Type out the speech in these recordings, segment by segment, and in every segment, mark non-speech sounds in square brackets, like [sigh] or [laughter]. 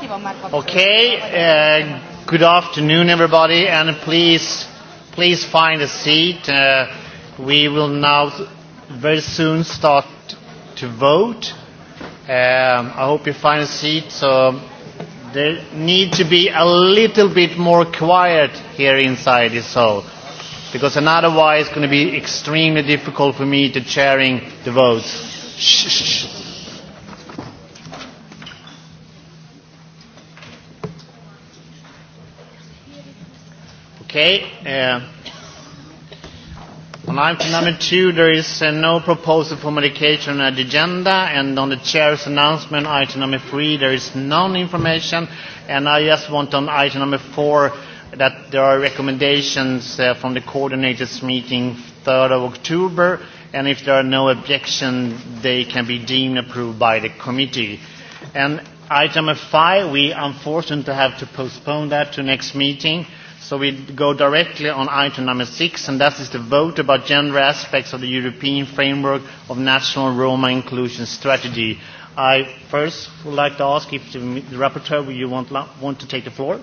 Okay, uh, good afternoon, everybody, and please, please find a seat. Uh, we will now very soon start to vote. Um, I hope you find a seat. So there need to be a little bit more quiet here inside this hall, because otherwise it's going to be extremely difficult for me to chairing the votes. Shh, shh, shh. Okay. Uh, on item number two, there is uh, no proposal for medication on the agenda, and on the chair's announcement, item number three, there is none information. And I just want on item number four that there are recommendations uh, from the coordinators meeting 3rd of October, and if there are no objections, they can be deemed approved by the committee. And item five, we unfortunately have to postpone that to next meeting. Uh, So we go directly on item number six, and that is the vote about gender aspects of the European framework of national Roma inclusion strategy. I first would like to ask if the, the rapporteur would you want, want to take the floor.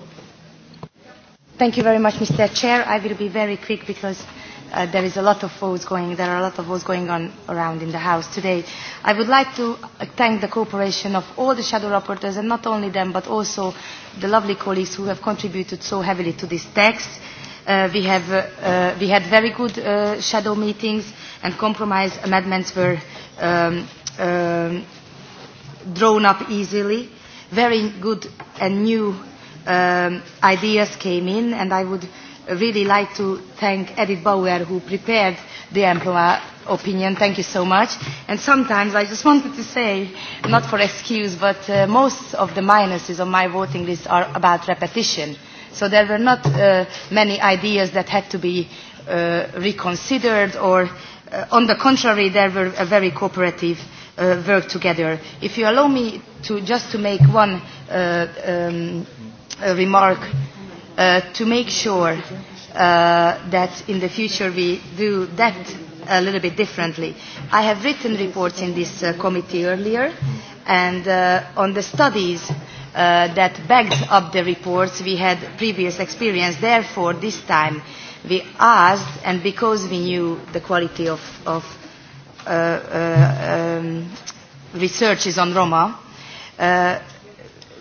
Thank you very much, Mr. Chair. I will be very quick because uh, there is a lot of votes going, there are a lot of votes going on around in the House today. I would like to uh, thank the cooperation of all the shadow rapporteurs, and not only them, but also the lovely colleagues who have contributed so heavily to this text. Uh, we, have, uh, uh, we had very good uh, shadow meetings, and compromise amendments were um, um, drawn up easily. Very good and new um, ideas came in, and I would uh, really like to thank Edith Bauer who prepared the EMPLOA opinion. Thank you so much. And sometimes I just wanted to say, not for excuse, but uh, most of the minuses on my voting list are about repetition. So there were not uh, many ideas that had to be uh, reconsidered or, uh, on the contrary, there were a very cooperative uh, work together. If you allow me to just to make one uh, um, remark uh, to make sure uh, that in the future we do that a little bit differently. I have written reports in this uh, committee earlier, and uh, on the studies uh, that backed up the reports, we had previous experience. Therefore, this time we asked, and because we knew the quality of, of uh, uh, um, researches on Roma, uh,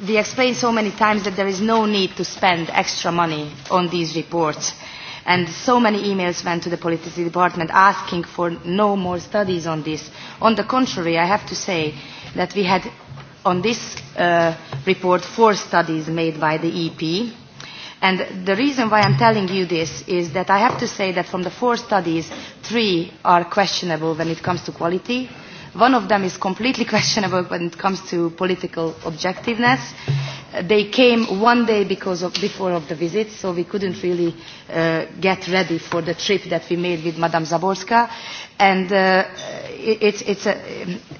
we explained so many times that there is no need to spend extra money on these reports. And so many emails went to the policy department asking for no more studies on this. On the contrary, I have to say that we had on this uh, report four studies made by the EP. And the reason why I'm telling you this is that I have to say that from the four studies, three are questionable when it comes to quality, One of them is completely [laughs] questionable when it comes to political objectiveness. They came one day because of, before of the visit, so we couldn't really uh, get ready for the trip that we made with Madame Zaborska. And, uh, it, it's, it's a,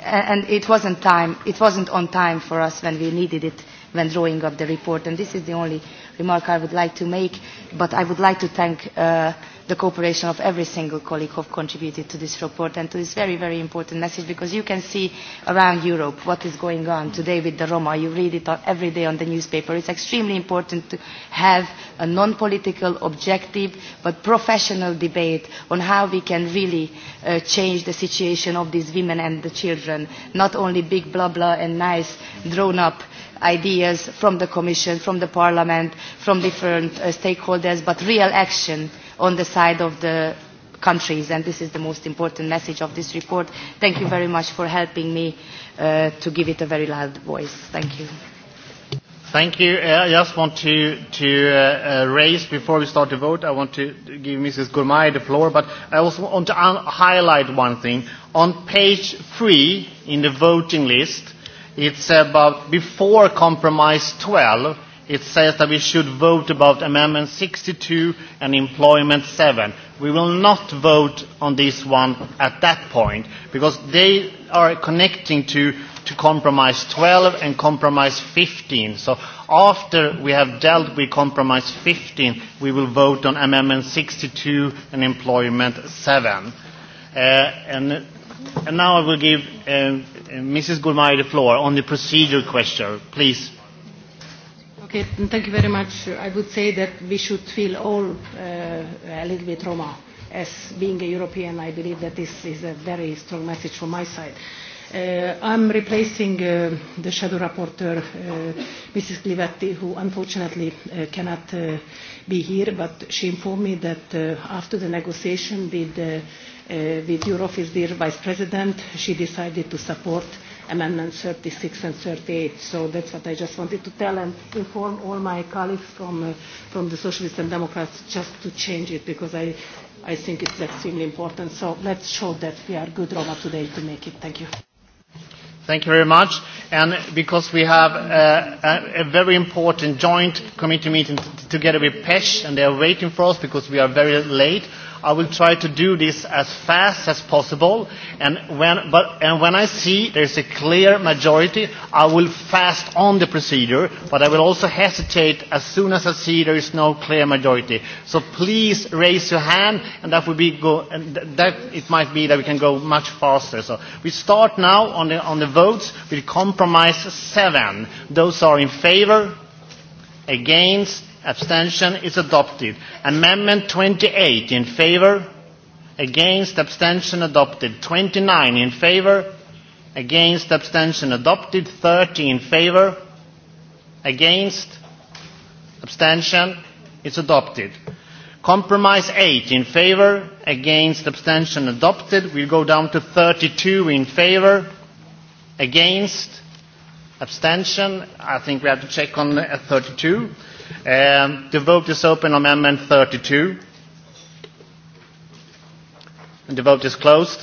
and it, wasn't time, it wasn't on time for us when we needed it when drawing up the report. And this is the only remark I would like to make, but I would like to thank uh, the cooperation of every single colleague who contributed to this report and to this very, very important message because you can see around Europe what is going on today with the Roma. You read it every day on the newspaper. It's extremely important to have a non-political, objective but professional debate on how we can really uh, change the situation of these women and the children, not only big blah blah and nice drawn up ideas from the Commission, from the Parliament, from different uh, stakeholders, but real action uh, on the side of the countries, and this is the most important message of this report. Thank you very much for helping me uh, to give it a very loud voice. Thank you. Thank you. Uh, I just want to, to uh, uh, raise, before we start the vote, I want to give Mrs. Gourmay the floor, but I also want to un- highlight one thing. On page three in the voting list, it's about before compromise 12, it says that we should vote about Amendment 62 and Employment 7. We will not vote on this one at that point because they are connecting to, to Compromise 12 and Compromise 15. So after we have dealt with Compromise 15, we will vote on Amendment 62 and Employment 7. Uh, and, and now I will give uh, uh Mrs. Gourmay the floor on the procedural question. Please. Okay, thank you very much. I would say that we should feel all uh, a little bit Roma. As being a European, I believe that this is a very strong message from my side. Uh, I'm replacing uh, the shadow rapporteur, uh, Mrs. Clivetti, who unfortunately uh, cannot uh, be here, but she informed me that uh, after the negotiation with, uh, uh, with your office, dear Vice President, she decided to support uh, amendments 36 and 38. So that's what I just wanted to tell and inform all my colleagues from, uh, from the Socialists and Democrats just to change it because I, I think it's extremely important. So let's show that we are good Roma today to make it. Thank you. Thank you very much. And because we have a, uh, a, a very important joint committee meeting t- together with PESH, and they are waiting for us because we are very late, I will try to do this as fast as possible. And when, but, and when I see there's a clear majority, I will fast on the procedure, but I will also hesitate as soon as I see there is no clear majority. So please raise your hand, and that will be go, and that it might be that we can go much faster. So we start now on the, on the votes with compromise seven. Those are in favor, against, abstention is adopted. Amendment 28 in favor, against abstention adopted. 29 in favor, against abstention adopted. 30 in favor, against abstention is adopted. Compromise 8 in favor, against abstention adopted. We'll go down to 32 in favor, against abstention. I think we have to check on 32. Um, the vote is open on Amendment 32. And the vote is closed.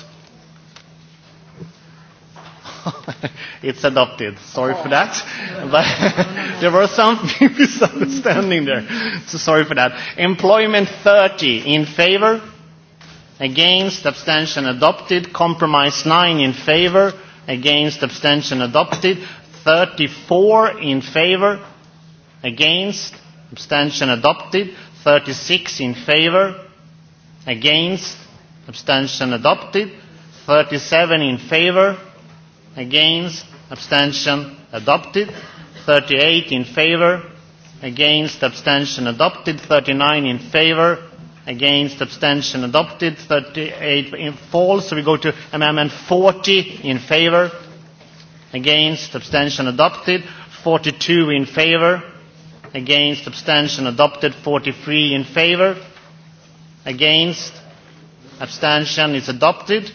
[laughs] it's adopted. Sorry oh. for that. Oh. But [laughs] there were some [laughs] misunderstanding there. So sorry for that. Employment 30 in favor. Against abstention adopted. Compromise 9 in favor. Against abstention adopted. 34 in favor. Against abstention adopted 36 in favor against abstention adopted 37 in favor against abstention adopted 38 in favor against abstention adopted 39 in favor against abstention adopted 38 in false so we go to amendment 40 in favor against abstention adopted 42 in favor against abstention adopted 43 in favor against abstention is adopted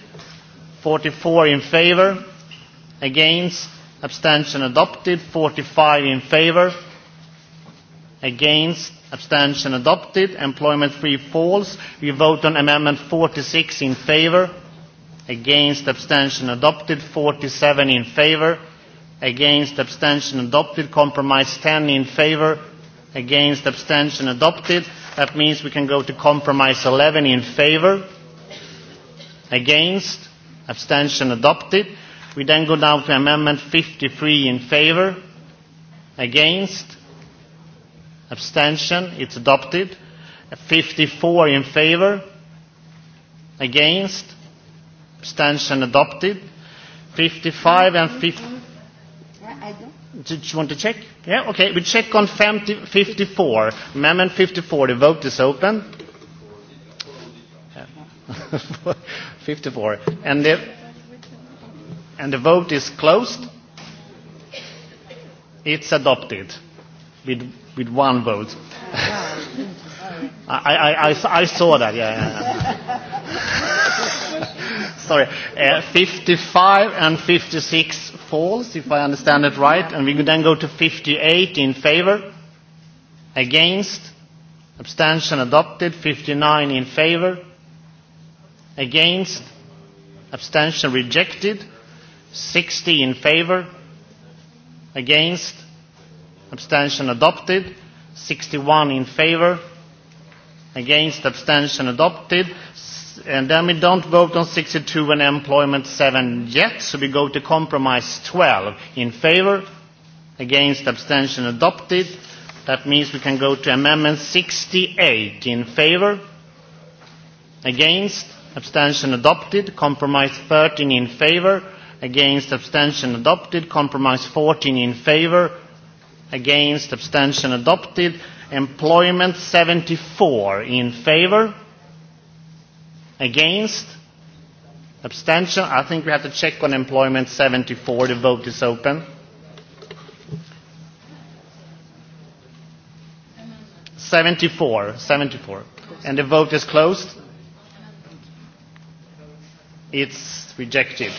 44 in favor against abstention adopted 45 in favor against abstention adopted employment free falls we vote on amendment 46 in favor against abstention adopted 47 in favor against abstention adopted compromise 10 in favor against abstention adopted that means we can go to compromise 11 in favor against abstention adopted we then go down to amendment 53 in favor against abstention it's adopted 54 in favor against abstention adopted 55 and 50 Did you want to check? Yeah, okay. We check on 54. Amendment 54. The vote is open. 54. [laughs] And the, and the vote is closed. It's adopted with, with one vote. [laughs] I, I, I, I saw that, yeah. yeah. [laughs] Sorry. Uh, 55 and 56 falls, if I understand it right, and we could then go to 58 in favor, against, abstention adopted, 59 in favor, against, abstention rejected, 60 in favor, against, abstention adopted, 61 in favor, against, abstention adopted, and then we don't vote on 62 and employment 7 yet, so we go to compromise 12. In favor, against, abstention adopted. That means we can go to amendment 68. In favor, against, abstention adopted. Compromise 13 in favor, against, abstention adopted. Compromise 14 in favor, against, abstention adopted. Employment 74 in favor Against? Abstention? I think we have to check on employment 74. The vote is open. Seventy four. Seventy four. And the vote is closed. It's rejected.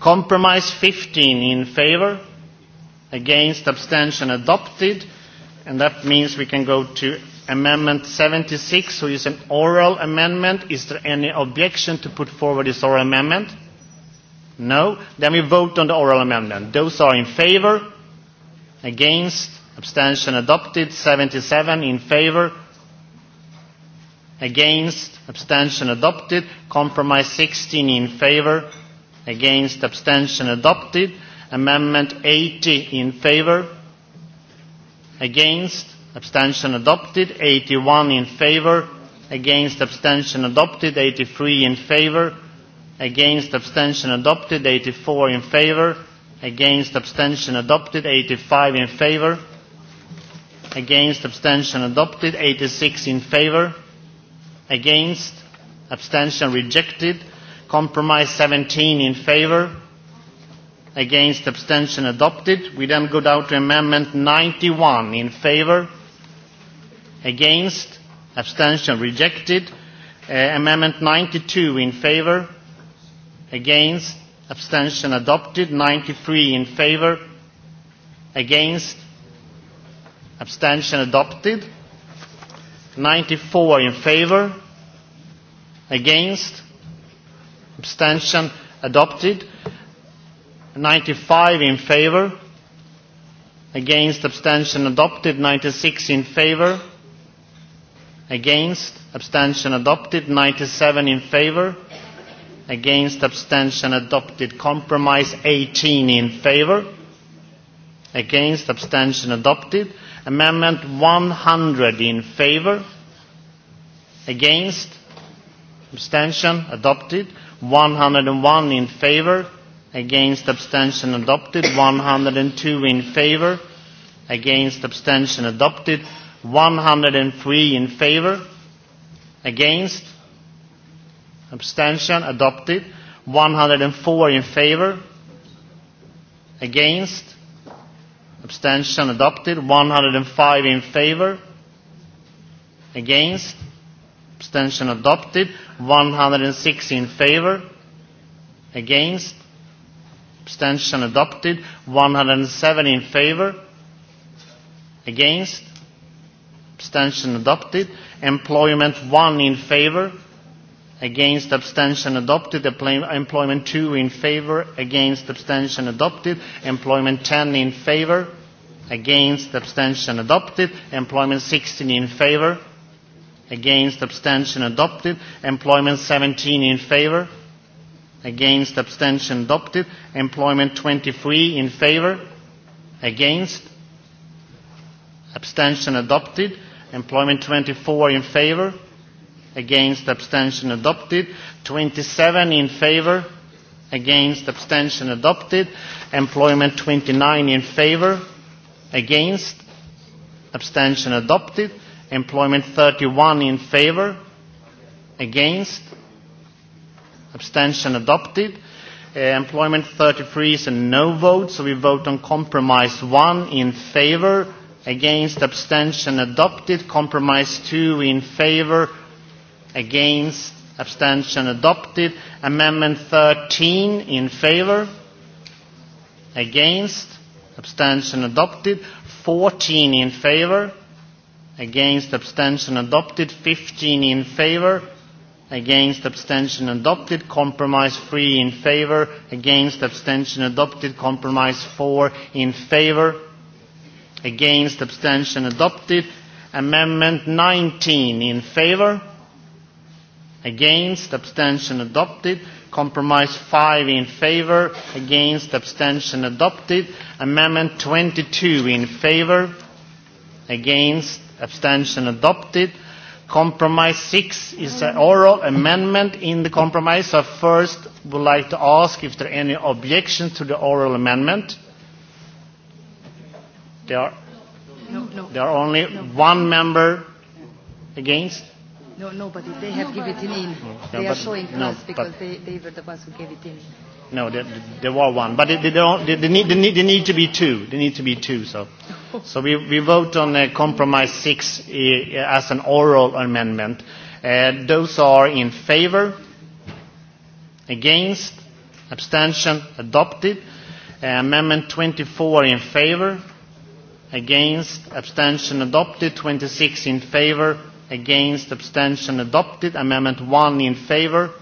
Compromise 15 in favor, against abstention adopted, and that means we can go to Amendment 76, who is an oral amendment. Is there any objection to put forward this oral amendment? No. Then we vote on the oral amendment. Those are in favor, against, abstention adopted. 77 in favor, against, abstention adopted. Compromise 16 in favor, against, abstention adopted. Amendment 80 in favor, against, abstention adopted 81 in favor against abstention adopted 83 in favor against abstention adopted 84 in favor against abstention adopted 85 in favor against abstention adopted 86 in favor against abstention rejected compromise 17 in favor against abstention adopted we then go down to amendment 91 in favor against, abstention rejected. Uh, amendment 92 in favor, against, abstention adopted. 93 in favor, against, abstention adopted. 94 in favor, against, abstention adopted. 95 in favor, against, abstention adopted. 96 in favor, against abstention adopted 97 in favor against abstention adopted compromise 18 in favor against abstention adopted amendment 100 in favor against abstention adopted 101 in favor against abstention adopted 102 in favor against abstention adopted 103 in favor, against, abstention, adopted. 104 in favor, against, abstention, adopted. 105 in favor, against, abstention, adopted. 106 in favor, against, abstention, adopted. 107 in favor, against, abstention adopted. Employment 1 in favor, against abstention adopted. Employment 2 in favor, against abstention adopted. Employment 10 in favor, against abstention adopted. Employment 16 in favor, against abstention adopted. Employment 17 in favor, against abstention adopted. Employment 23 in favor, against abstention adopted Employment 24 in favor. Against abstention adopted. 27 in favor. Against abstention adopted. Employment 29 in favor. Against abstention adopted. Employment 31 in favor. Against abstention adopted. Uh, employment 33 is a no vote, so we vote on compromise 1 in favor against abstention adopted compromise 2 in favor against abstention adopted amendment 13 in favor against abstention adopted 14 in favor against abstention adopted 15 in favor against abstention adopted compromise 3 in favor against abstention adopted compromise 4 in favor against abstention adopted amendment 19 in favor against abstention adopted compromise 5 in favor against abstention adopted amendment 22 in favor against abstention adopted compromise 6 is an oral amendment in the compromise so first would like to ask if there are any objections to the oral amendment There are, no, no, there are only no. one member against. No, nobody. They have nobody. given it in. No, they no, are but, showing to no, us because but, they, they were the ones who gave it in. No, there, there were one, but they, don't, they, need, they, need, they need to be two. They need to be two. So, [laughs] so we, we vote on uh, compromise six uh, as an oral amendment. Uh, those are in favour, against, abstention, adopted. Uh, amendment 24 in favour, against abstention adopted 26 in favor against abstention adopted amendment 1 in favor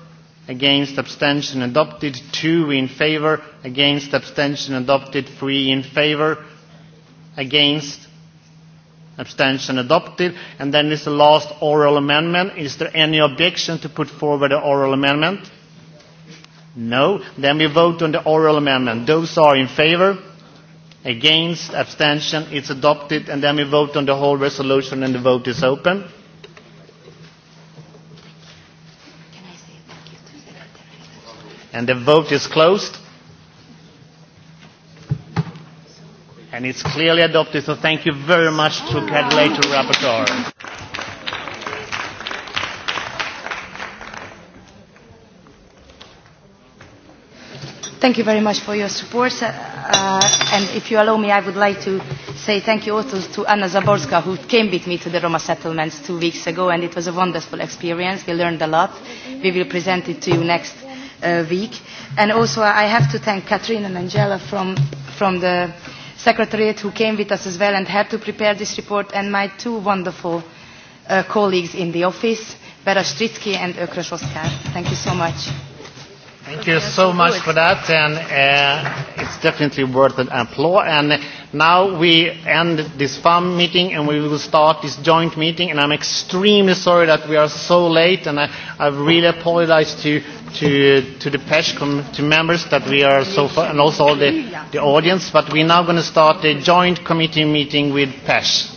against abstention adopted 2 in favor against abstention adopted 3 in favor against abstention adopted and then is the last oral amendment is there any objection to put forward an oral amendment no then we vote on the oral amendment those are in favor against abstention it's adopted and then we vote on the whole resolution and the vote is open and the vote is closed and it's clearly adopted so thank you very much to Cadley to rapporteur Thank you very much for your support. Uh, uh, and if you allow me, I would like to say thank you also to Anna Zaborska, who came with me to the Roma settlements two weeks ago, and it was a wonderful experience. We learned a lot. We will present it to you next uh, week. And also, I have to thank Katrina and Angela from, from the Secretariat, who came with us as well and had to prepare this report, and my two wonderful uh, colleagues in the office, Vera Stritsky and Ökros Oskar. Thank you so much. Thank you so much for that, and uh, it's definitely worth an applause. And now we end this farm meeting, and we will start this joint meeting. And I'm extremely sorry that we are so late, and I, I really apologize to to to the PESH to members that we are so far, and also all the the audience. But we're now going to start the joint committee meeting with PESH.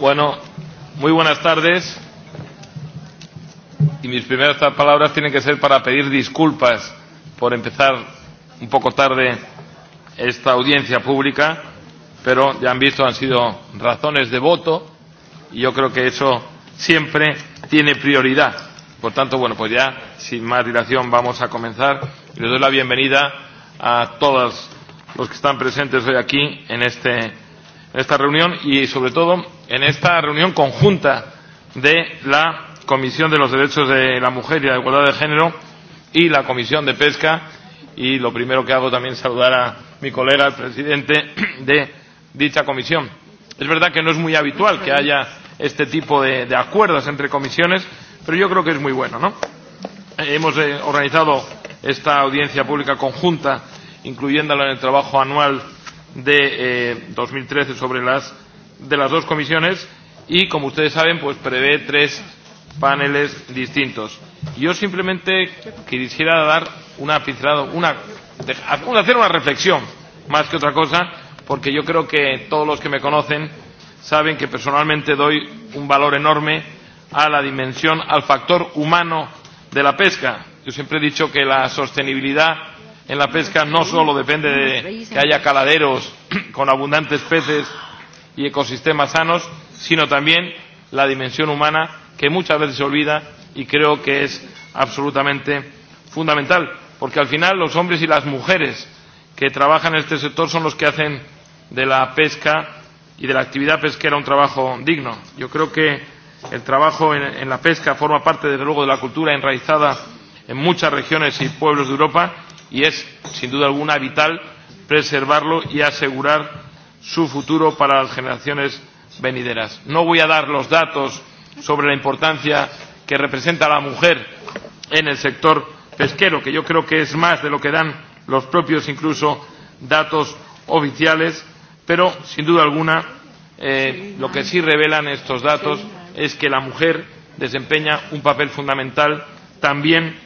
Bueno, muy buenas tardes. Y mis primeras palabras tienen que ser para pedir disculpas por empezar un poco tarde esta audiencia pública, pero ya han visto, han sido razones de voto y yo creo que eso siempre tiene prioridad. Por tanto, bueno, pues ya, sin más dilación, vamos a comenzar. Y les doy la bienvenida a todos los que están presentes hoy aquí en este esta reunión y, sobre todo, en esta reunión conjunta de la Comisión de los Derechos de la Mujer y la Igualdad de Género y la Comisión de Pesca. Y lo primero que hago también es saludar a mi colega, el presidente de dicha comisión. Es verdad que no es muy habitual que haya este tipo de, de acuerdos entre comisiones, pero yo creo que es muy bueno. ¿no? Hemos eh, organizado esta audiencia pública conjunta, incluyéndola en el trabajo anual de eh, 2013 sobre las de las dos comisiones y, como ustedes saben, pues prevé tres paneles distintos. Yo simplemente quisiera dar una pincelada, una, hacer una reflexión más que otra cosa, porque yo creo que todos los que me conocen saben que personalmente doy un valor enorme a la dimensión, al factor humano de la pesca. Yo siempre he dicho que la sostenibilidad en la pesca no solo depende de que haya caladeros [clears throat] con abundantes peces y ecosistemas sanos, sino también la dimensión humana que muchas veces se olvida y creo que es absolutamente fundamental, porque al final los hombres y las mujeres que trabajan en este sector son los que hacen de la pesca y de la actividad pesquera un trabajo digno. Yo creo que el trabajo en, en la pesca forma parte, desde luego, de la cultura enraizada en muchas regiones y pueblos de Europa y es, sin duda alguna, vital preservarlo y asegurar su futuro para las generaciones venideras. No voy a dar los datos sobre la importancia que representa la mujer en el sector pesquero, que yo creo que es más de lo que dan los propios incluso datos oficiales, pero sin duda alguna eh, lo que sí revelan estos datos es que la mujer desempeña un papel fundamental también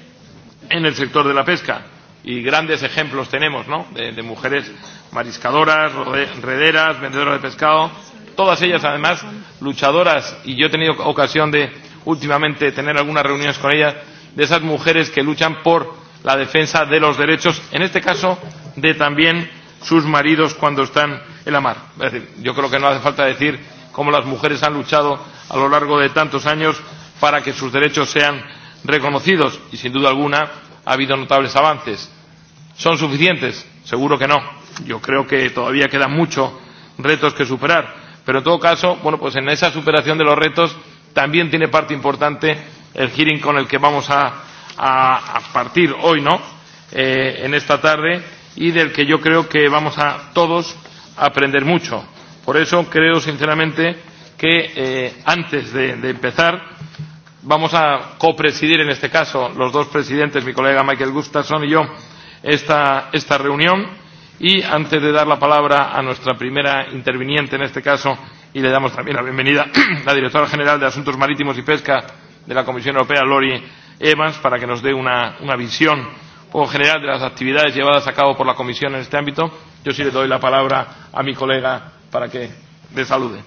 en el sector de la pesca y grandes ejemplos tenemos, ¿no? De, de mujeres mariscadoras, rederas, vendedoras de pescado, todas ellas además luchadoras y yo he tenido ocasión de últimamente tener algunas reuniones con ellas de esas mujeres que luchan por la defensa de los derechos, en este caso de también sus maridos cuando están en la mar. Es decir, yo creo que no hace falta decir cómo las mujeres han luchado a lo largo de tantos años para que sus derechos sean reconocidos y sin duda alguna ha habido notables avances. ¿Son suficientes? Seguro que no. Yo creo que todavía quedan muchos retos que superar. Pero en todo caso, bueno, pues en esa superación de los retos también tiene parte importante el hearing con el que vamos a, a, a partir hoy, ¿no? Eh, en esta tarde y del que yo creo que vamos a todos a aprender mucho. Por eso creo sinceramente que eh, antes de, de empezar vamos a copresidir en este caso los dos presidentes, mi colega Michael Gustafsson y yo, esta, esta reunión. Y antes de dar la palabra a nuestra primera interviniente en este caso, y le damos también la bienvenida a [clears throat] la directora general de Asuntos Marítimos y Pesca de la Comisión Europea, Lori Evans, para que nos dé una, una visión un poco general de las actividades llevadas a cabo por la Comisión en este ámbito. Yo sí le doy la palabra a mi colega para que le salude.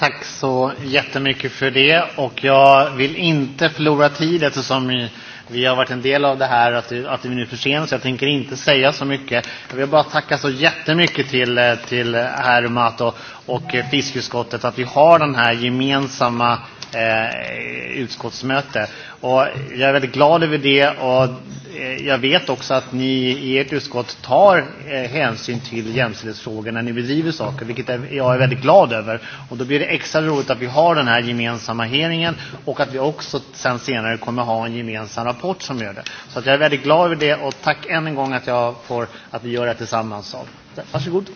Tack så jättemycket för det. Och jag vill inte förlora tid eftersom vi har varit en del av det här, att, att vi nu försenas. Jag tänker inte säga så mycket. Jag vill bara tacka så jättemycket till, till herr Mato och fiskutskottet att vi har den här gemensamma eh, utskottsmöte. Och jag är väldigt glad över det och eh, jag vet också att ni i ert utskott tar eh, hänsyn till jämställdhetsfrågor när ni bedriver saker, vilket är, jag är väldigt glad över. Och då blir det extra roligt att vi har den här gemensamma hearingen och att vi också sen senare kommer ha en gemensam rapport som gör det. Så att jag är väldigt glad över det och tack än en gång att, jag får, att vi gör det tillsammans. Varsågod.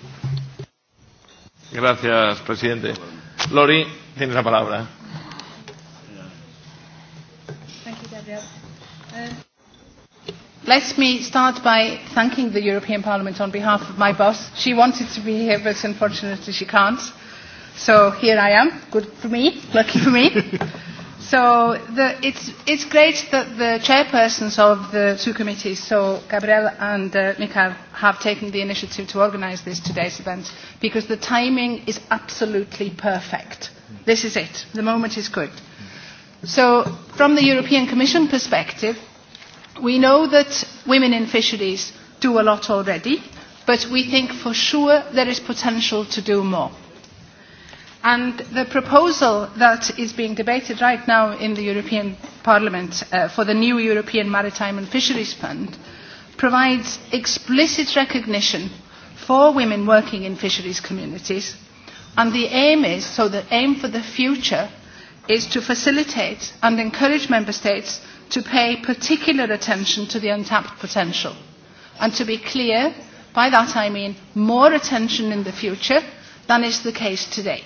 Gracias, presidente. Lori, tienes la palabra. Let me start by thanking the European Parliament on behalf of my boss. She wanted to be here, but unfortunately she can't. So here I am. Good for me. Lucky for me. [laughs] so the, it's, it's great that the chairpersons of the two committees, so Gabriel and uh, Mikhail, have taken the initiative to organise this today's event because the timing is absolutely perfect. This is it. The moment is good. So from the European Commission perspective, We know that women in fisheries do a lot already, but we think for sure there is potential to do more. And the proposal that is being debated right now in the European Parliament uh, for the new European Maritime and Fisheries Fund provides explicit recognition for women working in fisheries communities. And the aim is, so the aim for the future, is to facilitate and encourage member states to pay particular attention to the untapped potential. And to be clear, by that I mean more attention in the future than is the case today.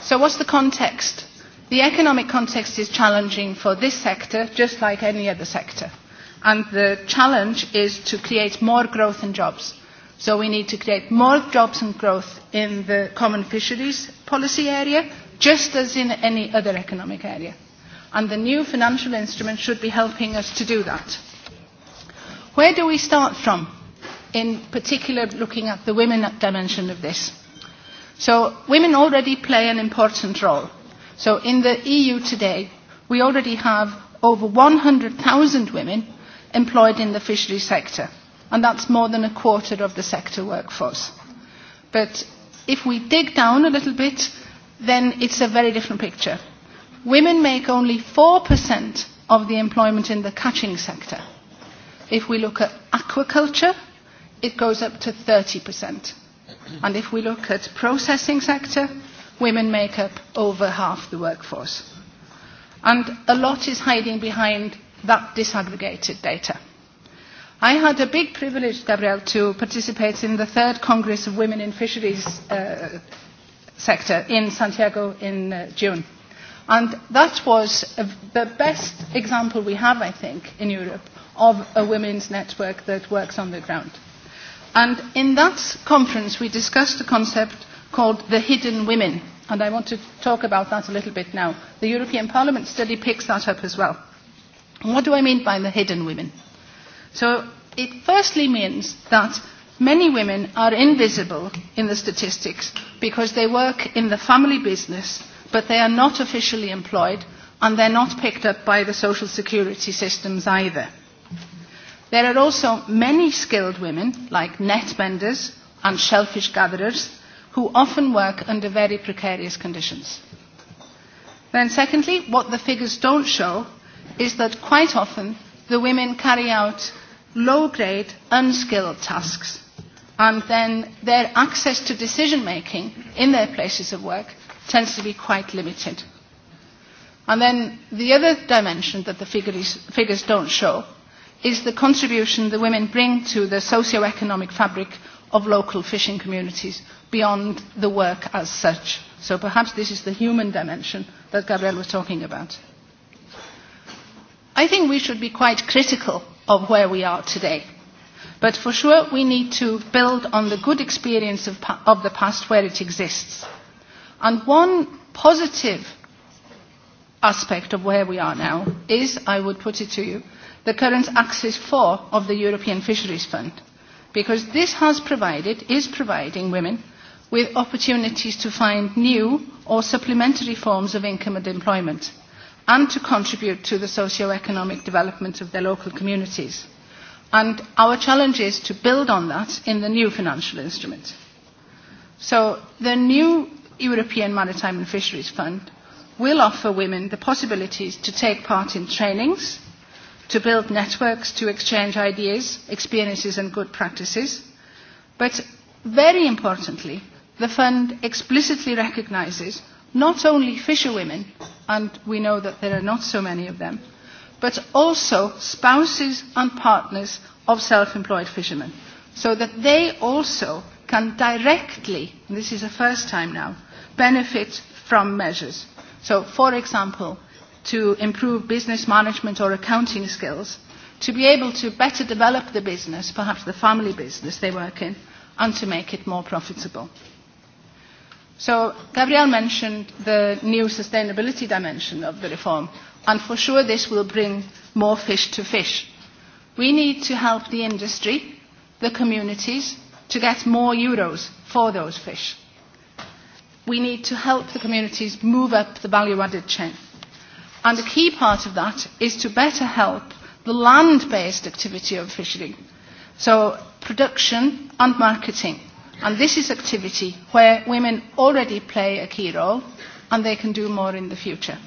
So what's the context? The economic context is challenging for this sector, just like any other sector. And the challenge is to create more growth and jobs. So we need to create more jobs and growth in the common fisheries policy area, just as in any other economic area and the new financial instrument should be helping us to do that. Where do we start from, in particular looking at the women dimension of this? So women already play an important role. So in the EU today, we already have over 100,000 women employed in the fishery sector, and that's more than a quarter of the sector workforce. But if we dig down a little bit, then it's a very different picture women make only 4% of the employment in the catching sector. If we look at aquaculture, it goes up to 30%. And if we look at processing sector, women make up over half the workforce. And a lot is hiding behind that disaggregated data. I had a big privilege, Gabrielle, to participate in the third Congress of Women in Fisheries uh, sector in Santiago in uh, June. And that was a, the best example we have, I think, in Europe of a women's network that works on the ground. And in that conference, we discussed a concept called the hidden women. And I want to talk about that a little bit now. The European Parliament study picks that up as well. And what do I mean by the hidden women? So it firstly means that many women are invisible in the statistics because they work in the family business but they are not officially employed and they're not picked up by the social security systems either. There are also many skilled women, like net benders and shellfish gatherers, who often work under very precarious conditions. Then secondly, what the figures don't show is that quite often the women carry out low-grade, unskilled tasks, and then their access to decision-making in their places of work tends to be quite limited. And then the other dimension that the figures, figures don't show is the contribution that women bring to the socio-economic fabric of local fishing communities beyond the work as such. So perhaps this is the human dimension that Gabrielle was talking about. I think we should be quite critical of where we are today. But for sure we need to build on the good experience of, of the past where it exists – And one positive aspect of where we are now is, I would put it to you, the current Axis 4 of the European Fisheries Fund, because this has provided, is providing women with opportunities to find new or supplementary forms of income and employment and to contribute to the socio-economic development of their local communities. And our challenge is to build on that in the new financial instrument. So the new European Maritime and Fisheries Fund will offer women the possibilities to take part in trainings, to build networks, to exchange ideas, experiences and good practices. But very importantly, the fund explicitly recognises not only fisherwomen, and we know that there are not so many of them, but also spouses and partners of self-employed fishermen, so that they also can directly, and this is the first time now, benefit from measures. So, for example, to improve business management or accounting skills, to be able to better develop the business, perhaps the family business they work in, and to make it more profitable. So Gabrielle mentioned the new sustainability dimension of the reform, and for sure this will bring more fish to fish. We need to help the industry, the communities, to get more euros for those fish we need to help the communities move up the value added chain. And a key part of that is to better help the land based activity of fishery. So, production and marketing. And this is activity where women already play a key role and they can do more in the future.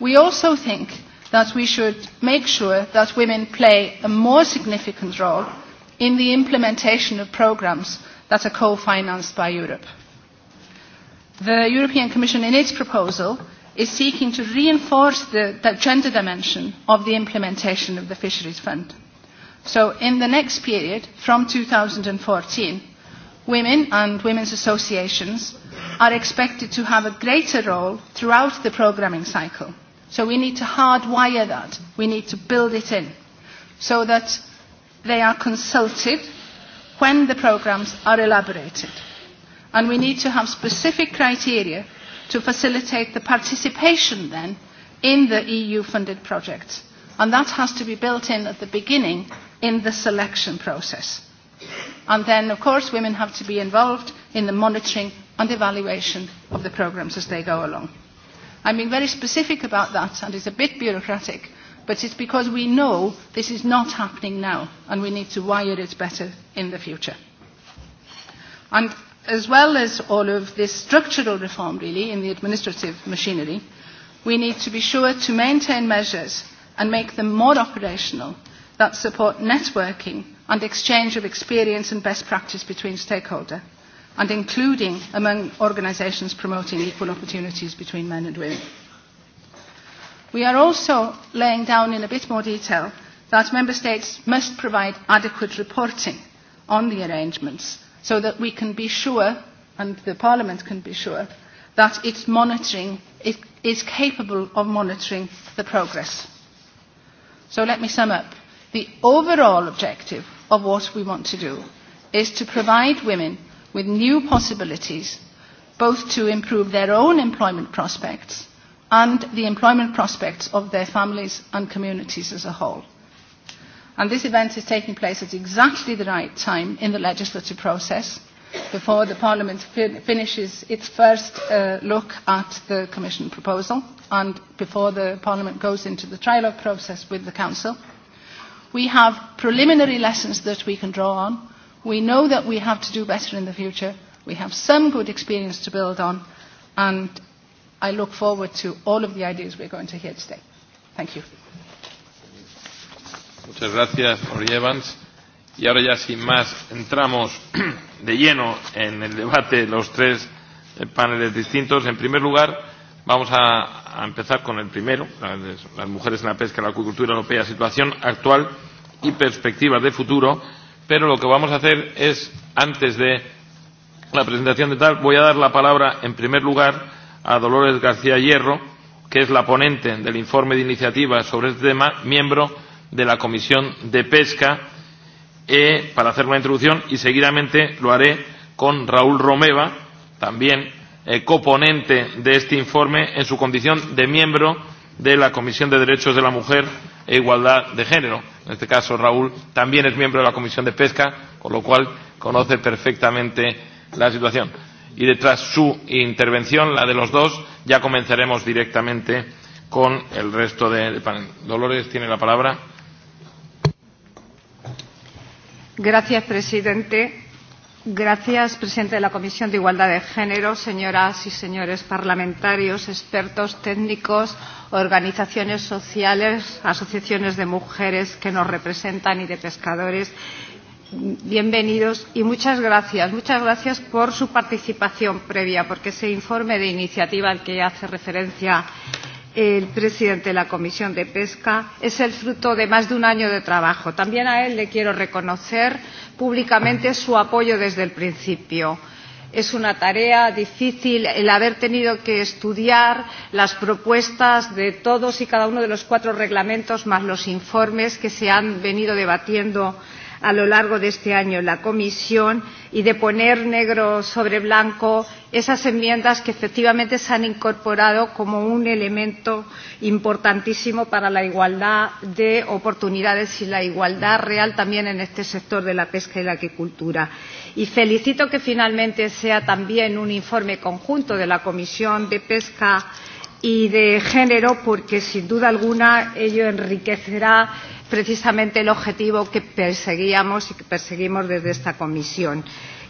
We also think that we should make sure that women play a more significant role in the implementation of programs that are co-financed by Europe the European Commission in its proposal is seeking to reinforce the, the gender dimension of the implementation of the Fisheries Fund. So in the next period, from 2014, women and women's associations are expected to have a greater role throughout the programming cycle. So we need to hardwire that. We need to build it in so that they are consulted when the programs are elaborated and we need to have specific criteria to facilitate the participation then in the EU funded projects. And that has to be built in at the beginning in the selection process. And then, of course, women have to be involved in the monitoring and evaluation of the programs as they go along. I'm being very specific about that, and it's a bit bureaucratic, but it's because we know this is not happening now, and we need to wire it better in the future. And as well as all of this structural reform, really, in the administrative machinery, we need to be sure to maintain measures and make them more operational that support networking and exchange of experience and best practice between stakeholders, and including among organisations promoting equal opportunities between men and women. We are also laying down in a bit more detail that Member States must provide adequate reporting on the arrangements so that we can be sure, and the Parliament can be sure, that it's monitoring, it is capable of monitoring the progress. So let me sum up. The overall objective of what we want to do is to provide women with new possibilities, both to improve their own employment prospects and the employment prospects of their families and communities as a whole. And this event is taking place at exactly the right time in the legislative process, before the Parliament fin finishes its first uh, look at the Commission proposal and before the Parliament goes into the trilogue process with the Council. We have preliminary lessons that we can draw on. We know that we have to do better in the future. We have some good experience to build on, and I look forward to all of the ideas we're going to hear today. Thank you. Muchas gracias, Ori Evans. Y ahora ya sin más entramos [clears throat] de lleno en el debate de los tres paneles distintos. En primer lugar, vamos a, a empezar con el primero, las, las mujeres en la pesca y la acuicultura europea, situación actual y perspectivas de futuro. Pero lo que vamos a hacer es, antes de la presentación de tal, voy a dar la palabra, en primer lugar, a Dolores García Hierro, que es la ponente del informe de iniciativa sobre este tema, miembro de la Comisión de Pesca eh, para hacer una introducción y seguidamente lo haré con Raúl Romeva, también eh, coponente de este informe en su condición de miembro de la Comisión de Derechos de la Mujer e Igualdad de Género. En este caso, Raúl también es miembro de la Comisión de Pesca, con lo cual conoce perfectamente la situación. Y detrás su intervención, la de los dos, ya comenzaremos directamente con el resto del panel. Dolores tiene la palabra. Gracias, presidente. Gracias, presidente de la Comisión de Igualdad de Género, señoras y señores parlamentarios, expertos técnicos, organizaciones sociales, asociaciones de mujeres que nos representan y de pescadores. Bienvenidos y muchas gracias. Muchas gracias por su participación previa, porque ese informe de iniciativa al que hace referencia el presidente de la Comisión de Pesca, es el fruto de más de un año de trabajo. También a él le quiero reconocer públicamente su apoyo desde el principio. Es una tarea difícil el haber tenido que estudiar las propuestas de todos y cada uno de los cuatro reglamentos, más los informes que se han venido debatiendo a lo largo de este año en la comisión y de poner negro sobre blanco esas enmiendas que efectivamente se han incorporado como un elemento importantísimo para la igualdad de oportunidades y la igualdad real también en este sector de la pesca y la acuicultura. Y felicito que finalmente sea también un informe conjunto de la Comisión de Pesca y de Género porque sin duda alguna ello enriquecerá precisamente el objetivo que perseguíamos y que perseguimos desde esta comisión,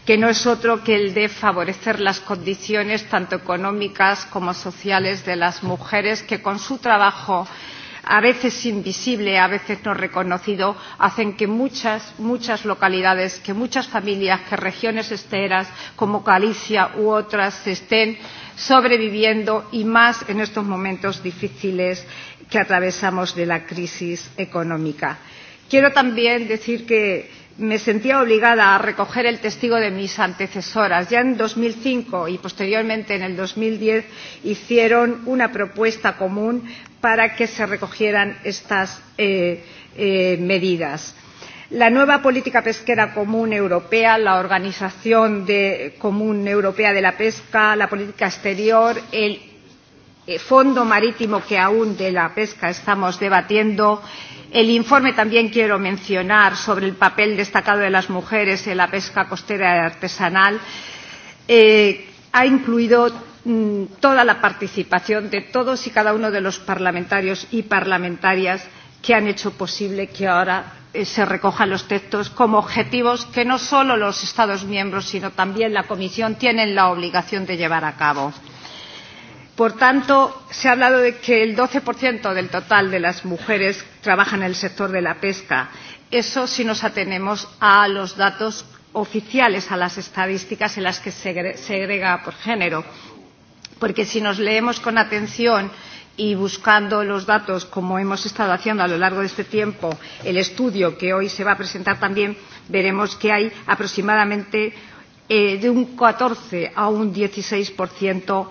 que no es otro que el de favorecer las condiciones tanto económicas como sociales de las mujeres que con su trabajo a veces invisible, a veces no reconocido, hacen que muchas, muchas localidades, que muchas familias, que regiones esteras como Galicia u otras estén sobreviviendo y más en estos momentos difíciles que atravesamos de la crisis económica. Quiero también decir que me sentía obligada a recoger el testigo de mis antecesoras. Ya en 2005 y posteriormente en el 2010 hicieron una propuesta común para que se recogieran estas eh, eh, medidas. La nueva política pesquera común europea, la organización de, común europea de la pesca, la política exterior, el Eh, fondo Marítimo que aún de la Pesca estamos debatiendo. El informe también quiero mencionar sobre el papel destacado de las mujeres en la pesca costera artesanal. Eh, ha incluido mm, toda la participación de todos y cada uno de los parlamentarios y parlamentarias que han hecho posible que ahora eh, se recojan los textos como objetivos que no solo los Estados miembros, sino también la Comisión tienen la obligación de llevar a cabo. Eh, Por tanto, se ha hablado de que el 12% del total de las mujeres trabaja en el sector de la pesca. Eso si nos atenemos a los datos oficiales, a las estadísticas en las que se segrega por género. Porque si nos leemos con atención y buscando los datos, como hemos estado haciendo a lo largo de este tiempo, el estudio que hoy se va a presentar también, veremos que hay aproximadamente eh, de un 14 a un 16%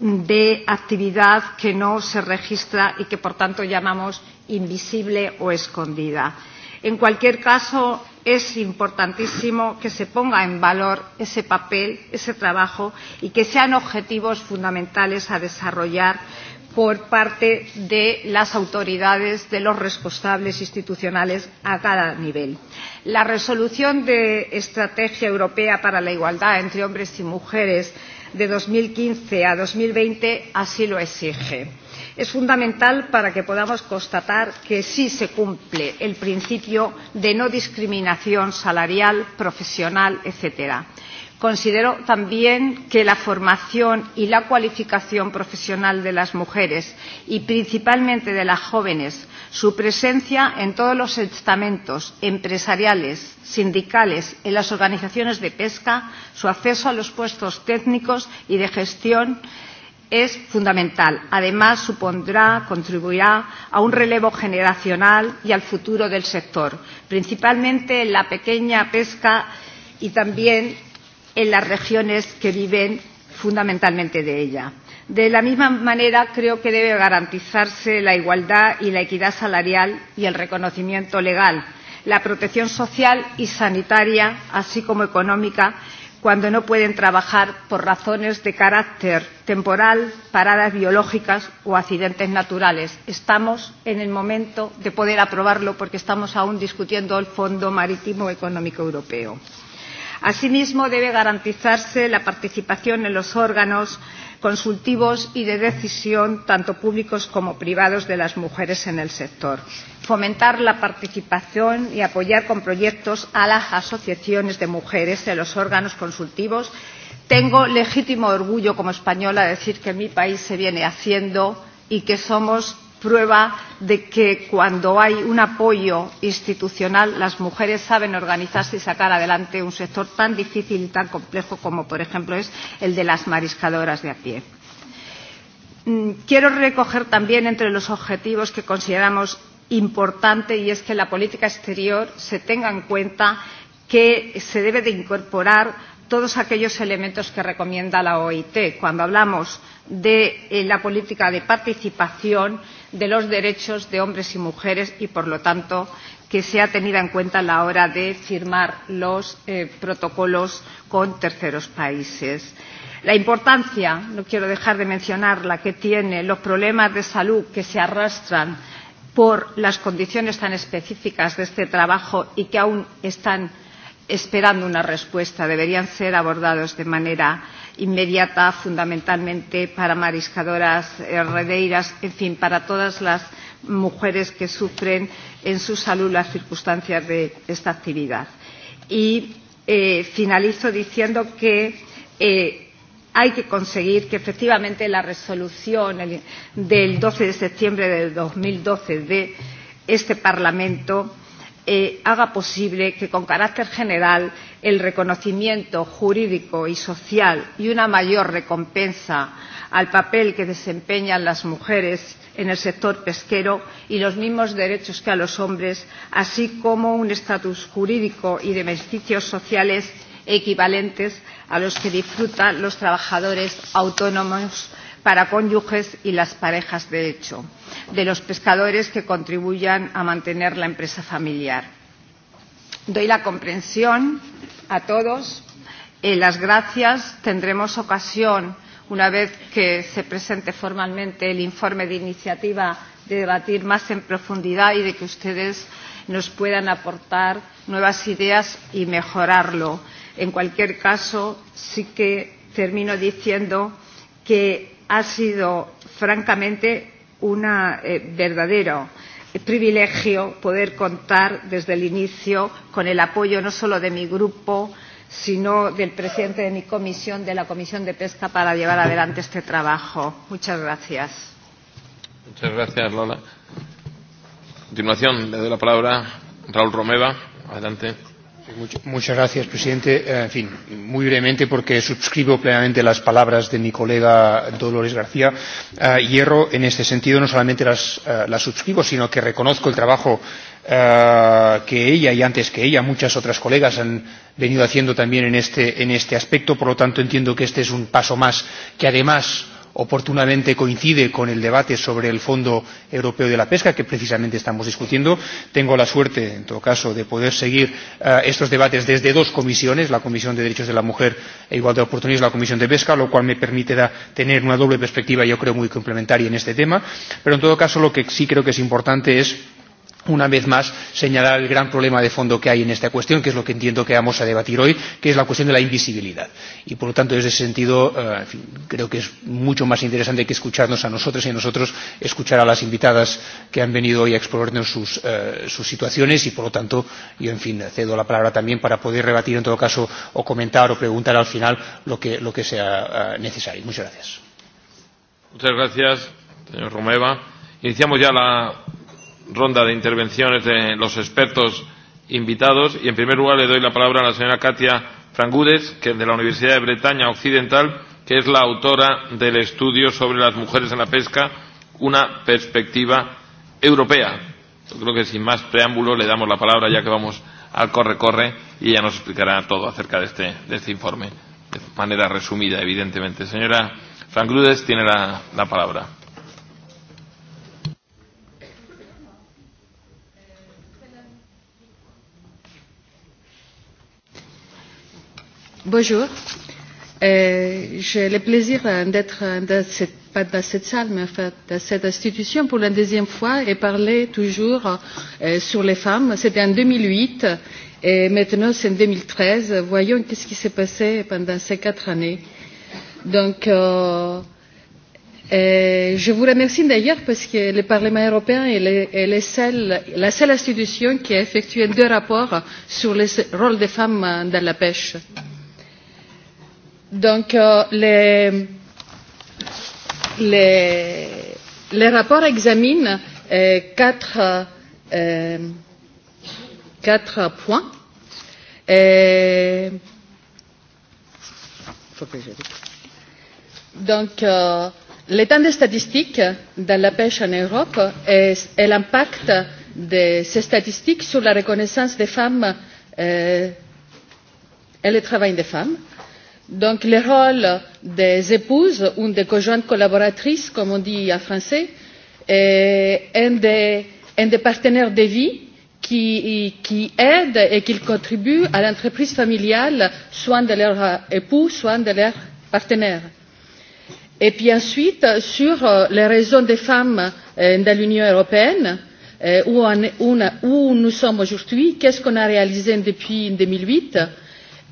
de actividad que no se registra y que, por tanto, llamamos invisible o escondida. En cualquier caso, es importantísimo que se ponga en valor ese papel, ese trabajo y que sean objetivos fundamentales a desarrollar por parte de las autoridades, de los responsables institucionales a cada nivel. La resolución de Estrategia Europea para la Igualdad entre Hombres y Mujeres de 2015 a 2020 así lo exige. Es fundamental para que podamos constatar que sí se cumple el principio de no discriminación salarial, profesional, etcétera. Considero también que la formación y la cualificación profesional de las mujeres y principalmente de las jóvenes su presencia en todos los estamentos empresariales, sindicales, en las organizaciones de pesca, su acceso a los puestos técnicos y de gestión es fundamental. Además, supondrá, contribuirá a un relevo generacional y al futuro del sector, principalmente en la pequeña pesca y también en las regiones que viven fundamentalmente de ella. De la misma manera, creo que debe garantizarse la igualdad y la equidad salarial y el reconocimiento legal, la protección social y sanitaria, así como económica, cuando no pueden trabajar por razones de carácter temporal, paradas biológicas o accidentes naturales. Estamos en el momento de poder aprobarlo porque estamos aún discutiendo el Fondo Marítimo Económico Europeo. Asimismo, debe garantizarse la participación en los órganos consultivos y de decisión, tanto públicos como privados, de las mujeres en el sector. Fomentar la participación y apoyar con proyectos a las asociaciones de mujeres en los órganos consultivos. Tengo legítimo orgullo como española de decir que en mi país se viene haciendo y que somos prueba de que cuando hay un apoyo institucional las mujeres saben organizarse y sacar adelante un sector tan difícil y tan complejo como por ejemplo es el de las mariscadoras de a pie. Mm, quiero recoger también entre los objetivos que consideramos importante y es que en la política exterior se tenga en cuenta que se debe de incorporar todos aquellos elementos que recomienda la OIT. Cuando hablamos de eh, la política de participación, de los derechos de hombres y mujeres y, por lo tanto, que sea tenida en cuenta a la hora de firmar los eh, protocolos con terceros países. La importancia, no quiero dejar de mencionarla, que tiene los problemas de salud que se arrastran por las condiciones tan específicas de este trabajo y que aún están esperando una respuesta. Deberían ser abordados de manera inmediata, fundamentalmente para mariscadoras, eh, redeiras, en fin, para todas las mujeres que sufren en su salud las circunstancias de esta actividad. Y eh, finalizo diciendo que eh, hay que conseguir que efectivamente la resolución el, del 12 de septiembre de 2012 de este Parlamento eh, haga posible que, con carácter general, el reconocimiento jurídico y social y una mayor recompensa al papel que desempeñan las mujeres en el sector pesquero y los mismos derechos que a los hombres, así como un estatus jurídico y de beneficios sociales equivalentes a los que disfrutan los trabajadores autónomos para cónyuges y las parejas de hecho de los pescadores que contribuyan a mantener la empresa familiar. Doy la comprensión a todos. Eh, las gracias. Tendremos ocasión, una vez que se presente formalmente el informe de iniciativa, de debatir más en profundidad y de que ustedes nos puedan aportar nuevas ideas y mejorarlo. En cualquier caso, sí que termino diciendo que ha sido francamente un eh, verdadero eh, privilegio poder contar desde el inicio con el apoyo no solo de mi grupo, sino del presidente de mi comisión, de la Comisión de Pesca, para llevar adelante este trabajo. Muchas gracias. Muchas gracias, Lola. A continuación, le doy la palabra a Raúl Romeva. Adelante. Muchas gracias, presidente. Eh, en fin, muy brevemente, porque suscribo plenamente las palabras de mi colega Dolores García uh, Hierro. En este sentido, no solamente las, uh, las suscribo, sino que reconozco el trabajo uh, que ella y antes que ella muchas otras colegas han venido haciendo también en este, en este aspecto. Por lo tanto, entiendo que este es un paso más que además oportunamente coincide con el debate sobre el Fondo Europeo de la Pesca, que precisamente estamos discutiendo. Tengo la suerte, en todo caso, de poder seguir uh, estos debates desde dos comisiones, la Comisión de Derechos de la Mujer e Igualdad de Oportunidades y la Comisión de Pesca, lo cual me permite da, tener una doble perspectiva, yo creo, muy complementaria en este tema. Pero, en todo caso, lo que sí creo que es importante es una vez más señalar el gran problema de fondo que hay en esta cuestión que es lo que entiendo que vamos a debatir hoy que es la cuestión de la invisibilidad y por lo tanto en ese sentido eh, en fin, creo que es mucho más interesante que escucharnos a nosotros y a nosotros escuchar a las invitadas que han venido hoy a explorarnos sus, eh, sus situaciones y por lo tanto yo en fin cedo la palabra también para poder rebatir en todo caso o comentar o preguntar al final lo que, lo que sea eh, necesario. Muchas gracias. Muchas gracias, señor Romeva. Iniciamos ya la ronda de intervenciones de los expertos invitados y en primer lugar le doy la palabra a la señora Katia Frangudes, que de la Universidad de Bretaña Occidental, que es la autora del estudio sobre las mujeres en la pesca, una perspectiva europea. Yo creo que sin más preámbulo le damos la palabra ya que vamos al corre-corre y ella nos explicará todo acerca de este, de este informe de manera resumida, evidentemente. Señora Frangudes tiene la, la palabra. Bonjour. Euh, J'ai le plaisir euh, d'être euh, dans cette, pas dans cette salle, mais en fait dans cette institution pour la deuxième fois et parler toujours euh, sur les femmes. C'était en 2008 et maintenant c'est en 2013. Voyons qu'est-ce qui s'est passé pendant ces quatre années. Donc, euh, et euh, je vous remercie d'ailleurs parce que le Parlement européen est, le, est le seul, la seule institution qui a effectué deux rapports sur le rôle des femmes dans la pêche. Euh, Donc, euh, les, les, les rapports examinent euh, quatre, euh, quatre points. Et, euh, faut que Donc, euh, l'état des statistiques dans la pêche en Europe et, et l'impact de ces statistiques sur la reconnaissance des femmes euh, et le travail des femmes. Euh, donc le rôle des épouses ou des conjointes collaboratrices comme on dit en français est un des, un des partenaires de vie qui, qui aident et qui contribuent à l'entreprise familiale soit de leur époux soit de leur partenaire. Et puis ensuite, sur euh, les raisons des femmes euh, dans l'Union européenne, euh, où, on, où nous sommes aujourd'hui, qu'est-ce qu'on a réalisé depuis 2008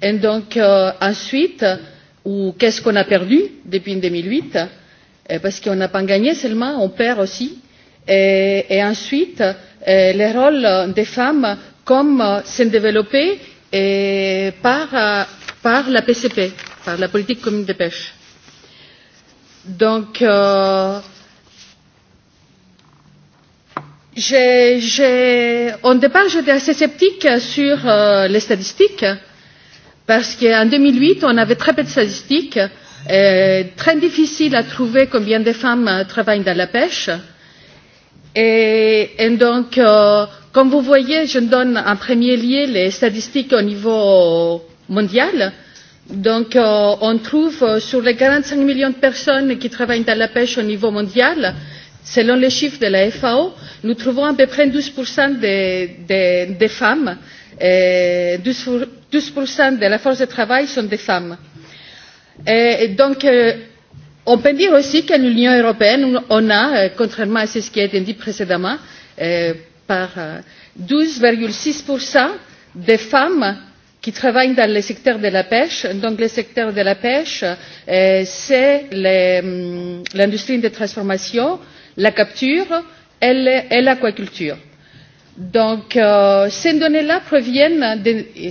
Et donc, euh, ensuite, ou qu'est-ce qu'on a perdu depuis 2008 eh, Parce qu'on n'a pas gagné seulement, on perd aussi. Et, et ensuite, eh, les rôles des femmes comme euh, s'est développé et eh, par, euh, par la PCP, par la politique commune de pêche. Donc, euh, j ai, j ai, au départ, j'étais assez sceptique sur euh, les statistiques. Euh, Parce qu'en 2008, on avait très peu de statistiques, euh, très difficile à trouver combien de femmes euh, travaillent dans la pêche. Et, et donc, euh, comme vous voyez, je donne en premier lieu les statistiques au niveau mondial. Donc, euh, on trouve euh, sur les 45 millions de personnes qui travaillent dans la pêche au niveau mondial, selon les chiffres de la FAO, nous trouvons à peu près 12% des de, de femmes, et euh, 12%, 12 de la force de travail sont des femmes. Euh, et donc, euh, on peut dire aussi qu'à l'Union européenne, on a, euh, contrairement à ce qui a été dit précédemment, par 12,6 des femmes qui travaillent dans le secteur de la pêche. Donc le secteur de la pêche, euh, c'est l'industrie de transformation, la capture et l'aquaculture. Donc, euh, ces données-là proviennent,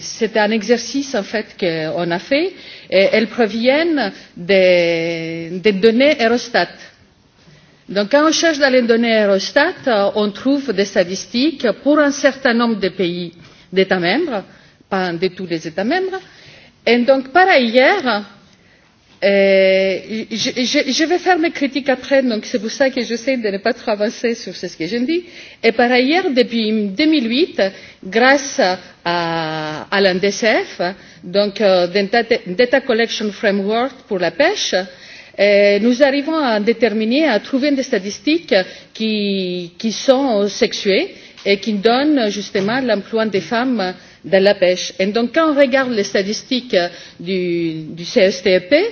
c'est un exercice en fait qu'on a fait, et elles proviennent des, des données Eurostat. Donc, quand on cherche dans les données Eurostat, euh, on trouve des statistiques pour un certain nombre de pays, d'États membres, pas de tous les États membres. Et donc, par ailleurs, Et euh, je, je, je vais faire mes critiques après, donc c'est pour ça que j'essaie de ne pas trop avancer sur ce que j'ai dit. Et par ailleurs, depuis 2008, grâce à, à l'NDCF, donc euh, Data, Data Collection Framework pour la pêche, et euh, nous arrivons à déterminer, à trouver des statistiques qui, qui sont sexuées et qui donnent justement l'emploi des femmes dans la pêche. Et donc quand on regarde les statistiques du, du CSTEP, euh,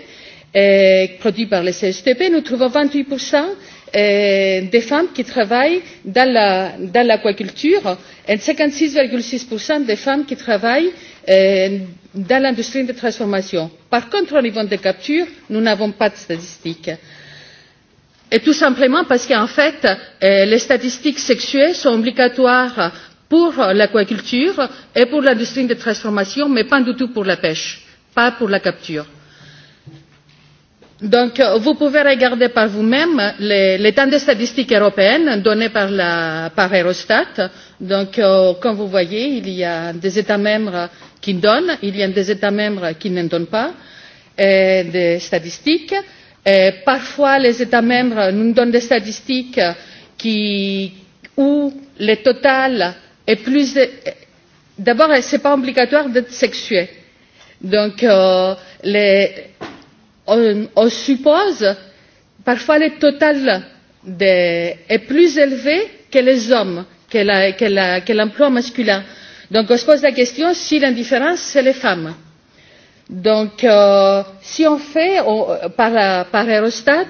euh, produits par les CSTP, nous trouvons 28 euh, des femmes qui travaillent dans l'aquaculture la, et 56,6 des femmes qui travaillent euh, dans l'industrie de transformation. Par contre, au niveau des captures, nous n'avons pas de statistiques. Et tout simplement parce qu'en fait, euh, les statistiques sexuées sont obligatoires pour l'aquaculture et pour l'industrie de transformation, mais pas du tout pour la pêche, pas pour la capture. Donc, euh, vous pouvez regarder par vous-même les, les tendances statistiques européennes données par, la, par Eurostat. Donc, euh, comme vous voyez, il y a des États membres qui donnent, il y a des États membres qui ne donnent pas et des statistiques. Et parfois, les États membres nous donnent des statistiques qui, où le total est plus. D'abord, ce n'est pas obligatoire d'être sexué. Donc, euh, les on, on suppose parfois le total de, est plus élevé que les hommes, que l'emploi que la, que masculin. Donc on se pose la question si l'indifférence, c'est les femmes. Donc euh, si on fait on, par, par Eurostat,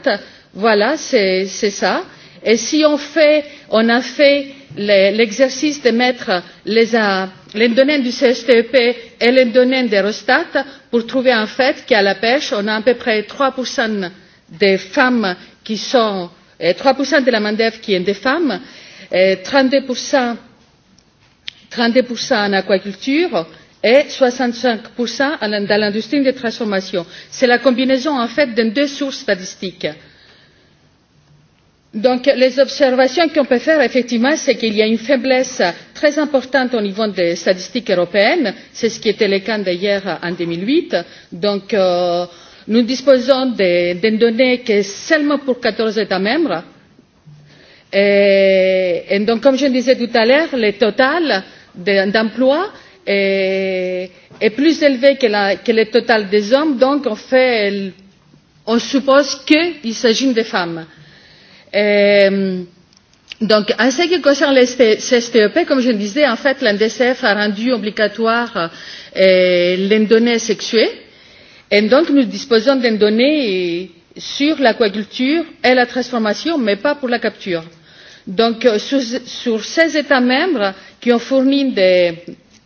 voilà, c'est ça. Et si on fait, on a fait euh, l'exercice de mettre les, à, euh, les données du CSTEP et les données d'Eurostat pour trouver en fait qu'à la pêche, on a à peu près 3% des femmes qui sont, 3% de la main-d'œuvre qui est des femmes, et 32%, 32 en aquaculture et 65% dans l'industrie de transformation. C'est la combinaison en fait de deux sources statistiques. Euh, Donc, les observations qu'on peut faire, effectivement, c'est qu'il y a une faiblesse très importante au niveau des statistiques européennes. C'est ce qui était le cas d'ailleurs en 2008. Donc, euh, nous disposons de, de données que seulement pour 14 États membres. Et, et donc, comme je disais tout à l'heure, le total d'emplois de, est, est plus élevé que, la, que le total des hommes. Donc, on, fait, on suppose qu'il s'agit des femmes. Euh, Euh, donc, en ce qui concerne les CSTEP, comme je le disais, en fait, l'NDCF a rendu obligatoire euh, les données sexuées. Et donc, nous disposons des données sur l'aquaculture et la transformation, mais pas pour la capture. Donc, euh, sur, sur ces États membres qui ont fourni des,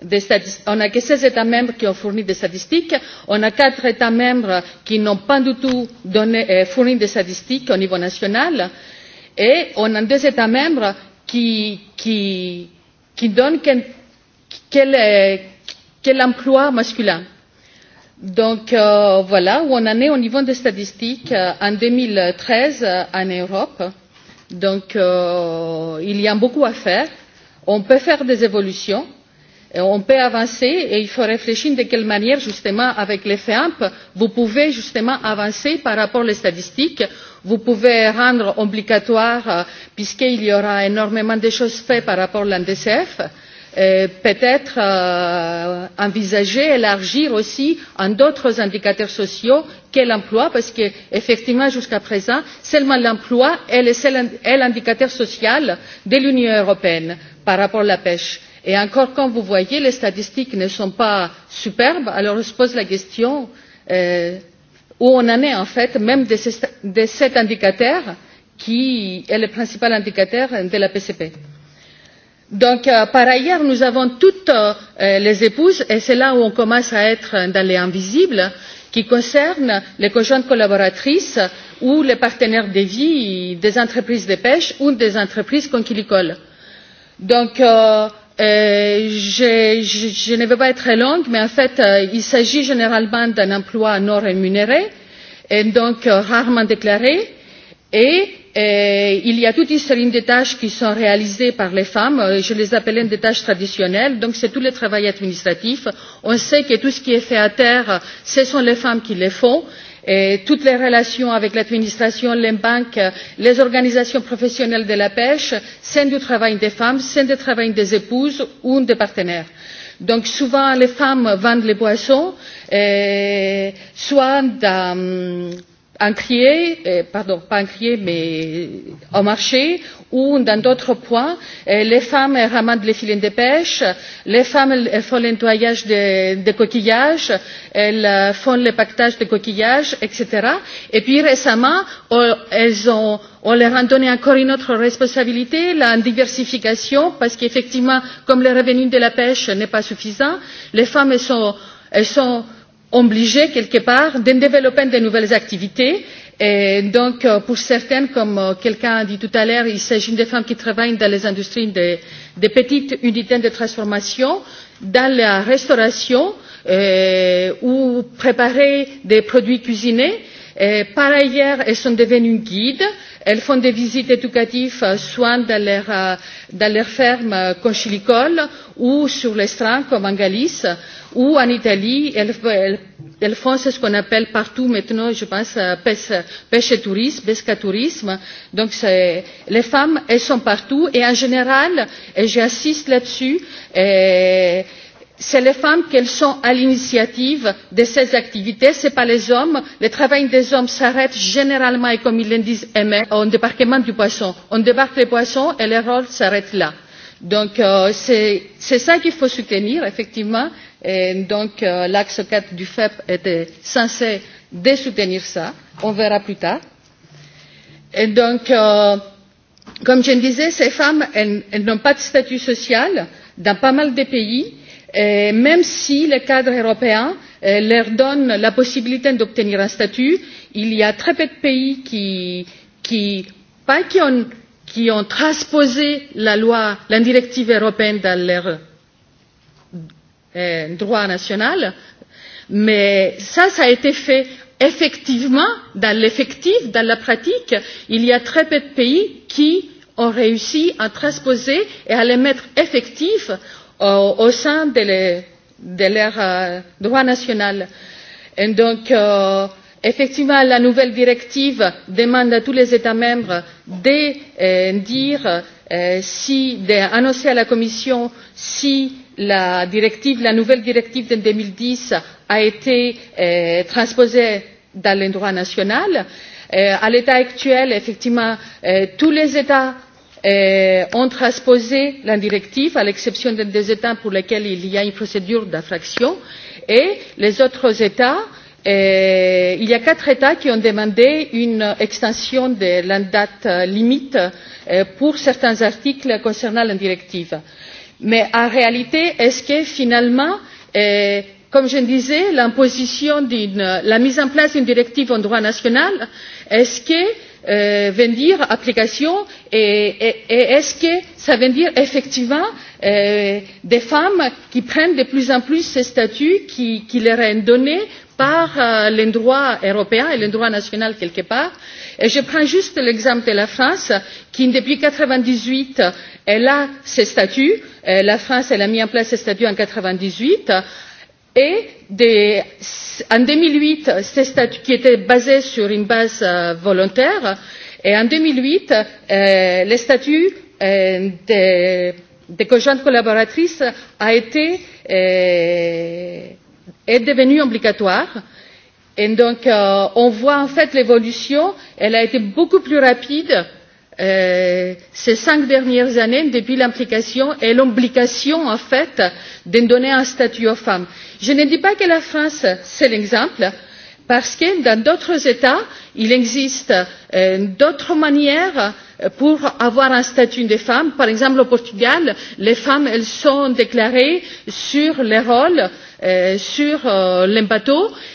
des on a que seize États membres qui ont fourni des statistiques, on a quatre États membres qui n'ont pas du tout donné, euh, fourni des statistiques au niveau national. Euh, et on a des États membres qui, qui, qui donnent quel, quel, quel emploi masculin. Donc euh, voilà où on en est au niveau des statistiques euh, en 2013 euh, en Europe. Donc euh, il y a beaucoup à faire. On peut faire des évolutions on peut avancer et il faut réfléchir de quelle manière justement avec les feamp vous pouvez justement avancer par rapport aux statistiques vous pouvez rendre obligatoire euh, puisqu'il y aura énormément de choses faites par rapport à l'ndcf euh, peut être euh, envisager d'élargir aussi à d'autres indicateurs sociaux que l'emploi parce qu'effectivement jusqu'à présent seulement l'emploi est l'indicateur social de l'union européenne par rapport à la pêche et encore quand vous voyez les statistiques ne sont pas superbes alors on se pose la question euh, où on en est en fait même de, ce, de cet indicateur qui est le principal indicateur de la PCP. Donc, euh, par ailleurs, nous avons toutes euh, les épouses, et c'est là où on commence à être dans les invisibles, qui concerne les conjointes collaboratrices ou les partenaires de vie des entreprises de pêche ou des entreprises conchylicoles. Donc, euh, Euh, je, je, je ne vais pas être longue, mais en fait, euh, il s'agit généralement d'un emploi non rémunéré, et donc euh, rarement déclaré, et euh, il y a toute une série de tâches qui sont réalisées par les femmes, euh, je les appelais des tâches traditionnelles, donc c'est tout le travail administratif. On sait que tout ce qui est fait à terre, ce sont les femmes qui le font, et toutes les relations avec l'administration les banques les organisations professionnelles de la pêche le sein du travail des femmes le sein du travail des épouses ou des partenaires. donc souvent les femmes vendent les poissons et, soit dans en criée, pardon, pas en criée, mais au marché, ou dans d'autres points euh, les femmes ramassent les filets de pêche les femmes font le nettoyage des de coquillages elles euh, font le pactage des coquillages etc. et puis récemment elles ont on leur a donné encore une autre responsabilité la diversification parce qu'effectivement comme le revenu de la pêche n'est pas suffisant les femmes sont, elles sont obligées quelque part de développer de nouvelles activités et Et donc, euh, pour certaines, comme euh, quelqu'un a dit tout à l'heure, il s'agit de femmes qui travaillent dans les industries des, des petites unités de transformation, dans la restauration euh, ou préparer des produits cuisinés. Et par ailleurs, elles sont devenues guides elles font des visites éducatives euh, soit dans leur, euh, dans leur ferme euh, conchylicole ou sur les strands comme en Galice ou en Italie. Elles, elles, elles font ce qu'on appelle partout maintenant, je pense, pêche, pêche et tourisme, pescatourisme. Donc les femmes, elles sont partout et en général, et j'insiste là-dessus, c'est les femmes qui sont à l'initiative de ces activités ce ne sont pas les hommes. le travail des hommes s'arrête généralement et comme ils le disent eux mêmes au débarquement du poisson. on débarque le poisson et leur rôle s'arrête là. donc euh, c'est cela qu'il faut soutenir effectivement et donc euh, l'axe quatre du fep était censé de soutenir cela on verra plus tard. Et donc euh, comme je le disais ces femmes n'ont pas de statut social dans pas mal de pays Et même si le cadre européen euh, leur donne la possibilité d'obtenir un statut il y a très peu de pays qui, qui pas qui ont, qui ont transposé la loi la directive européenne dans leur euh, droit national mais ça ça a été fait effectivement dans l'effectif dans la pratique il y a très peu de pays qui ont réussi à transposer et à les mettre effectifs au, au sein de, les, de leur euh, droit national. Et donc, euh, effectivement, la nouvelle directive demande à tous les États membres de euh, dire, euh, si, d'annoncer à la Commission si la, directive, la nouvelle directive de 2010 a été euh, transposée dans le droit national. Euh, à l'état actuel, effectivement, euh, tous les États euh, ont transposé la directive, à l'exception de deux États pour lesquels il y a une procédure d'infraction, et les autres États, euh, il y a quatre États qui ont demandé une extension de la date limite euh, pour certains articles concernant la directive. Mais en réalité, est-ce que finalement, euh, comme je le disais, l'imposition d'une, la mise en place d'une directive en droit national, est-ce que euh, euh, veut dire application et, et, et est-ce que ça veut dire effectivement euh, des femmes qui prennent de plus en plus ce statut qui, qui leur est donné par euh, le droit européen et le droit national quelque part. Et je prends juste l'exemple de la France qui depuis quatre vingt dix huit elle a ce statut euh, la france elle a mis en place ce statut en quatre vingt dix huit et des, en deux mille huit ces statuts qui étaient basés sur une base euh, volontaire et en deux mille huit euh, le statut euh, des de conjointes collaboratrices a été euh, est devenu obligatoire et donc euh, on voit en fait l'évolution elle a été beaucoup plus rapide Euh, ces cinq dernières années depuis l'implication et l'obligation en fait de donner un statut aux femmes. je ne dis pas que la france est l'exemple parce que dans d'autres états il existe euh, d'autres manières euh, pour avoir un statut des femmes. par exemple au portugal les femmes sont déclarées sur leur rôle sur les bateaux et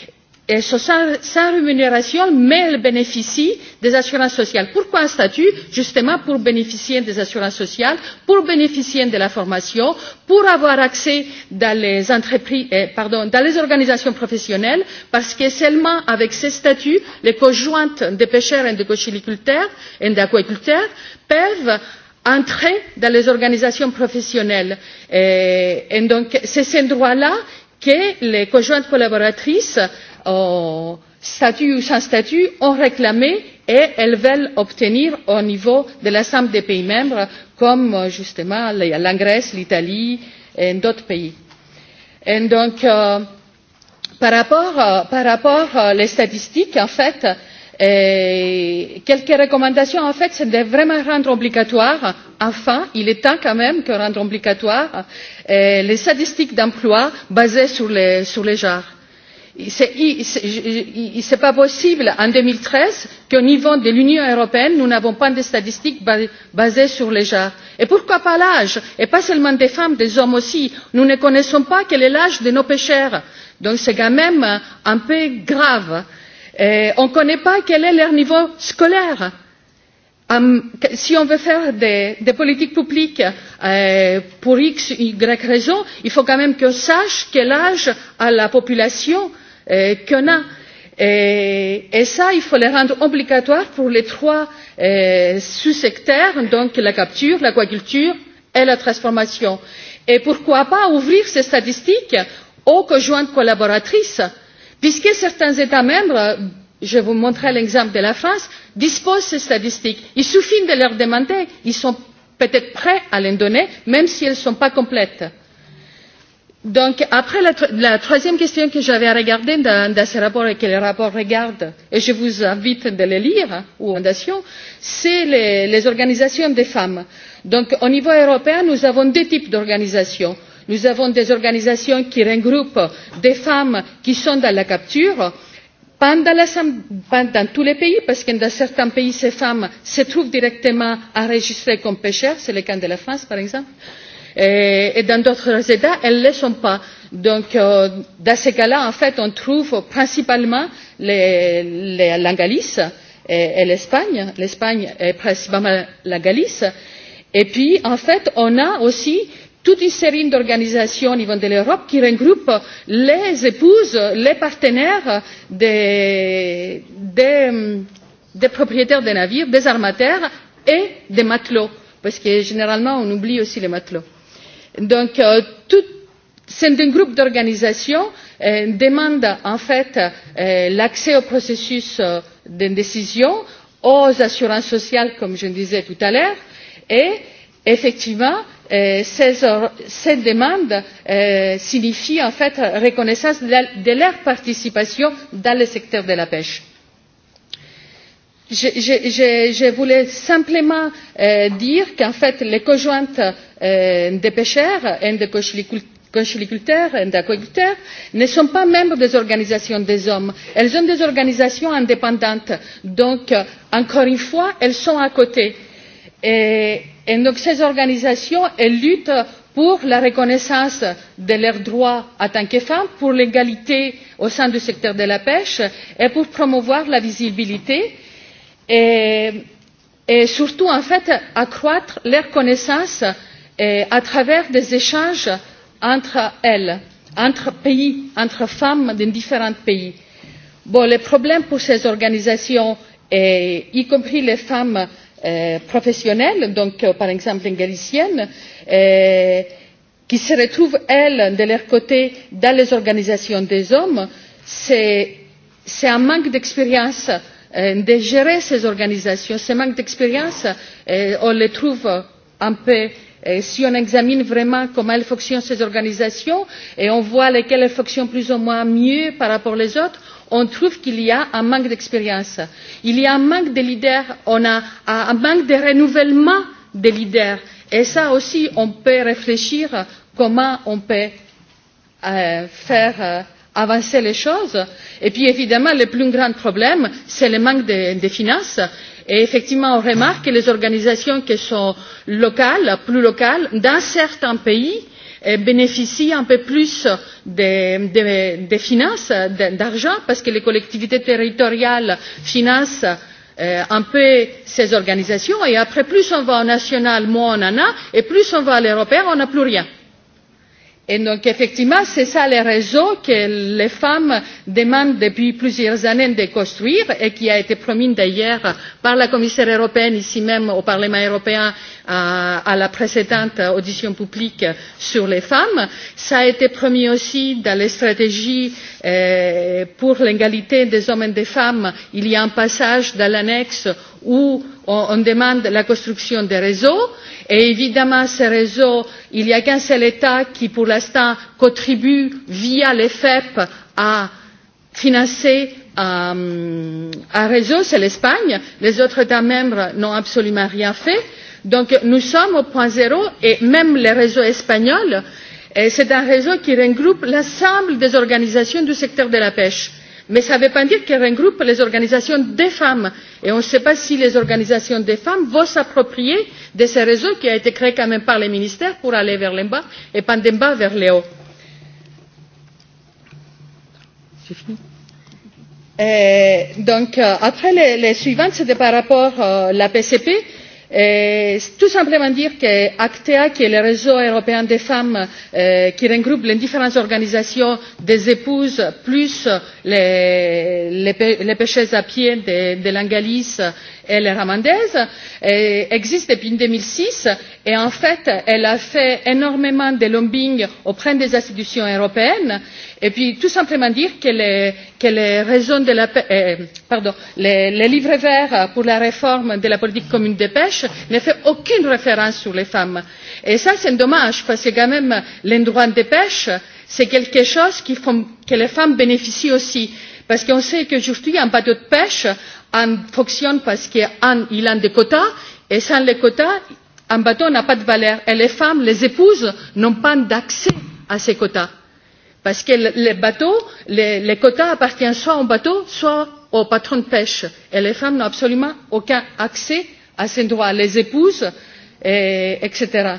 et sur sa, sa rémunération, mais elle bénéficie des assurances sociales. Pourquoi un statut Justement pour bénéficier des assurances sociales, pour bénéficier de la formation, pour avoir accès dans les, entreprises, eh, pardon, dans les organisations professionnelles, parce que seulement avec ces statuts, les conjointes des pêcheurs et des cochiliculteurs et d'aquaculteurs peuvent entrer dans les organisations professionnelles. Et, eh, et donc, c'est ce droit-là que les conjointes collaboratrices euh, statut ou sans statut ont réclamé et elles veulent obtenir au niveau de l'ensemble des pays membres comme euh, justement la Grèce, l'Italie et d'autres pays. Et donc, euh, par rapport, euh, par rapport aux euh, statistiques, en fait, euh, Et quelques recommandations en fait c'est de vraiment rendre obligatoire enfin il est temps quand même de rendre obligatoire euh, les statistiques d'emploi basées sur les, sur les genres. Ce n'est pas possible en deux mille treize qu'au niveau de l'Union européenne nous n'avons pas de statistiques basées sur les genres. Et pourquoi pas l'âge et pas seulement des femmes, des hommes aussi. Nous ne connaissons pas quel est l'âge de nos pêcheurs. Donc c'est quand même un peu grave. Euh, Et euh, on ne connaît pas quel est leur niveau scolaire. Um, si on veut faire des, des politiques publiques euh, pour x y raison, il faut quand même qu'on sache quel âge a la population euh, qu'on a. Et, euh, et ça, il faut le rendre obligatoire pour les trois euh, sous-secteurs, donc la capture, l'aquaculture et la transformation. Et pourquoi pas ouvrir ces statistiques aux conjointes collaboratrices euh, puisque certains états membres euh, je vous montrerai l'exemple de la france disposent de ces statistiques il suffit de leur demander ils sont peut être prêts à les donner même si elles ne sont pas complètes. Donc, après la, la troisième question que j'avais regardée dans, dans ce rapport et que le rapport regarde, et je vous invite de le lire, ou fondation, c'est les, les organisations des femmes. Donc, au niveau européen, nous avons deux types d'organisations nous avons des organisations qui regroupent des femmes qui sont dans la capture pas dans tous les pays parce que dans certains pays ces femmes se trouvent directement enregistrées comme pêcheurs c'est le cas de la france par exemple et dans d'autres états elles ne le sont pas. donc euh, dans ces cas là en fait on trouve principalement la galice et l'espagne l'espagne et principalement la galice et puis en fait on a aussi toute une série d'organisations au niveau de l'europe qui regroupent les épouses les partenaires des, des, des propriétaires de navires des armateurs et des matelots parce que généralement on oublie aussi les matelots. donc euh, tout ce groupe d'organisations euh, demande en fait euh, l'accès au processus euh, de décision aux assurances sociales comme je le disais tout à l'heure et effectivement Euh, cette demande euh, signifie en fait reconnaissance de leur participation dans le secteur de la pêche. Je, je, je voulais simplement euh, dire qu'en fait les conjointes euh, des pêcheurs et des conchyliculteurs et des aquaculteurs ne sont pas membres des organisations des hommes elles sont des organisations indépendantes donc euh, encore une fois elles sont à côté. Et, et donc ces organisations elles luttent pour la reconnaissance de leurs droits en tant que femmes pour l'égalité au sein du secteur de la pêche et pour promouvoir la visibilité et, et surtout en fait accroître leurs connaissances et, à travers des échanges entre elles entre pays entre femmes de différents pays. Bon, le problème pour ces organisations et y compris les femmes euh, professionnelles, donc euh, par exemple guériciennes, euh, qui se retrouvent, elles, de leur côté, dans les organisations des hommes, c'est un manque d'expérience euh, de gérer ces organisations. Ce manque d'expérience, euh, on le trouve un peu Et euh, si on examine vraiment comment elles fonctionnent ces organisations et on voit lesquelles elles fonctionnent plus ou moins mieux par rapport aux autres on trouve qu'il y a un manque d'expérience il y a un manque de leaders on a un manque de renouvellement des leaders et ça aussi on peut réfléchir comment on peut euh, faire euh, avancer les choses. Et puis évidemment, le plus grand problème, c'est le manque de, de finances. Et effectivement, on remarque que les organisations qui sont locales, plus locales, dans certains pays, Euh, bénéficient un peu plus de, de, de finances, d'argent, parce que les collectivités territoriales financent euh, un peu ces organisations, et après plus on va au national, moins on en a, et plus on va à l'européen, on n'a plus rien. Euh, Et donc effectivement, c'est ça le réseau que les femmes demandent depuis plusieurs années de construire et qui a été promis d'ailleurs par la commissaire européenne ici même au Parlement européen à, à la précédente audition publique sur les femmes. Ça a été promis aussi dans les stratégies euh, pour l'égalité des hommes et des femmes. Il y a un passage dans l'annexe où on, on demande la construction de réseaux et évidemment ces réseaux il n'y a qu'un seul état qui pour l'instant contribue via les fep à financer euh, un réseau c'est l'espagne les autres états membres n'ont absolument rien fait donc nous sommes au point zéro et même le réseau espagnol c'est un réseau qui regroupe l'ensemble des organisations du secteur de la pêche mais cela ne veut pas dire qu'elle regroupe les organisations des femmes et on ne sait pas si les organisations des femmes vont s'approprier de ce réseau qui a été créé quand même par les ministères pour aller vers le bas et pas d'en bas vers le haut. J'ai fini. Et euh, donc, euh, après, les, les suivantes, c'était par rapport à euh, la PCP. Euh, Et euh, tout simplement dire que ACTEA, qui est le réseau européen des femmes euh, qui regroupe les différentes organisations des épouses plus les, les, les pêcheuses à pied de, de l'Angalis et les Ramandaises, et euh, existe depuis 2006 et en fait elle a fait énormément de lobbying auprès des institutions européennes et puis tout simplement dire que les, que les raisons de la euh, pardon les, les livres verts pour la réforme de la politique commune de pêche ne fait aucune référence sur les femmes et ça c'est dommage parce que quand même les droits de pêche c'est quelque chose qui font que les femmes bénéficient aussi parce qu'on sait qu'aujourd'hui un bateau de pêche un, fonctionne parce qu'il a des quotas et sans les quotas un bateau n'a pas de valeur et les femmes les épouses n'ont pas d'accès à ces quotas parce que les bateaux, les, les quotas appartiennent soit aux bateaux, soit aux patrons de pêche. Et les femmes n'ont absolument aucun accès à ces droits, les épouses, et, etc.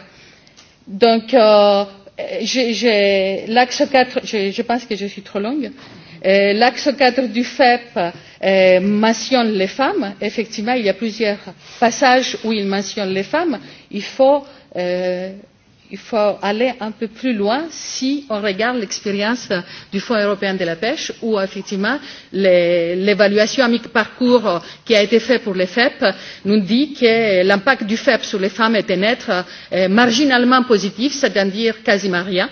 Donc, euh, l'axe 4, je, je pense que je suis trop longue. L'axe 4 du FEP euh, mentionne les femmes. Effectivement, il y a plusieurs passages où il mentionne les femmes. Il faut euh, il faut aller un peu plus loin si on regarde l'expérience du Fonds européen de la pêche où effectivement l'évaluation à mi-parcours qui a été faite pour les FEP nous dit que l'impact du FEP sur les femmes était net euh, marginalement positif, c'est-à-dire quasiment rien,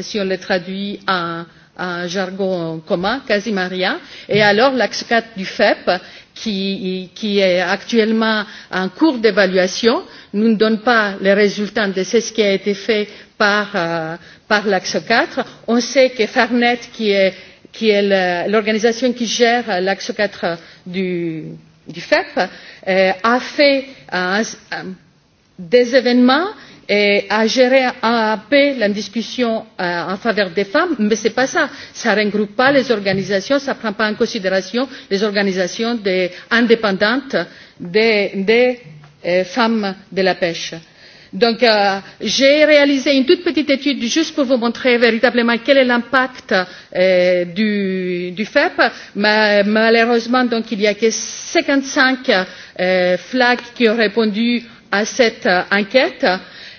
si on le traduit en, un jargon commun, quasi Maria, et alors l'axe 4 du FEP qui, qui est actuellement en cours d'évaluation nous ne donne pas les résultats de ce qui a été fait par, euh, par l'axe quatre on sait que farnet qui est, qui est l'organisation qui gère l'axe quatre du, du fep euh, a fait euh, des événements et à gérer un peu la discussion euh, en faveur des femmes, mais ce n'est pas ça. Ça ne regroupe pas les organisations, ça ne prend pas en considération les organisations des, indépendantes des, des euh, femmes de la pêche. Donc, euh, j'ai réalisé une toute petite étude juste pour vous montrer véritablement quel est l'impact euh, du, du FEP. Mais, malheureusement, donc, il n'y a que 55 euh, flags qui ont répondu à cette euh, enquête. Euh,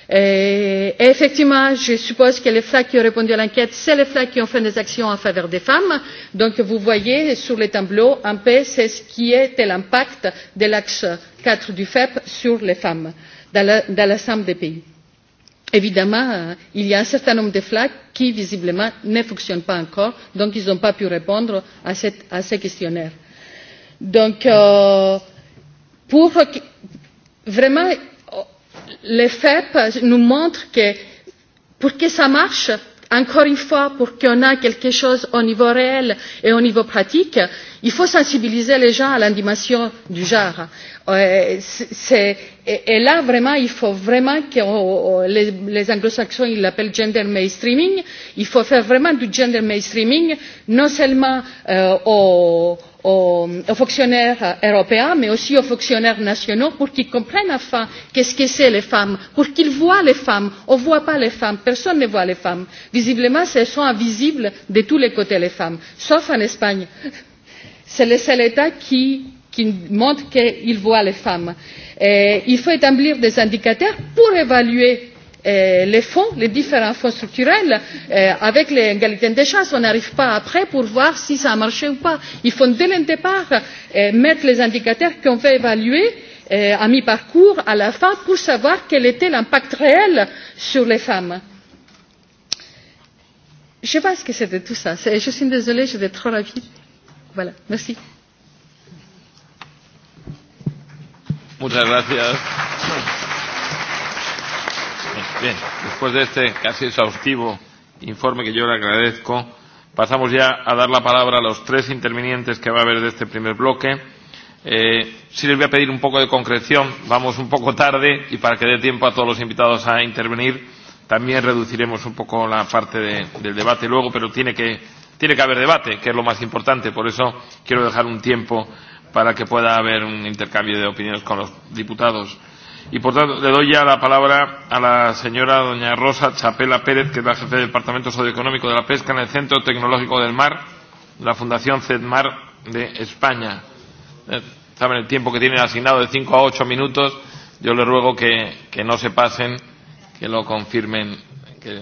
Et, et effectivement, je suppose que les FLAC qui ont répondu à l'enquête, c'est les FLAC qui ont fait des actions en faveur des femmes. Donc, vous voyez sur le tableau, un peu, c'est ce qui était l'impact de l'axe 4 du FEP sur les femmes dans l'ensemble des pays. Évidemment, euh, il y a un certain nombre de FLAC qui, visiblement, ne fonctionnent pas encore, donc ils n'ont pas pu répondre à, cette, à ces questionnaires. Donc, euh, pour vraiment le FEP nous montre que pour que ça marche, encore une fois, pour qu'on ait quelque chose au niveau réel et au niveau pratique, il faut sensibiliser les gens à l'animation du genre. Euh, c'est, et, et là, vraiment, il faut vraiment que oh, oh, oh, les, les anglo-saxons ils l'appellent gender mainstreaming. Il faut faire vraiment du gender mainstreaming, non seulement euh, au aux, aux fonctionnaires européens, mais aussi aux fonctionnaires nationaux, pour qu'ils comprennent enfin qu'est-ce que c'est les femmes, pour qu'ils voient les femmes. On ne voit pas les femmes, personne ne voit les femmes. Visiblement, elles sont invisibles de tous les côtés, les femmes, sauf en Espagne. C'est le seul État qui, qui montre qu'il voit les femmes. Et il faut établir des indicateurs pour évaluer Euh, les fonds, les différents fonds structurels, euh, avec l'égalité des chances, on n'arrive pas après pour voir si ça a marché ou pas. Il faut dès le départ euh, mettre les indicateurs qu'on veut évaluer euh, à mi-parcours, à la fin, pour savoir quel était l'impact réel sur les femmes. Je pense que c'était tout ça. Je suis désolée, j'étais trop rapide. Voilà, merci. Muchas gracias. Bien, después de este casi exhaustivo informe que yo le agradezco, pasamos ya a dar la palabra a los tres intervinientes que va a haber de este primer bloque. Eh, sí les voy a pedir un poco de concreción, vamos un poco tarde y para que dé tiempo a todos los invitados a intervenir, también reduciremos un poco la parte de, del debate luego, pero tiene que, tiene que haber debate, que es lo más importante. Por eso quiero dejar un tiempo para que pueda haber un intercambio de opiniones con los diputados. Y por tanto, le doy ya la palabra a la señora doña Rosa Chapela Pérez, que es la jefe del Departamento Socioeconómico de la Pesca en el Centro Tecnológico del Mar, la Fundación CEDMAR de España. Eh, saben el tiempo que tienen asignado de 5 a 8 minutos. Yo les ruego que, que no se pasen, que lo confirmen. Que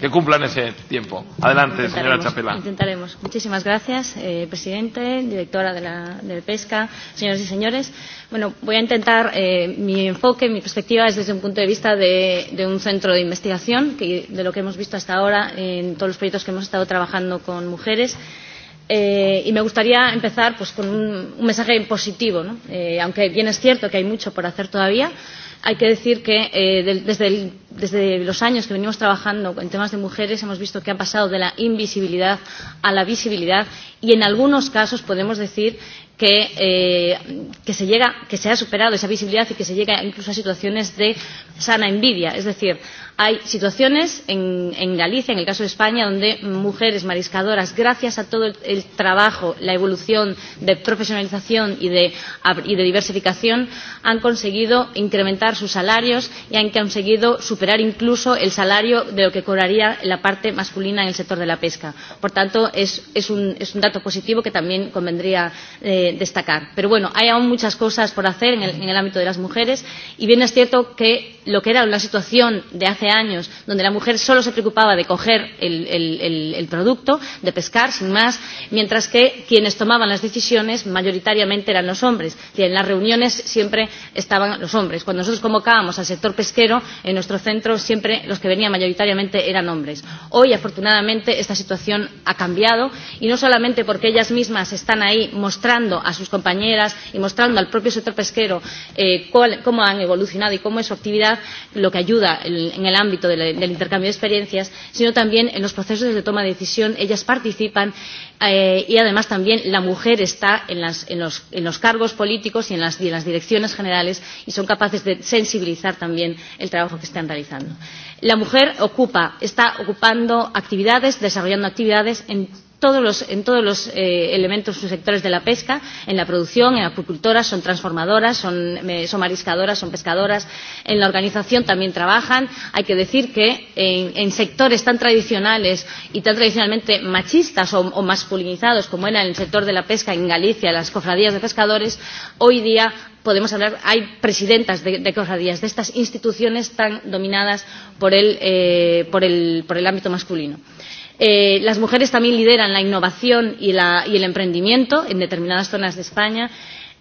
que cumplan ese tiempo. Adelante, señora Chapela. Intentaremos. Muchísimas gracias, eh, presidente, directora de la de Pesca, señores y señores. Bueno, voy a intentar, eh, mi enfoque, mi perspectiva es desde un punto de vista de, de un centro de investigación, que, de lo que hemos visto hasta ahora en todos los proyectos que hemos estado trabajando con mujeres. Eh, y me gustaría empezar pues, con un, un mensaje positivo, ¿no? eh, aunque bien es cierto que hay mucho por hacer todavía, hay que decir que eh, de, desde el desde los años que venimos trabajando en temas de mujeres hemos visto que han pasado de la invisibilidad a la visibilidad y en algunos casos podemos decir que, eh, que, se llega, que se ha superado esa visibilidad y que se llega incluso a situaciones de sana envidia. Es decir, hay situaciones en, en Galicia, en el caso de España, donde mujeres mariscadoras, gracias a todo el, el trabajo, la evolución de profesionalización y de, y de diversificación, han conseguido incrementar sus salarios y han conseguido superar superar incluso el salario de lo que cobraría la parte masculina en el sector de la pesca. Por tanto, es, es, un, es un dato positivo que también convendría eh, destacar. Pero bueno, hay aún muchas cosas por hacer en el, en el ámbito de las mujeres y bien es cierto que lo que era una situación de hace años donde la mujer solo se preocupaba de coger el, el, el, el producto, de pescar, sin más, mientras que quienes tomaban las decisiones mayoritariamente eran los hombres. Y en las reuniones siempre estaban los hombres. Cuando nosotros convocábamos al sector pesquero en nuestro centro, centros siempre los que venían mayoritariamente eran hombres. Hoy, afortunadamente, esta situación ha cambiado y no solamente porque ellas mismas están ahí mostrando a sus compañeras y mostrando al propio sector pesquero eh, cuál, cómo han evolucionado y cómo es su actividad, lo que ayuda en, en el ámbito del, del intercambio de experiencias, sino también en los procesos de toma de decisión ellas participan eh, y además también la mujer está en, las, en, los, en los cargos políticos y en, las, y en las direcciones generales y son capaces de sensibilizar también el trabajo que están realizando. La mujer ocupa, está ocupando actividades, desarrollando actividades en todos los, en todos los eh, elementos subsectores de la pesca, en la producción, en acuicultoras, son transformadoras, son, eh, son mariscadoras, son pescadoras, en la organización también trabajan. Hay que decir que en, en sectores tan tradicionales y tan tradicionalmente machistas o, o masculinizados como era el sector de la pesca en Galicia, las cofradías de pescadores, hoy día podemos hablar, hay presidentas de, de cofradías, de estas instituciones tan dominadas por el, eh, por el, por el ámbito masculino. Eh, Eh, las mujeres también lideran la innovación y, la, y el emprendimiento en determinadas zonas de España.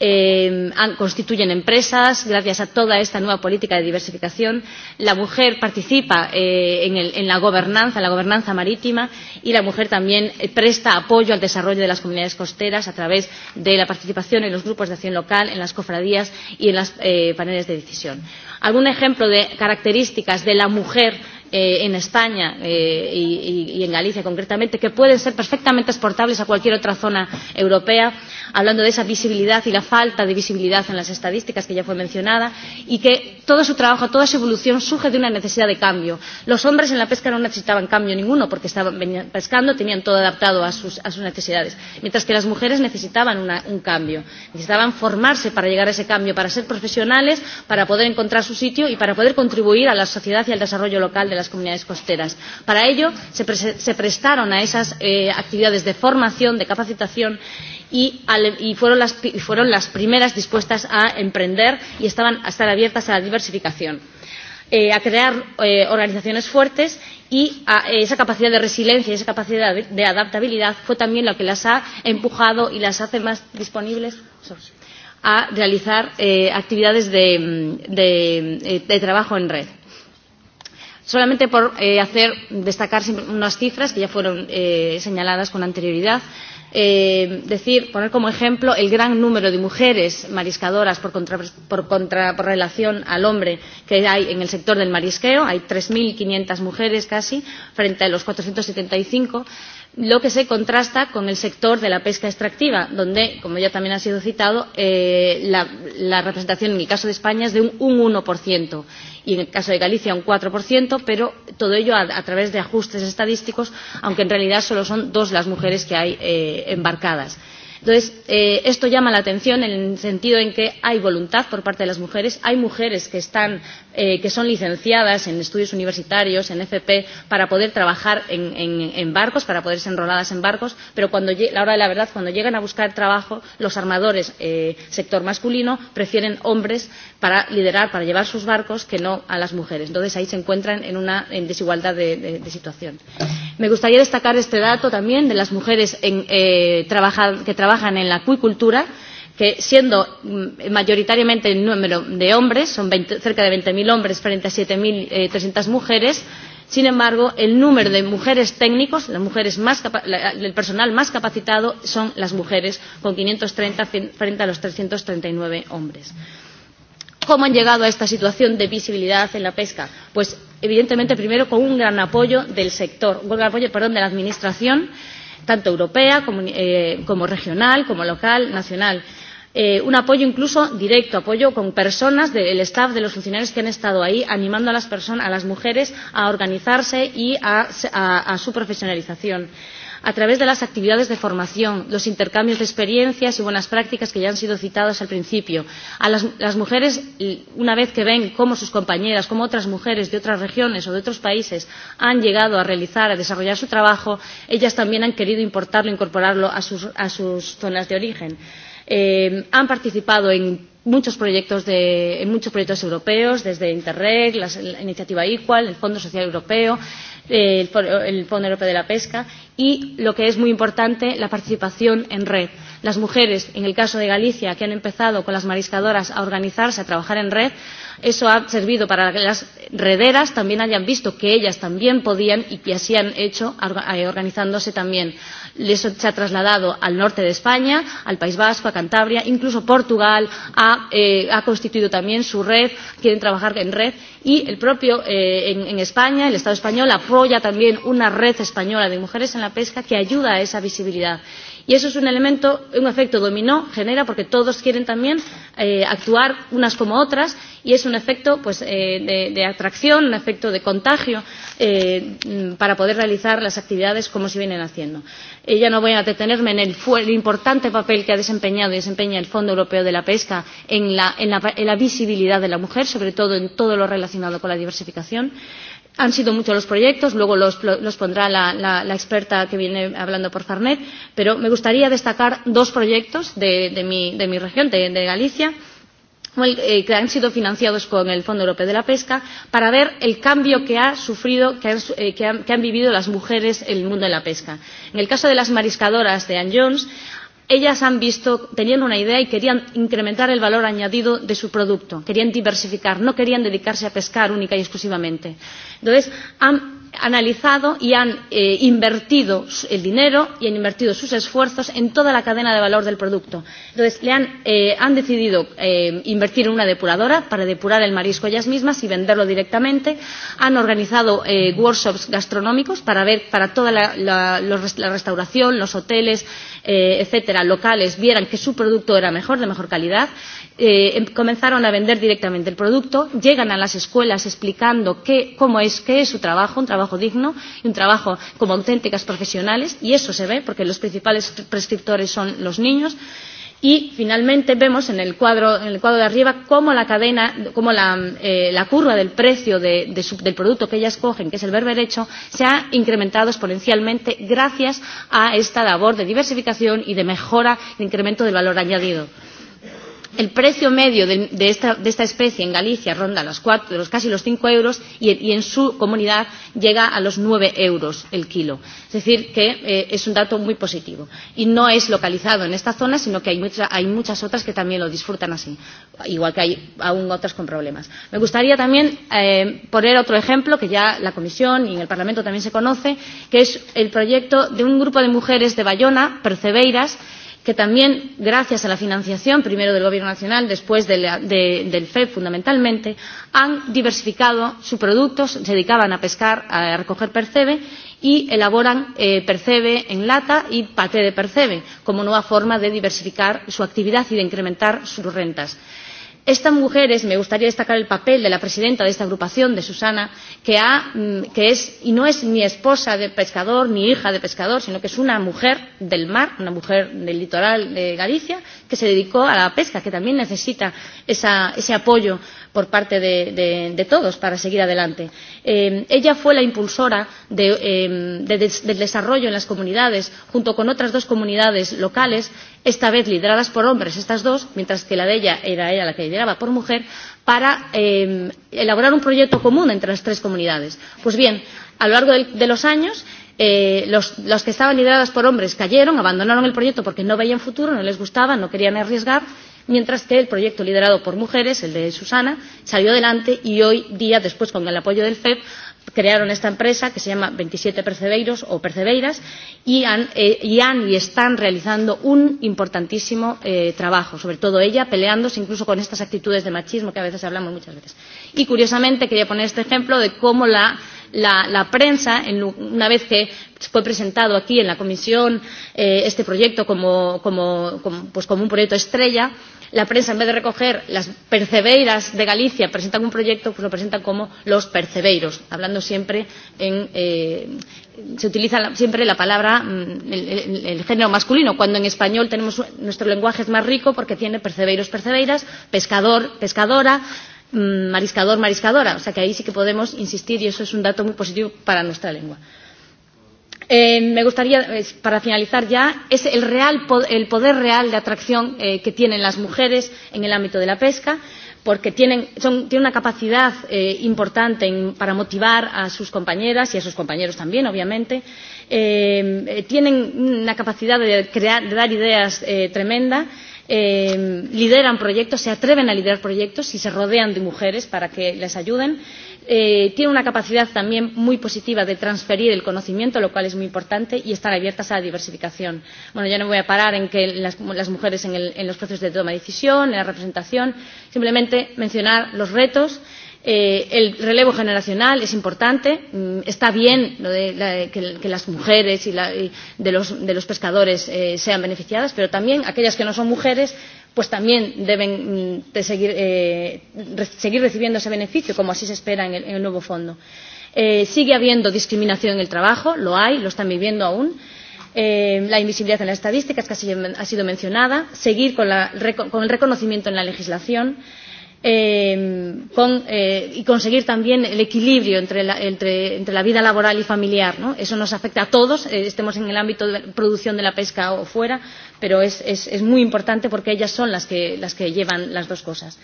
Eh, constituyen empresas gracias a toda esta nueva política de diversificación. La mujer participa eh, en, el, en la gobernanza, la gobernanza marítima, y la mujer también eh, presta apoyo al desarrollo de las comunidades costeras a través de la participación en los grupos de acción local, en las cofradías y en los eh, paneles de decisión. Algún ejemplo de características de la mujer eh, en España eh, y, y en Galicia concretamente, que pueden ser perfectamente exportables a cualquier otra zona europea, hablando de esa visibilidad y la falta de visibilidad en las estadísticas que ya fue mencionada, y que todo su trabajo, toda su evolución surge de una necesidad de cambio. Los hombres en la pesca no necesitaban cambio ninguno porque estaban pescando, tenían todo adaptado a sus, a sus necesidades, mientras que las mujeres necesitaban una, un cambio, necesitaban formarse para llegar a ese cambio, para ser profesionales, para poder encontrar su sitio y para poder contribuir a la sociedad y al desarrollo local de las comunidades costeras. Para ello, se, pre se prestaron a esas eh, actividades de formación, de capacitación y, al, y fueron, las, fueron las primeras dispuestas a emprender y estaban a estar abiertas a la diversificación. Eh, a crear eh, organizaciones fuertes y a, eh, esa capacidad de resiliencia, esa capacidad de, de adaptabilidad fue también lo que las ha empujado y las hace más disponibles a realizar eh, actividades de, de, de trabajo en red. Solamente por eh, hacer destacar unas cifras que ya fueron eh, señaladas con anterioridad. Eh, decir, poner como ejemplo el gran número de mujeres mariscadoras por, contra, por, contra, por relación al hombre que hay en el sector del marisqueo, hay 3.500 mujeres casi, frente a los 475 lo que se contrasta con el sector de la pesca extractiva, donde, como ya también ha sido citado, eh, la, la representación en el caso de España es de un, un 1% y en el caso de Galicia un 4%, pero todo ello a, a través de ajustes estadísticos, aunque en realidad solo son dos las mujeres que hay eh, embarcadas Entonces, eh, esto llama la atención en el sentido en que hay voluntad por parte de las mujeres, hay mujeres que, están, eh, que son licenciadas en estudios universitarios, en FP, para poder trabajar en, en, en barcos, para poder ser enroladas en barcos, pero cuando a la hora de la verdad, cuando llegan a buscar trabajo, los armadores, eh, sector masculino, prefieren hombres para liderar, para llevar sus barcos, que no a las mujeres. Entonces, ahí se encuentran en una en desigualdad de, de, de situación. Me gustaría destacar este dato también de las mujeres en, eh, trabajar, que trabajan trabajan en la acuicultura, que siendo mm, mayoritariamente el número de hombres, son 20, cerca de 20.000 hombres frente a 7.300 eh, mujeres, sin embargo, el número de mujeres técnicos, las mujeres más la, el personal más capacitado son las mujeres, con 530 frente a los 339 hombres. ¿Cómo han llegado a esta situación de visibilidad en la pesca? Pues, evidentemente, primero con un gran apoyo del sector, un gran apoyo, perdón, de la Administración, eh, tanto europea como, eh, como regional, como local, nacional. Eh, un apoyo incluso directo, apoyo con personas del de, staff, de los funcionarios que han estado ahí, animando a las, personas, a las mujeres a organizarse y a, a, a su profesionalización. Eh, a través de las actividades de formación, los intercambios de experiencias y buenas prácticas que ya han sido citados al principio. A las, las mujeres, una vez que ven cómo sus compañeras, cómo otras mujeres de otras regiones o de otros países han llegado a realizar, a desarrollar su trabajo, ellas también han querido importarlo, incorporarlo a sus, a sus zonas de origen. Eh, han participado en muchos proyectos de, en muchos proyectos europeos, desde Interreg, las, la iniciativa Equal, el Fondo Social Europeo, eh, el, el Fondo Europeo de la Pesca y, lo que es muy importante, la participación en red. Las mujeres, en el caso de Galicia, que han empezado con las mariscadoras a organizarse, a trabajar en red, eso ha servido para que las rederas también hayan visto que ellas también podían y que así han hecho eh, organizándose también. Eso se ha trasladado al norte de España, al País Vasco, a Cantabria, incluso Portugal ha, eh, ha constituido también su red, quieren trabajar en red y el propio eh, en, en España, el Estado español apoya también una red española de mujeres en la pesca que ayuda a esa visibilidad. Y eso es un elemento, un efecto dominó, genera, porque todos quieren también eh, actuar unas como otras, y es un efecto pues, eh, de, de atracción, un efecto de contagio eh, mm, para poder realizar las actividades como se vienen haciendo. Eh, ya no voy a detenerme en el, el importante papel que ha desempeñado y desempeña el Fondo Europeo de la Pesca en la, en, la, en la visibilidad de la mujer, sobre todo en todo lo relacionado con la diversificación. Han sido muchos los proyectos, luego los, los pondrá la, la, la experta que viene hablando por Farnet, pero me gustaría destacar dos proyectos de, de, mi, de mi región, de, de Galicia, eh, que han sido financiados con el Fondo Europeo de la Pesca para ver el cambio que ha sufrido, que han, eh, que han, que han vivido las mujeres en el mundo de la pesca. En el caso de las mariscadoras de Anne Jones, ellas han visto, tenían una idea y querían incrementar el valor añadido de su producto, querían diversificar, no querían dedicarse a pescar única y exclusivamente. Entonces, han analizado y han eh, invertido el dinero y han invertido sus esfuerzos en toda la cadena de valor del producto. Entonces, le han, eh, han decidido eh, invertir en una depuradora para depurar el marisco ellas mismas y venderlo directamente. Han organizado eh, workshops gastronómicos para ver para toda la, la, los, la restauración, los hoteles, eh, etcétera, locales, vieran que su producto era mejor, de mejor calidad, eh, comenzaron a vender directamente el producto, llegan a las escuelas explicando qué, cómo es, qué es su trabajo, un trabajo digno y un trabajo como auténticas profesionales, y eso se ve porque los principales prescriptores son los niños. Eh, Y finalmente vemos en el cuadro, en el cuadro de arriba cómo la cadena, cómo la, eh, la curva del precio de, de su, del producto que ellas cogen, que es el berberecho, se ha incrementado exponencialmente gracias a esta labor de diversificación y de mejora, de incremento del valor añadido el precio medio de, de, esta, de esta especie en Galicia ronda los, cuatro, los casi los 5 euros y, y en su comunidad llega a los 9 euros el kilo. Es decir, que eh, es un dato muy positivo. Y no es localizado en esta zona, sino que hay, mucha, hay muchas otras que también lo disfrutan así, igual que hay aún otras con problemas. Me gustaría también eh, poner otro ejemplo que ya la Comisión y en el Parlamento también se conoce, que es el proyecto de un grupo de mujeres de Bayona, Percebeiras, que también gracias a la financiación primero del gobierno nacional después de la, de, del fed fundamentalmente han diversificado sus productos se dedicaban a pescar a recoger percebe y elaboran eh, percebe en lata y paté de percebe como nueva forma de diversificar su actividad y de incrementar sus rentas estas mujeres me gustaría destacar el papel de la presidenta de esta agrupación de susana que, ha, mm, que es y no es ni esposa de pescador ni hija de pescador sino que es una mujer del mar una mujer del litoral de galicia que se dedicó a la pesca que también necesita esa, ese apoyo por parte de, de, de todos para seguir adelante. Eh, ella fue la impulsora de, eh, de des, del desarrollo en las comunidades junto con otras dos comunidades locales esta vez lideradas por hombres estas dos, mientras que la de ella era ella la que lideraba por mujer, para eh, elaborar un proyecto común entre las tres comunidades. Pues bien, a lo largo de, de los años, eh, los, los que estaban lideradas por hombres cayeron, abandonaron el proyecto porque no veían futuro, no les gustaba, no querían arriesgar, mientras que el proyecto liderado por mujeres, el de Susana, salió adelante y hoy día, después con el apoyo del FEP, crearon esta empresa que se llama 27 Percebeiros o Percebeiras y han, eh, y han y están realizando un importantísimo eh, trabajo, sobre todo ella, peleándose incluso con estas actitudes de machismo que a veces hablamos muchas veces. Y curiosamente quería poner este ejemplo de cómo la la, la prensa, en, una vez que fue presentado aquí en la comisión eh, este proyecto como, como, como, pues como un proyecto estrella, la prensa, en vez de recoger las percebeiras de Galicia, presentan un proyecto, pues lo presentan como los percebeiros, hablando siempre en. Eh, se utiliza siempre la palabra, mm, el, el, el género masculino, cuando en español tenemos, nuestro lenguaje es más rico porque tiene percebeiros, percebeiras, pescador, pescadora, Mm, mariscador, mariscadora. O sea que ahí sí que podemos insistir y eso es un dato muy positivo para nuestra lengua. Eh, me gustaría, eh, para finalizar ya, es el, real, el poder real de atracción eh, que tienen las mujeres en el ámbito de la pesca, porque tienen, son, tienen una capacidad eh, importante en, para motivar a sus compañeras y a sus compañeros también, obviamente. Eh, eh, tienen una capacidad de, crear, de dar ideas eh, tremenda. Eh, eh, lideran proyectos, se atreven a liderar proyectos y se rodean de mujeres para que les ayuden. Eh, tienen una capacidad también muy positiva de transferir el conocimiento, lo cual es muy importante, y estar abiertas a la diversificación. Bueno, yo no voy a parar en que las, las mujeres en, el, en los procesos de toma de decisión, en la representación, simplemente mencionar los retos Eh, el relevo generacional es importante. Mm, está bien lo de la, que, que las mujeres y, la, y de, los, de los pescadores eh, sean beneficiadas, pero también aquellas que no son mujeres pues también deben mm, de seguir, eh, re, seguir recibiendo ese beneficio, como así se espera en el, en el nuevo fondo. Eh, sigue habiendo discriminación en el trabajo, lo hay, lo están viviendo aún. Eh, la invisibilidad en las estadísticas, que ha sido, ha sido mencionada. Seguir con, la, con el reconocimiento en la legislación. Eh, eh, con, eh, y conseguir también el equilibrio entre la, entre, entre la vida laboral y familiar. ¿no? Eso nos afecta a todos, eh, estemos en el ámbito de la producción de la pesca o fuera, pero es, es, es muy importante porque ellas son las que, las que llevan las dos cosas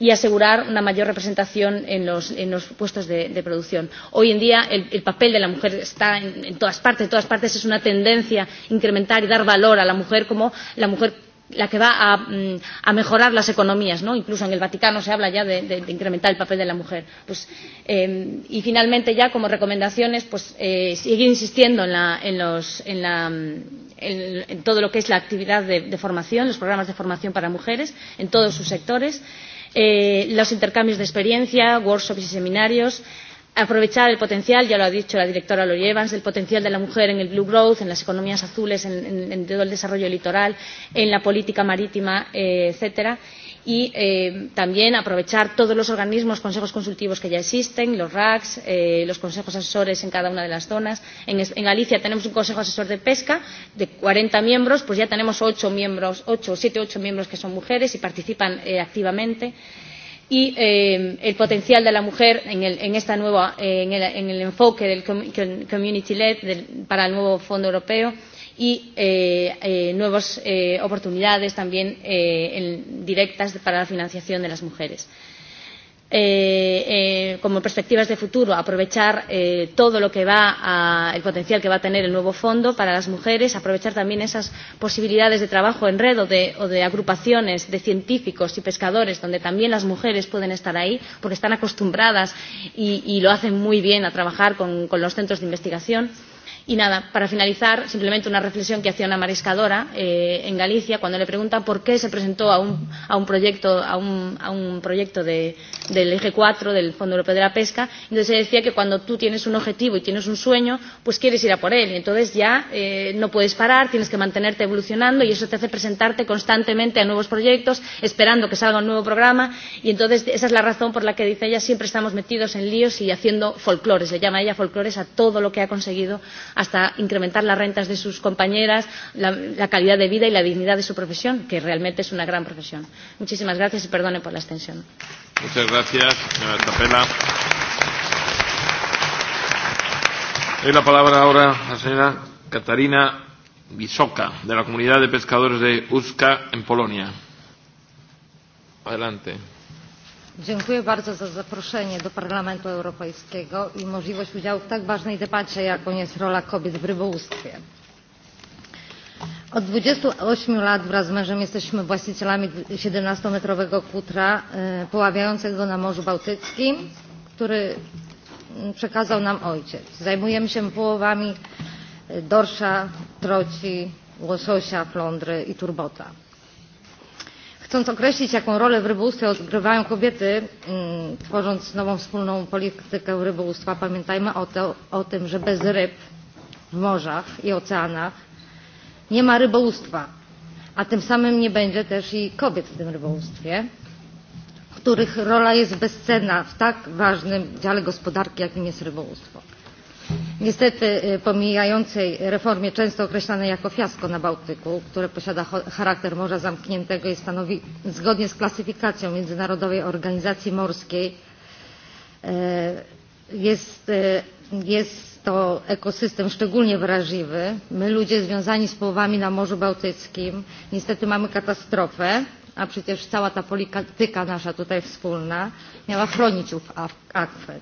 y asegurar una mayor representación en los, en los puestos de, de producción. Hoy en día el, el papel de la mujer está en, en todas partes, en todas partes es una tendencia incrementar y dar valor a la mujer como la mujer la que va a, mm, a mejorar las economías, ¿no? Incluso en el Vaticano se habla ya de, de, de incrementar el papel de la mujer. Pues, eh, y finalmente ya como recomendaciones, pues eh, seguir insistiendo en, la, en, los, en, la, en, en todo lo que es la actividad de, de formación, los programas de formación para mujeres en todos sus sectores, eh, los intercambios de experiencia, workshops y seminarios, eh, aprovechar el potencial ya lo ha dicho la directora lori evans el potencial de la mujer en el blue growth en las economías azules en, en, en todo el desarrollo litoral en la política marítima eh, etcétera y eh, también aprovechar todos los organismos consejos consultivos que ya existen los rac eh, los consejos asesores en cada una de las zonas en, en galicia tenemos un consejo asesor de pesca de cuarenta miembros pues ya tenemos ocho miembros ocho siete ocho miembros que son mujeres y participan eh, activamente y y eh, el potencial de la mujer en, el, en, esta nueva, eh, en, el, en el enfoque del Community Led del, para el nuevo Fondo Europeo y eh, eh, nuevas eh, oportunidades también eh, en, directas para la financiación de las mujeres. Eh, eh, eh, como perspectivas de futuro, aprovechar eh, todo lo que va a, el potencial que va a tener el nuevo fondo para las mujeres, aprovechar también esas posibilidades de trabajo en red o de, o de agrupaciones de científicos y pescadores, donde también las mujeres pueden estar ahí porque están acostumbradas y, y lo hacen muy bien a trabajar con, con los centros de investigación. Eh, Y nada, para finalizar, simplemente una reflexión que hacía una mariscadora eh, en Galicia cuando le preguntan por qué se presentó a un, a un proyecto, a un, a un proyecto de, del eje 4 del Fondo Europeo de la Pesca. Entonces decía que cuando tú tienes un objetivo y tienes un sueño, pues quieres ir a por él. Y entonces ya eh, no puedes parar, tienes que mantenerte evolucionando y eso te hace presentarte constantemente a nuevos proyectos, esperando que salga un nuevo programa. Y entonces esa es la razón por la que dice ella siempre estamos metidos en líos y haciendo folclores. Le llama ella folclores a todo lo que ha conseguido hasta incrementar las rentas de sus compañeras, la, la calidad de vida y la dignidad de su profesión, que realmente es una gran profesión. Muchísimas gracias y perdone por la extensión. Muchas gracias, señora Tapela. Doy la palabra ahora a la señora Catarina Wisoka, de la Comunidad de Pescadores de Uska, en Polonia. Adelante. Dziękuję bardzo za zaproszenie do Parlamentu Europejskiego i możliwość udziału w tak ważnej debacie, jaką jest rola kobiet w rybołówstwie. Od 28 lat wraz z mężem jesteśmy właścicielami 17-metrowego kutra e, poławiającego na Morzu Bałtyckim, który mm, przekazał nam ojciec. Zajmujemy się połowami e, dorsza, troci, łososia, flądry i turbota. Chcąc określić, jaką rolę w rybołówstwie odgrywają kobiety, mm, tworząc nową wspólną politykę rybołówstwa, pamiętajmy o, to, o tym, że bez ryb w morzach i oceanach nie ma rybołówstwa, a tym samym nie będzie też i kobiet w tym rybołówstwie, których rola jest bezcenna w tak ważnym dziale gospodarki, jakim jest rybołówstwo niestety e, pomijającej reformie często określanej jako fiasko na bałtyku które posiada charakter morza zamkniętego i stanowi zgodnie z klasyfikacją międzynarodowej organizacji morskiej e, jest, e, jest to ekosystem szczególnie wrażliwy my ludzie związani z połowami na morzu bałtyckim niestety mamy katastrofę a przecież cała ta polityka nasza tutaj wspólna miała chronić ów akwet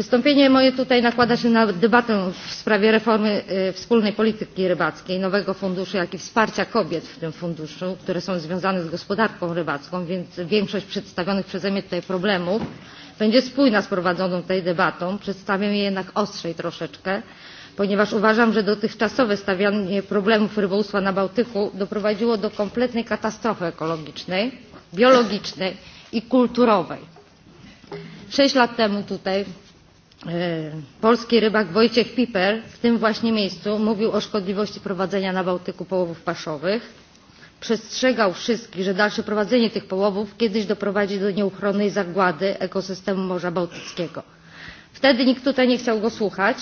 Wystąpienie moje tutaj nakłada się na debatę w sprawie reformy wspólnej polityki rybackiej, nowego funduszu, jak i wsparcia kobiet w tym funduszu, które są związane z gospodarką rybacką, więc większość przedstawionych przeze mnie tutaj problemów będzie spójna z prowadzoną tutaj debatą. Przedstawię je jednak ostrzej troszeczkę, ponieważ uważam, że dotychczasowe stawianie problemów rybołówstwa na Bałtyku doprowadziło do kompletnej katastrofy ekologicznej, biologicznej i kulturowej. Sześć lat temu tutaj E, polski rybak Wojciech Piper w tym właśnie miejscu mówił o szkodliwości prowadzenia na Bałtyku połowów paszowych. Przestrzegał wszystkich, że dalsze prowadzenie tych połowów kiedyś doprowadzi do nieuchronnej zagłady ekosystemu Morza Bałtyckiego. Wtedy nikt tutaj nie chciał go słuchać.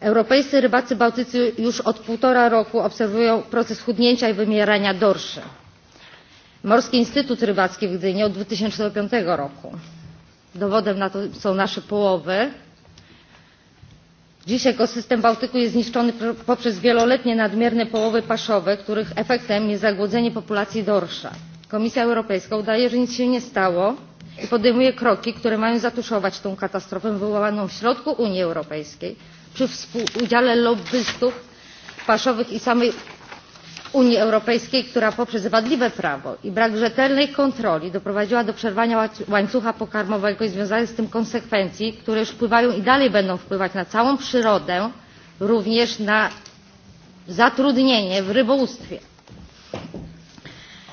Europejscy rybacy bałtycy już od półtora roku obserwują proces chudnięcia i wymierania dorszy. Morski Instytut Rybacki w Gdyni od 2005 roku Dowodem na to są nasze połowy. Dziś ekosystem Bałtyku jest zniszczony poprzez wieloletnie nadmierne połowy paszowe, których efektem jest zagłodzenie populacji dorsza. Komisja Europejska udaje, że nic się nie stało i podejmuje kroki, które mają zatuszować tą katastrofę wywołaną w środku Unii Europejskiej przy współudziale lobbystów paszowych i samej Unii Europejskiej, która poprzez wadliwe prawo i brak rzetelnej kontroli doprowadziła do przerwania łańcucha pokarmowego i związanych z tym konsekwencji, które już wpływają i dalej będą wpływać na całą przyrodę, również na zatrudnienie w rybołówstwie,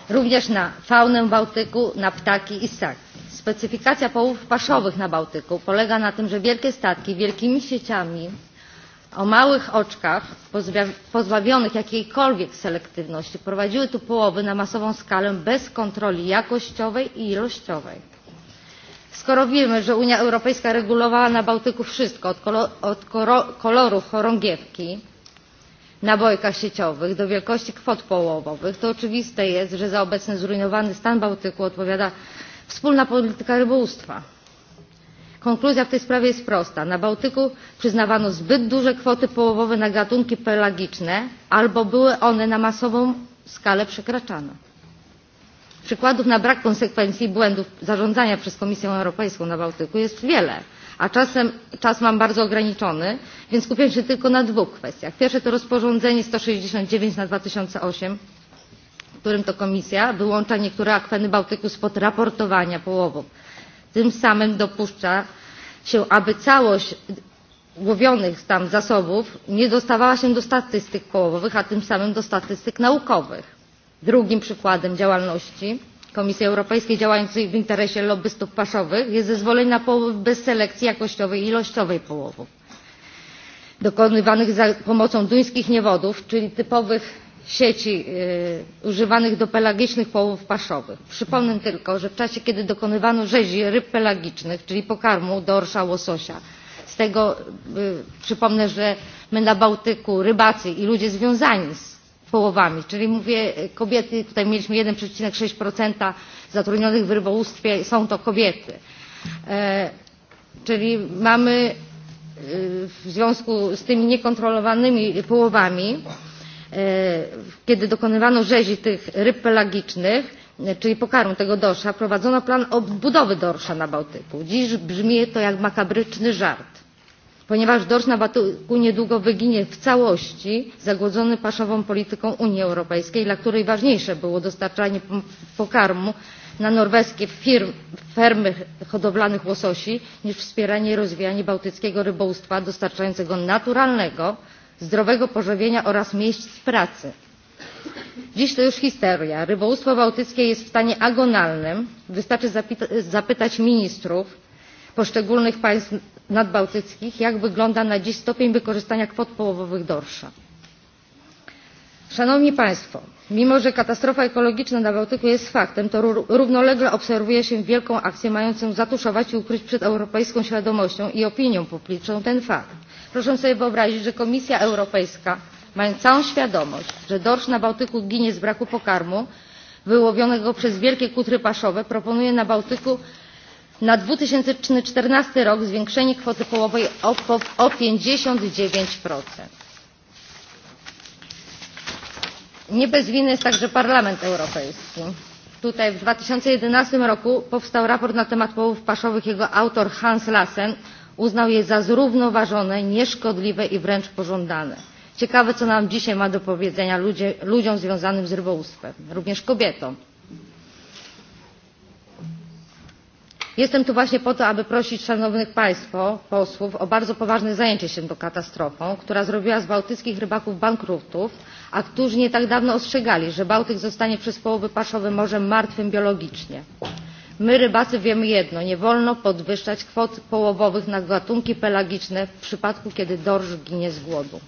również na faunę Bałtyku, na ptaki i ssaki specyfikacja połowów paszowych na bałtyku polega na tym że wielkie statki wielkimi sieciami o małych oczkach pozbawionych jakiejkolwiek selektywności prowadziły tu połowy na masową skalę bez kontroli jakościowej i ilościowej. skoro wiemy że unia europejska regulowała na bałtyku wszystko od, kolor, od koloru chorągiewki na bojkach sieciowych do wielkości kwot połowowych to oczywiste jest że za obecny zrujnowany stan bałtyku odpowiada wspólna polityka rybołówstwa Konkluzja w tej sprawie jest prosta. Na Bałtyku przyznawano zbyt duże kwoty połowowe na gatunki pelagiczne albo były one na masową skalę przekraczane. Przykładów na brak konsekwencji i błędów zarządzania przez Komisję Europejską na Bałtyku jest wiele, a czasem czas mam bardzo ograniczony, więc skupię się tylko na dwóch kwestiach. Pierwsze to rozporządzenie 169 na 2008 w którym to komisja wyłącza niektóre akweny Bałtyku spod raportowania połowów Tym samym dopuszcza się, aby całość łowionych tam zasobów nie dostawała się do statystyk połowowych, a tym samym do statystyk naukowych. Drugim przykładem działalności Komisji Europejskiej działającej w interesie lobbystów paszowych jest zezwolenie na połowy bez selekcji jakościowej i ilościowej połowów dokonywanych za pomocą duńskich niewodów, czyli typowych sieci y, e, używanych do pelagicznych połowów paszowych. Przypomnę tylko, że w czasie, kiedy dokonywano rzezi ryb pelagicznych, czyli pokarmu dorsza, łososia, z tego y, przypomnę, że my na Bałtyku rybacy i ludzie związani z połowami, czyli mówię kobiety, tutaj mieliśmy 1,6% zatrudnionych w rybołówstwie, są to kobiety. E, czyli mamy y, w związku z tymi niekontrolowanymi połowami E, kiedy dokonywano rzezi tych ryb pelagicznych, e, czyli pokarmu tego dorsza, prowadzono plan odbudowy dorsza na Bałtyku. Dziś brzmi to jak makabryczny żart, ponieważ dorsz na Bałtyku niedługo wyginie w całości, zagłodzony paszową polityką Unii Europejskiej, dla której ważniejsze było dostarczanie pokarmu na norweskie firm, fermy hodowlanych łososi niż wspieranie i rozwijanie bałtyckiego rybołówstwa dostarczającego naturalnego zdrowego pożywienia oraz miejsc pracy. Dziś to już historia. Rybołówstwo bałtyckie jest w stanie agonalnym. Wystarczy zapytać ministrów poszczególnych państw nadbałtyckich, jak wygląda na dziś stopień wykorzystania kwot połowowych dorsza. Szanowni Państwo, mimo że katastrofa ekologiczna na Bałtyku jest faktem, to równolegle obserwuje się wielką akcję mającą zatuszować i ukryć przed europejską świadomością i opinią publiczną ten fakt Proszę sobie wyobrazić, że Komisja Europejska, mając całą świadomość, że dorsz na Bałtyku ginie z braku pokarmu wyłowionego przez wielkie kutry paszowe, proponuje na Bałtyku na 2014 rok zwiększenie kwoty połowowej o, o 59%. Nie bez winy jest także Parlament Europejski. Tutaj w 2011 roku powstał raport na temat połowów paszowych. Jego autor Hans Lassen uznał je za zrównoważone nieszkodliwe i wręcz pożądane. ciekawe co nam dzisiaj ma do powiedzenia ludzie, ludziom związanym z rybołówstwem również kobietom. jestem tu właśnie po to aby prosić szanownych państwo posłów o bardzo poważne zajęcie się tą katastrofą która zrobiła z bałtyckich rybaków bankrutów a którzy nie tak dawno ostrzegali że bałtyk zostanie przez połowy paszowy morzem martwym biologicznie. My, rybacy, wiemy jedno, nie wolno podwyższać kwot połowowych na gatunki pelagiczne w przypadku, kiedy dorsz ginie z głodu.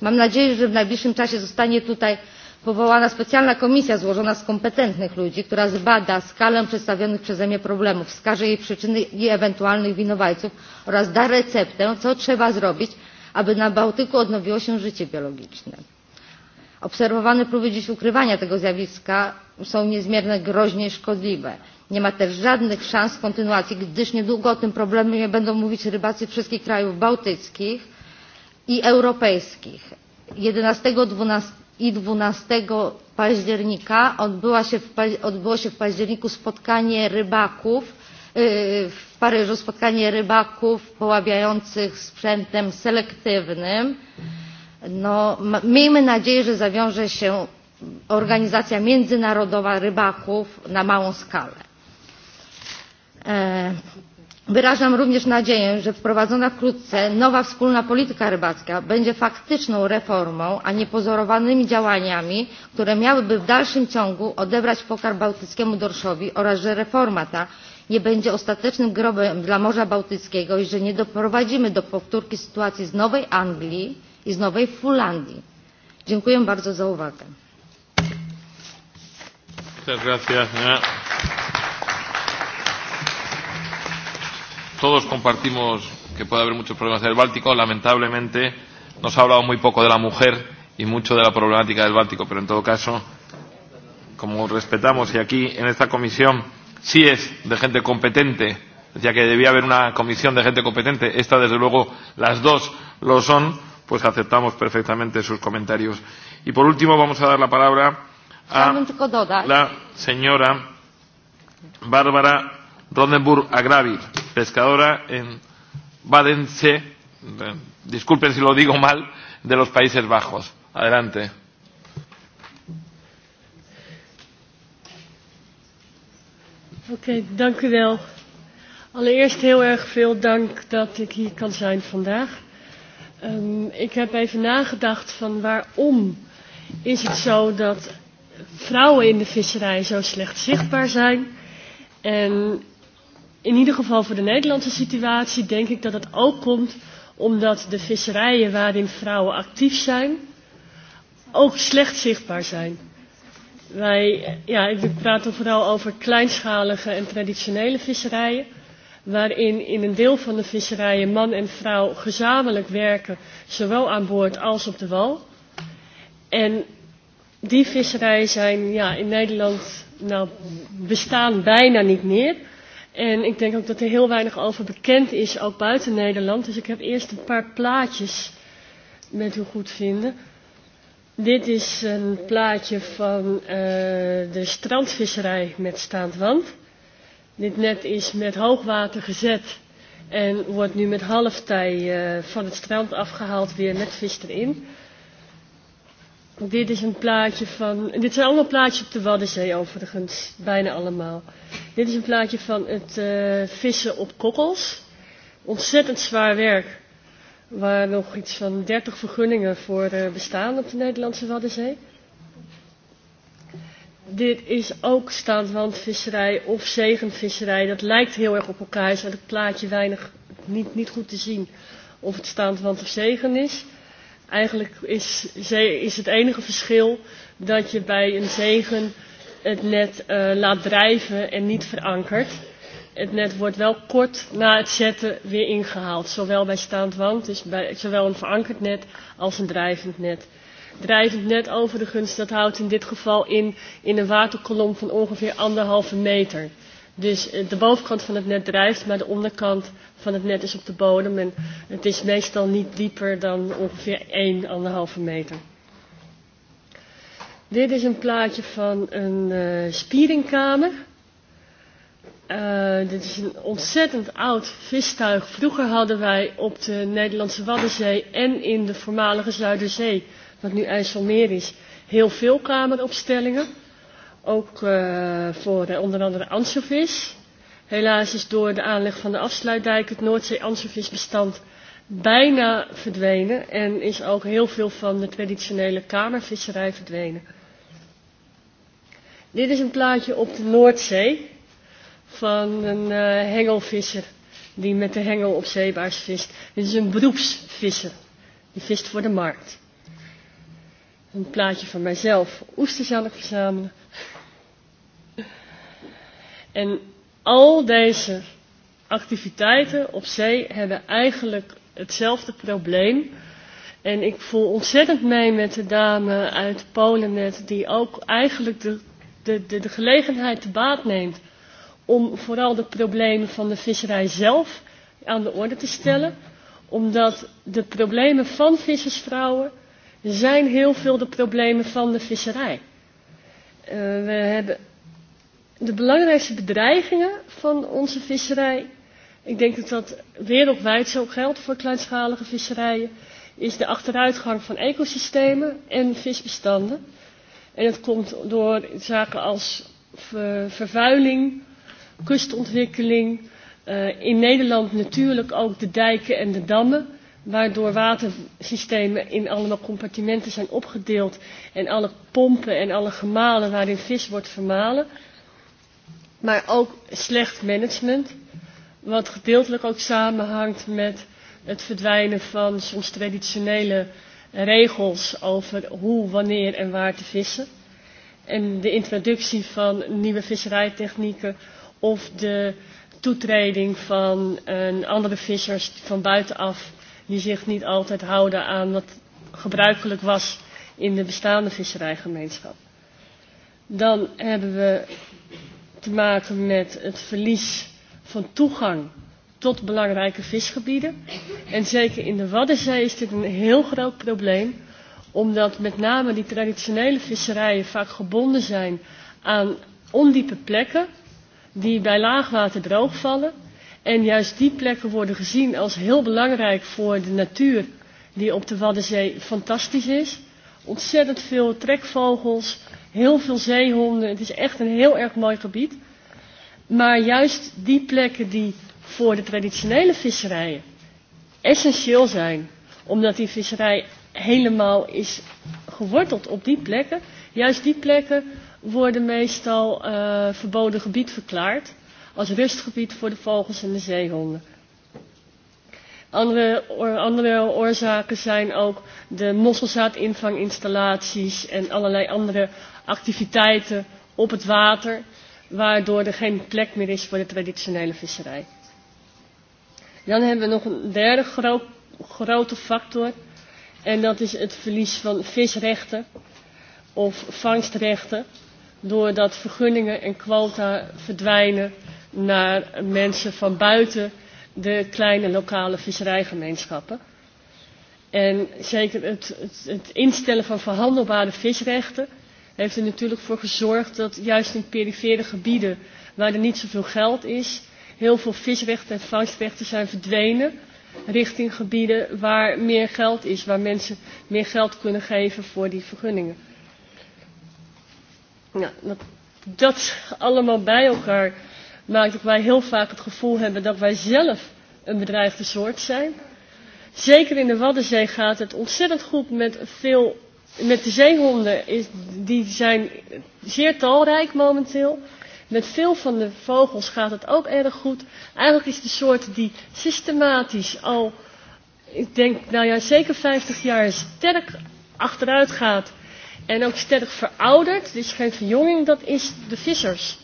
Mam nadzieję, że w najbliższym czasie zostanie tutaj powołana specjalna komisja złożona z kompetentnych ludzi, która zbada skalę przedstawionych przeze mnie problemów, wskaże jej przyczyny i ewentualnych winowajców oraz da receptę, co trzeba zrobić, aby na Bałtyku odnowiło się życie biologiczne. Obserwowane próby dziś ukrywania tego zjawiska są niezmiernie groźnie szkodliwe nie ma też żadnych szans kontynuacji gdyż niedługo o tym problemie będą mówić rybacy wszystkich krajów bałtyckich i europejskich. jedenaście i dwanaście października się, odbyło się w październiku spotkanie rybaków w paryżu spotkanie rybaków poławiających sprzętem selektywnym. No, miejmy nadzieję że zawiąże się organizacja międzynarodowa rybaków na małą skalę. E, wyrażam również nadzieję, że wprowadzona wkrótce nowa wspólna polityka rybacka będzie faktyczną reformą, a nie pozorowanymi działaniami, które miałyby w dalszym ciągu odebrać pokarm bałtyckiemu dorszowi oraz że reforma ta nie będzie ostatecznym grobem dla Morza Bałtyckiego i że nie doprowadzimy do powtórki sytuacji z Nowej Anglii i z Nowej Fulandii. Dziękuję bardzo za uwagę. Muchas gracias, señora todos compartimos que puede haber muchos problemas en el Báltico. Lamentablemente nos ha hablado muy poco de la mujer y mucho de la problemática del Báltico, pero en todo caso, como respetamos y aquí en esta comisión sí es de gente competente, decía que debía haber una comisión de gente competente, esta desde luego las dos lo son, pues aceptamos perfectamente sus comentarios. Y por último vamos a dar la palabra a la señora Bárbara Rondenburg Agravi, pescadora en Badense, eh, disculpen si lo digo mal, de los Países Bajos. Adelante. Oké, okay, dank u wel. Allereerst heel erg veel dank dat ik hier kan zijn vandaag. Um, ik heb even nagedacht van waarom is het zo dat vrouwen in de visserij zo slecht zichtbaar zijn. En in ieder geval voor de Nederlandse situatie denk ik dat dat ook komt omdat de visserijen waarin vrouwen actief zijn ook slecht zichtbaar zijn. Wij, ja, ik praat dan vooral over kleinschalige en traditionele visserijen, waarin in een deel van de visserijen man en vrouw gezamenlijk werken, zowel aan boord als op de wal. En die visserijen zijn ja, in Nederland nou, bestaan bijna niet meer. En ik denk ook dat er heel weinig over bekend is, ook buiten Nederland. Dus ik heb eerst een paar plaatjes met uw goedvinden. Dit is een plaatje van uh, de strandvisserij met staand wand. Dit net is met hoogwater gezet en wordt nu met halftij uh, van het strand afgehaald, weer met vis erin. Dit is een plaatje van. Dit zijn allemaal plaatjes op de Waddenzee overigens, bijna allemaal. Dit is een plaatje van het uh, vissen op kokkels. Ontzettend zwaar werk. Waar nog iets van 30 vergunningen voor uh, bestaan op de Nederlandse Waddenzee. Dit is ook staandwandvisserij of zegenvisserij. Dat lijkt heel erg op elkaar, is uit het plaatje weinig, niet, niet goed te zien of het staandwand of zegen is. Uh, Eigenlijk is, is het enige verschil dat je bij een zegen het net uh, laat drijven en niet verankert. Het net wordt wel kort na het zetten weer ingehaald. Zowel bij staand want, dus bij, zowel een verankerd net als een drijvend net. Drijvend net overigens, dat houdt in dit geval in, in een waterkolom van ongeveer anderhalve meter. Dus eh, de bovenkant van het net drijft, maar de onderkant van het net is op de bodem en het is meestal niet dieper dan ongeveer 1,5 meter. Dit is een plaatje van een uh, eh, spieringkamer. Uh, eh, dit is een ontzettend oud vistuig. Vroeger hadden wij op de Nederlandse Waddenzee en in de voormalige Zuiderzee, wat nu IJsselmeer is, heel veel kameropstellingen. Ook uh, voor uh, onder andere ansjovis. Helaas is door de aanleg van de afsluitdijk het Noordzee-Anservisbestand bijna verdwenen en is ook heel veel van de traditionele kamervisserij verdwenen. Dit is een plaatje op de Noordzee van een uh, hengelvisser die met de hengel op zeebaars vist. Dit is een beroepsvisser, die vist voor de markt. Een plaatje van mijzelf. Oesters aan het verzamelen. En Al deze activiteiten op zee hebben eigenlijk hetzelfde probleem. En ik voel ontzettend mee met de dame uit Polen net, die ook eigenlijk de, de, de, de gelegenheid te baat neemt om vooral de problemen van de visserij zelf aan de orde te stellen. Omdat de problemen van vissersvrouwen zijn heel veel de problemen van de visserij. Uh, we hebben de belangrijkste bedreigingen van onze visserij, ik denk dat dat wereldwijd zo geldt voor kleinschalige visserijen, is de achteruitgang van ecosystemen en visbestanden. En dat komt door zaken als ver, vervuiling, kustontwikkeling, uh, in Nederland natuurlijk ook de dijken en de dammen, waardoor watersystemen in allemaal compartimenten zijn opgedeeld en alle pompen en alle gemalen waarin vis wordt vermalen maar ook slecht management, wat gedeeltelijk ook samenhangt met het verdwijnen van soms traditionele regels over hoe, wanneer en waar te vissen. En de introductie van nieuwe visserijtechnieken of de toetreding van een andere vissers van buitenaf die zich niet altijd houden aan wat gebruikelijk was in de bestaande visserijgemeenschap. Dan hebben we te maken met het verlies van toegang tot belangrijke visgebieden. En zeker in de Waddenzee is dit een heel groot probleem, omdat met name die traditionele visserijen vaak gebonden zijn aan ondiepe plekken die bij laagwater droogvallen. En juist die plekken worden gezien als heel belangrijk voor de natuur die op de Waddenzee fantastisch is. Ontzettend veel trekvogels, heel veel zeehonden. Het is echt een heel erg mooi gebied. Maar juist die plekken die voor de traditionele visserijen essentieel zijn, omdat die visserij helemaal is geworteld op die plekken, juist die plekken worden meestal uh, verboden gebied verklaard als rustgebied voor de vogels en de zeehonden. Andere, or, andere oorzaken zijn ook de mosselzaadinvanginstallaties en allerlei andere activiteiten op het water, waardoor er geen plek meer is voor de traditionele visserij. Dan hebben we nog een derde gro grote factor en dat is het verlies van visrechten of vangstrechten doordat vergunningen en quota verdwijnen naar mensen van buiten de kleine lokale visserijgemeenschappen. En zeker het, het, het instellen van verhandelbare visrechten heeft er natuurlijk voor gezorgd dat juist in perifere gebieden waar er niet zoveel geld is, heel veel visrechten en vangstrechten zijn verdwenen richting gebieden waar meer geld is, waar mensen meer geld kunnen geven voor die vergunningen. Nou, dat, dat allemaal bij elkaar maakt dat wij heel vaak het gevoel hebben dat wij zelf een bedreigde soort zijn. Zeker in de Waddenzee gaat het ontzettend goed met veel met de zeehonden is, die zijn zeer talrijk momenteel. Met veel van de vogels gaat het ook erg goed. Eigenlijk is de soort die systematisch al, ik denk, nou ja, zeker 50 jaar sterk achteruit gaat en ook sterk verouderd, er is geen verjonging, dat is de vissers.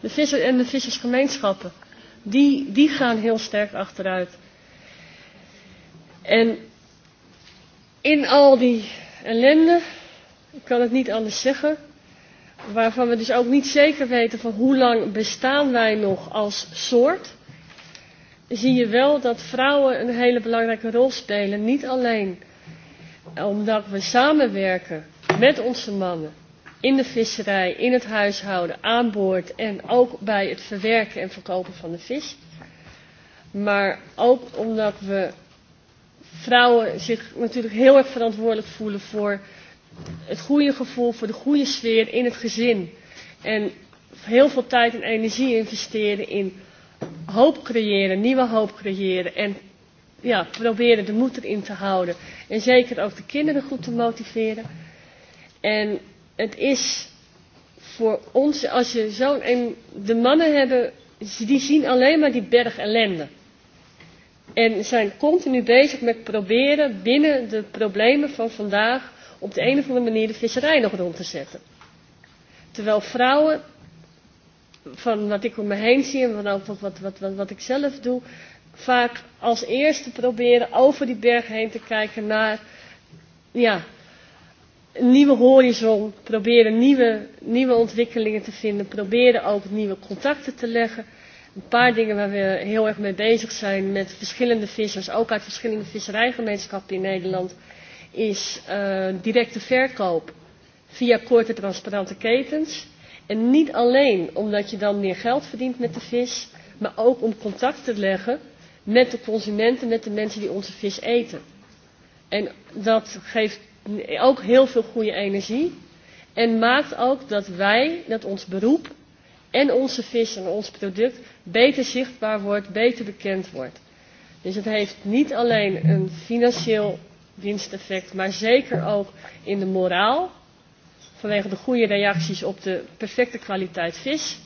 De visser en de vissersgemeenschappen. Die, die gaan heel sterk achteruit. En in al die ellende, ik kan het niet anders zeggen, waarvan we dus ook niet zeker weten van hoe lang bestaan wij nog als soort, zie je wel dat vrouwen een hele belangrijke rol spelen. Niet alleen omdat we samenwerken met onze mannen in de visserij, in het huishouden, aan boord en ook bij het verwerken en verkopen van de vis. Maar ook omdat we vrouwen zich natuurlijk heel erg verantwoordelijk voelen voor het goede gevoel, voor de goede sfeer in het gezin. En heel veel tijd en energie investeren in hoop creëren, nieuwe hoop creëren en ja, proberen de moed erin te houden. En zeker ook de kinderen goed te motiveren. En het is voor ons, als je zo'n. En de mannen hebben, die zien alleen maar die berg ellende en zijn continu bezig met proberen binnen de problemen van vandaag op de een of andere manier de visserij nog rond te zetten. Terwijl vrouwen, van wat ik om me heen zie en van wat, wat, wat, wat, wat ik zelf doe, vaak als eerste proberen over die berg heen te kijken naar ja, een nieuwe horizon, proberen nieuwe, nieuwe ontwikkelingen te vinden, proberen ook nieuwe contacten te leggen een paar dingen waar we heel erg mee bezig zijn met verschillende vissers, ook uit verschillende visserijgemeenschappen in Nederland, is uh, directe verkoop via korte transparante ketens. En niet alleen omdat je dan meer geld verdient met de vis, maar ook om contact te leggen met de consumenten, met de mensen die onze vis eten. En dat geeft ook heel veel goede energie en maakt ook dat wij, dat ons beroep, en onze vis en ons product beter zichtbaar wordt, beter bekend wordt. Dus het heeft niet alleen een financieel winsteffect, maar zeker ook in de moraal, vanwege de goede reacties op de perfecte kwaliteit vis.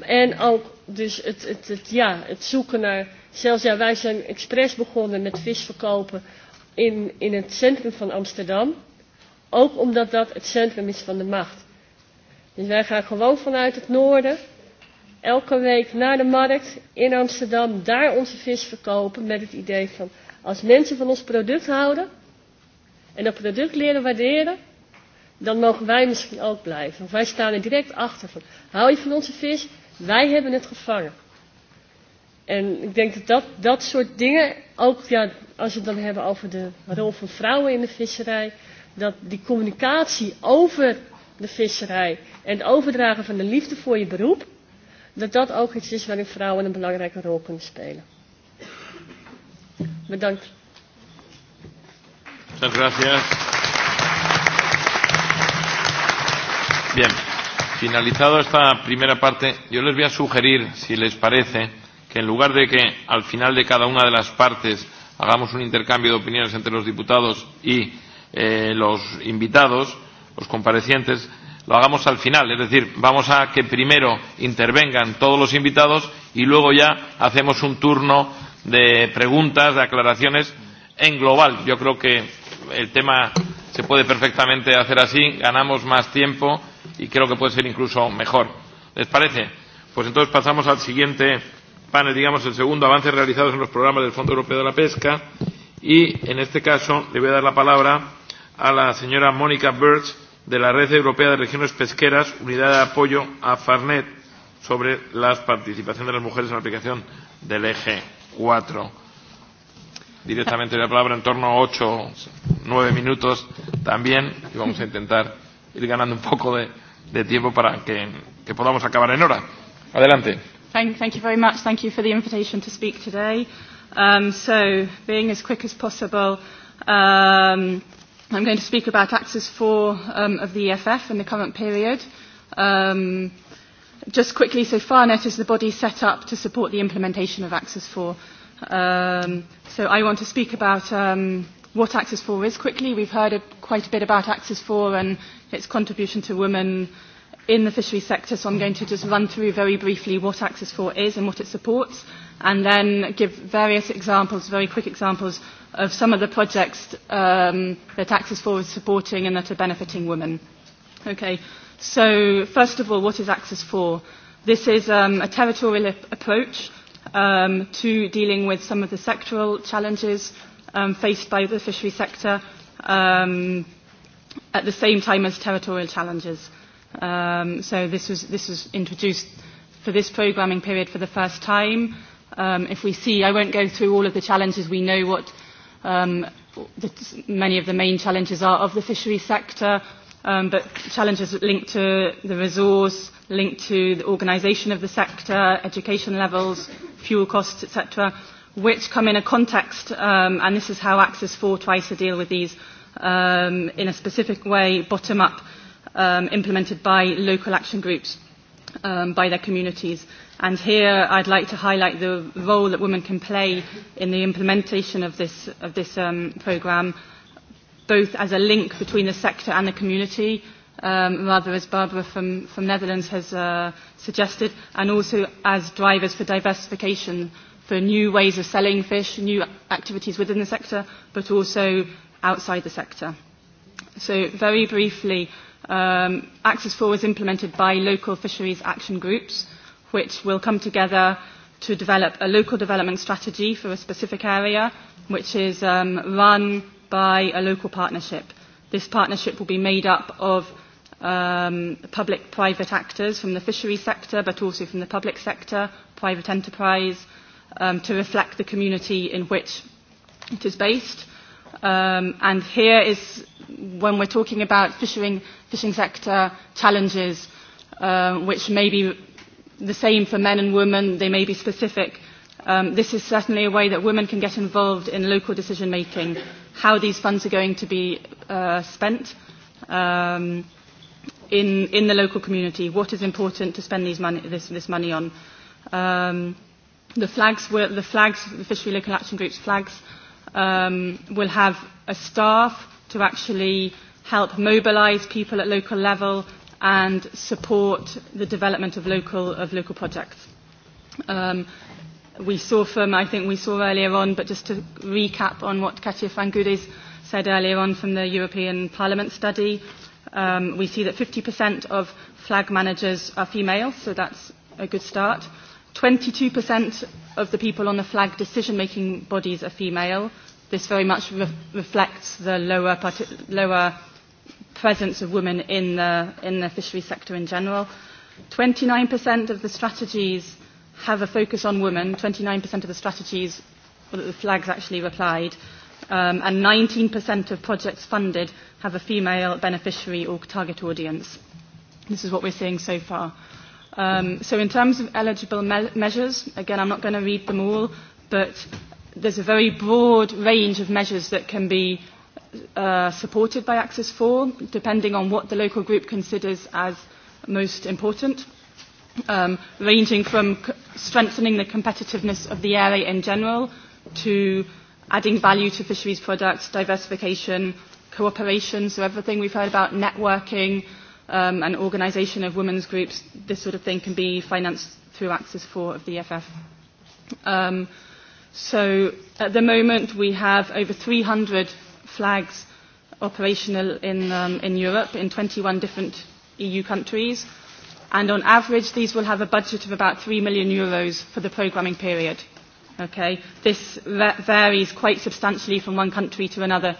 En ook dus het, het, het, ja, het zoeken naar, zelfs ja, wij zijn expres begonnen met vis verkopen in, in het centrum van Amsterdam. Ook omdat dat het centrum is van de macht. Dus wij gaan gewoon vanuit het noorden elke week naar de markt in Amsterdam, daar onze vis verkopen met het idee van als mensen van ons product houden en dat product leren waarderen, dan mogen wij misschien ook blijven. Want wij staan er direct achter van hou je van onze vis, wij hebben het gevangen. En ik denk dat dat, dat soort dingen, ook ja, als we het dan hebben over de rol van vrouwen in de visserij, dat die communicatie over de visserij en het overdragen van de liefde voor je beroep, dat dat ook iets is waarin vrouwen een belangrijke rol kunnen spelen. Bedankt. Muchas gracias. Bien, finalizado esta primera parte, yo les voy a sugerir, si les parece, que en lugar de que al final de cada una de las partes hagamos un intercambio de opiniones entre los diputados y eh, los invitados, los comparecientes, lo hagamos al final. Es decir, vamos a que primero intervengan todos los invitados y luego ya hacemos un turno de preguntas, de aclaraciones en global. Yo creo que el tema se puede perfectamente hacer así, ganamos más tiempo y creo que puede ser incluso mejor. ¿Les parece? Pues entonces pasamos al siguiente panel, digamos el segundo, avances realizados en los programas del Fondo Europeo de la Pesca. Y en este caso le voy a dar la palabra a la señora Mónica Birch, de la Red Europea de Regiones Pesqueras, unidad de apoyo a FARNET sobre la participación de las mujeres en la aplicación del eje 4. Directamente la palabra en torno a 8, 9 minutos también y vamos a intentar ir ganando un poco de, de tiempo para que, que podamos acabar en hora. Adelante. Thank, thank you very much. Thank you for the invitation to speak today. Um, so, being as quick as possible, um, I'm going to speak about Axis 4 um, of the EFF in the current period. Um, just quickly, so FARNet is the body set up to support the implementation of Access 4. Um, so I want to speak about um, what Access 4 is quickly. We've heard a, quite a bit about Access 4 and its contribution to women in the fishery sector, so I'm going to just run through very briefly what Access 4 is and what it supports, and then give various examples, very quick examples, of some of the projects um, that Access 4 is supporting and that are benefiting women. Okay, so first of all, what is Access 4? This is um, a territorial ap- approach um, to dealing with some of the sectoral challenges um, faced by the fishery sector um, at the same time as territorial challenges. Um, so this was, this was introduced for this programming period for the first time. Um, if we see, I won't go through all of the challenges, we know what Um, the, many of the main challenges are of the fishery sector, um, but challenges linked to the resource, linked to the organisation of the sector, education levels, fuel costs, etc., which come in a context, um, and this is how Access 4 tries to deal with these um, in a specific way, bottom up, um, implemented by local action groups, um, by their communities And here I'd like to highlight the role that women can play in the implementation of this, of this um, programme, both as a link between the sector and the community, um, rather as Barbara from, from Netherlands has uh, suggested, and also as drivers for diversification for new ways of selling fish, new activities within the sector, but also outside the sector. So very briefly, um, Access 4 was implemented by local fisheries action groups which will come together to develop a local development strategy for a specific area, which is um, run by a local partnership. This partnership will be made up of um, public-private actors from the fishery sector, but also from the public sector, private enterprise, um, to reflect the community in which it is based. Um, and here is when we're talking about fishing, fishing sector challenges, uh, which may be the same for men and women, they may be specific. Um, this is certainly a way that women can get involved in local decision making, how these funds are going to be uh, spent um, in, in the local community, what is important to spend these money, this, this money on. Um, the flags, were, the flags, the fishery local action group's flags, um, will have a staff to actually help mobilise people at local level and support the development of local, of local projects. Um, we saw from, I think we saw earlier on, but just to recap on what Katia Fangoudis said earlier on from the European Parliament study, um, we see that 50% of flag managers are female, so that's a good start. 22% of the people on the flag decision-making bodies are female. This very much re reflects the lower, lower presence of women in the, in the fishery sector in general. 29% of the strategies have a focus on women. 29% of the strategies, well, the flags actually replied, um, and 19% of projects funded have a female beneficiary or target audience. This is what we're seeing so far. Um, so in terms of eligible me- measures, again, I'm not going to read them all, but there's a very broad range of measures that can be uh, supported by Axis 4, depending on what the local group considers as most important, um, ranging from c- strengthening the competitiveness of the area in general to adding value to fisheries products, diversification, cooperation, so everything we've heard about networking um, and organisation of women's groups, this sort of thing can be financed through Axis 4 of the EFF. Um, so at the moment we have over 300 flags operational in, um, in Europe in 21 different EU countries. And on average, these will have a budget of about 3 million euros for the programming period. Okay? This varies quite substantially from one country to another,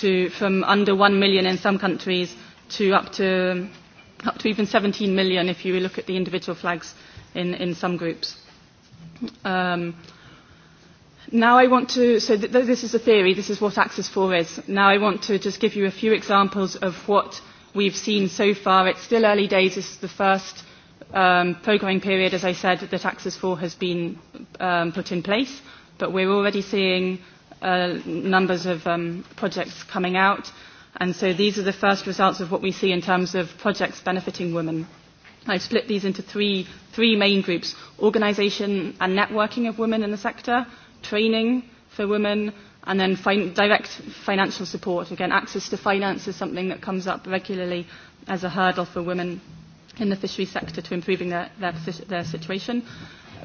to, from under 1 million in some countries to up to, up to even 17 million if you look at the individual flags in, in some groups. Um, now I want to, so th- th- this is a theory, this is what Access 4 is. Now I want to just give you a few examples of what we've seen so far. It's still early days, this is the first um, programming period, as I said, that Access 4 has been um, put in place, but we're already seeing uh, numbers of um, projects coming out. And so these are the first results of what we see in terms of projects benefiting women. I've split these into three, three main groups, organisation and networking of women in the sector, training for women, and then fin- direct financial support. Again, access to finance is something that comes up regularly as a hurdle for women in the fishery sector to improving their, their, their situation.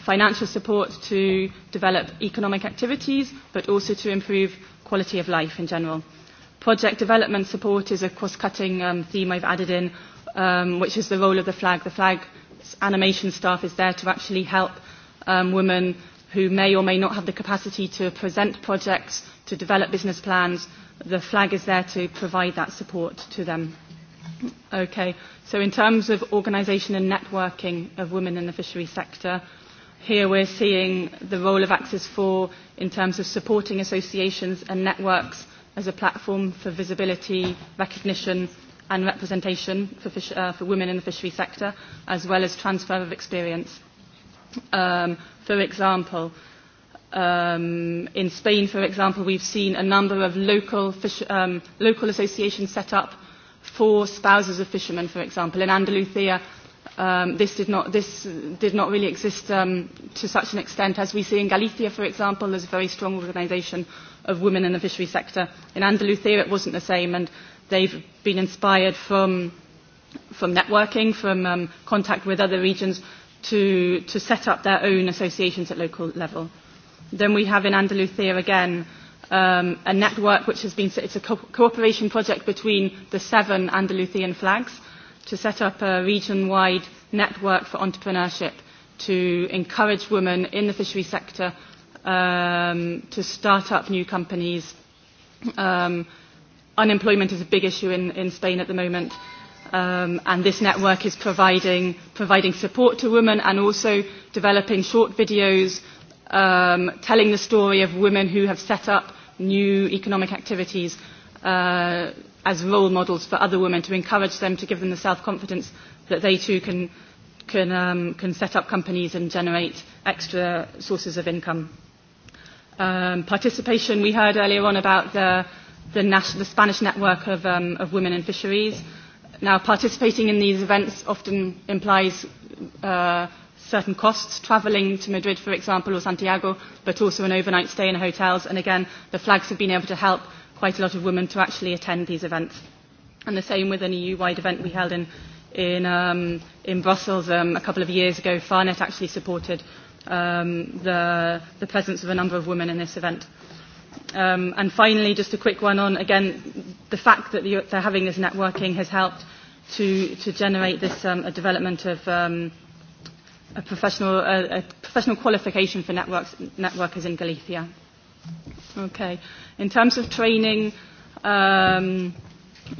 Financial support to develop economic activities, but also to improve quality of life in general. Project development support is a cross-cutting um, theme I've added in, um, which is the role of the flag. The flag animation staff is there to actually help um, women who may or may not have the capacity to present projects, to develop business plans. The flag is there to provide that support to them. Okay, so in terms of organisation and networking of women in the fishery sector, here we're seeing the role of Access 4 in terms of supporting associations and networks as a platform for visibility, recognition and representation for, fish, uh, for women in the fishery sector, as well as transfer of experience. Um, for example, um, in Spain, for example, we've seen a number of local, fish, um, local associations set up for spouses of fishermen, for example. In Andalusia, um, this, did not, this did not really exist um, to such an extent as we see in Galicia, for example. There's a very strong organisation of women in the fishery sector. In Andalusia, it wasn't the same, and they've been inspired from, from networking, from um, contact with other regions, to, to set up their own associations at local level. Then we have in Andalusia again um, a network which has been, it's a co- cooperation project between the seven Andalusian flags to set up a region-wide network for entrepreneurship to encourage women in the fishery sector um, to start up new companies. Um, unemployment is a big issue in, in Spain at the moment um, and this network is providing, providing support to women and also developing short videos um, telling the story of women who have set up new economic activities uh, as role models for other women to encourage them to give them the self-confidence that they too can, can, um, can set up companies and generate extra sources of income. Um, participation, we heard earlier on about the, the, Nas- the Spanish network of, um, of women in fisheries. Uh, Now, participating in these events often implies uh, certain costs, travelling to Madrid, for example, or Santiago, but also an overnight stay in hotels. And again, the flags have been able to help quite a lot of women to actually attend these events. And the same with an EU-wide event we held in, in, um, in Brussels um, a couple of years ago. Farnet actually supported um, the, the presence of a number of women in this event. Uh, Um, and finally, just a quick one on, again, the fact that the, they're having this networking has helped to, to generate this um, a development of um, a, professional, a, a professional qualification for networks, networkers in Galicia. Okay. In terms of training, um,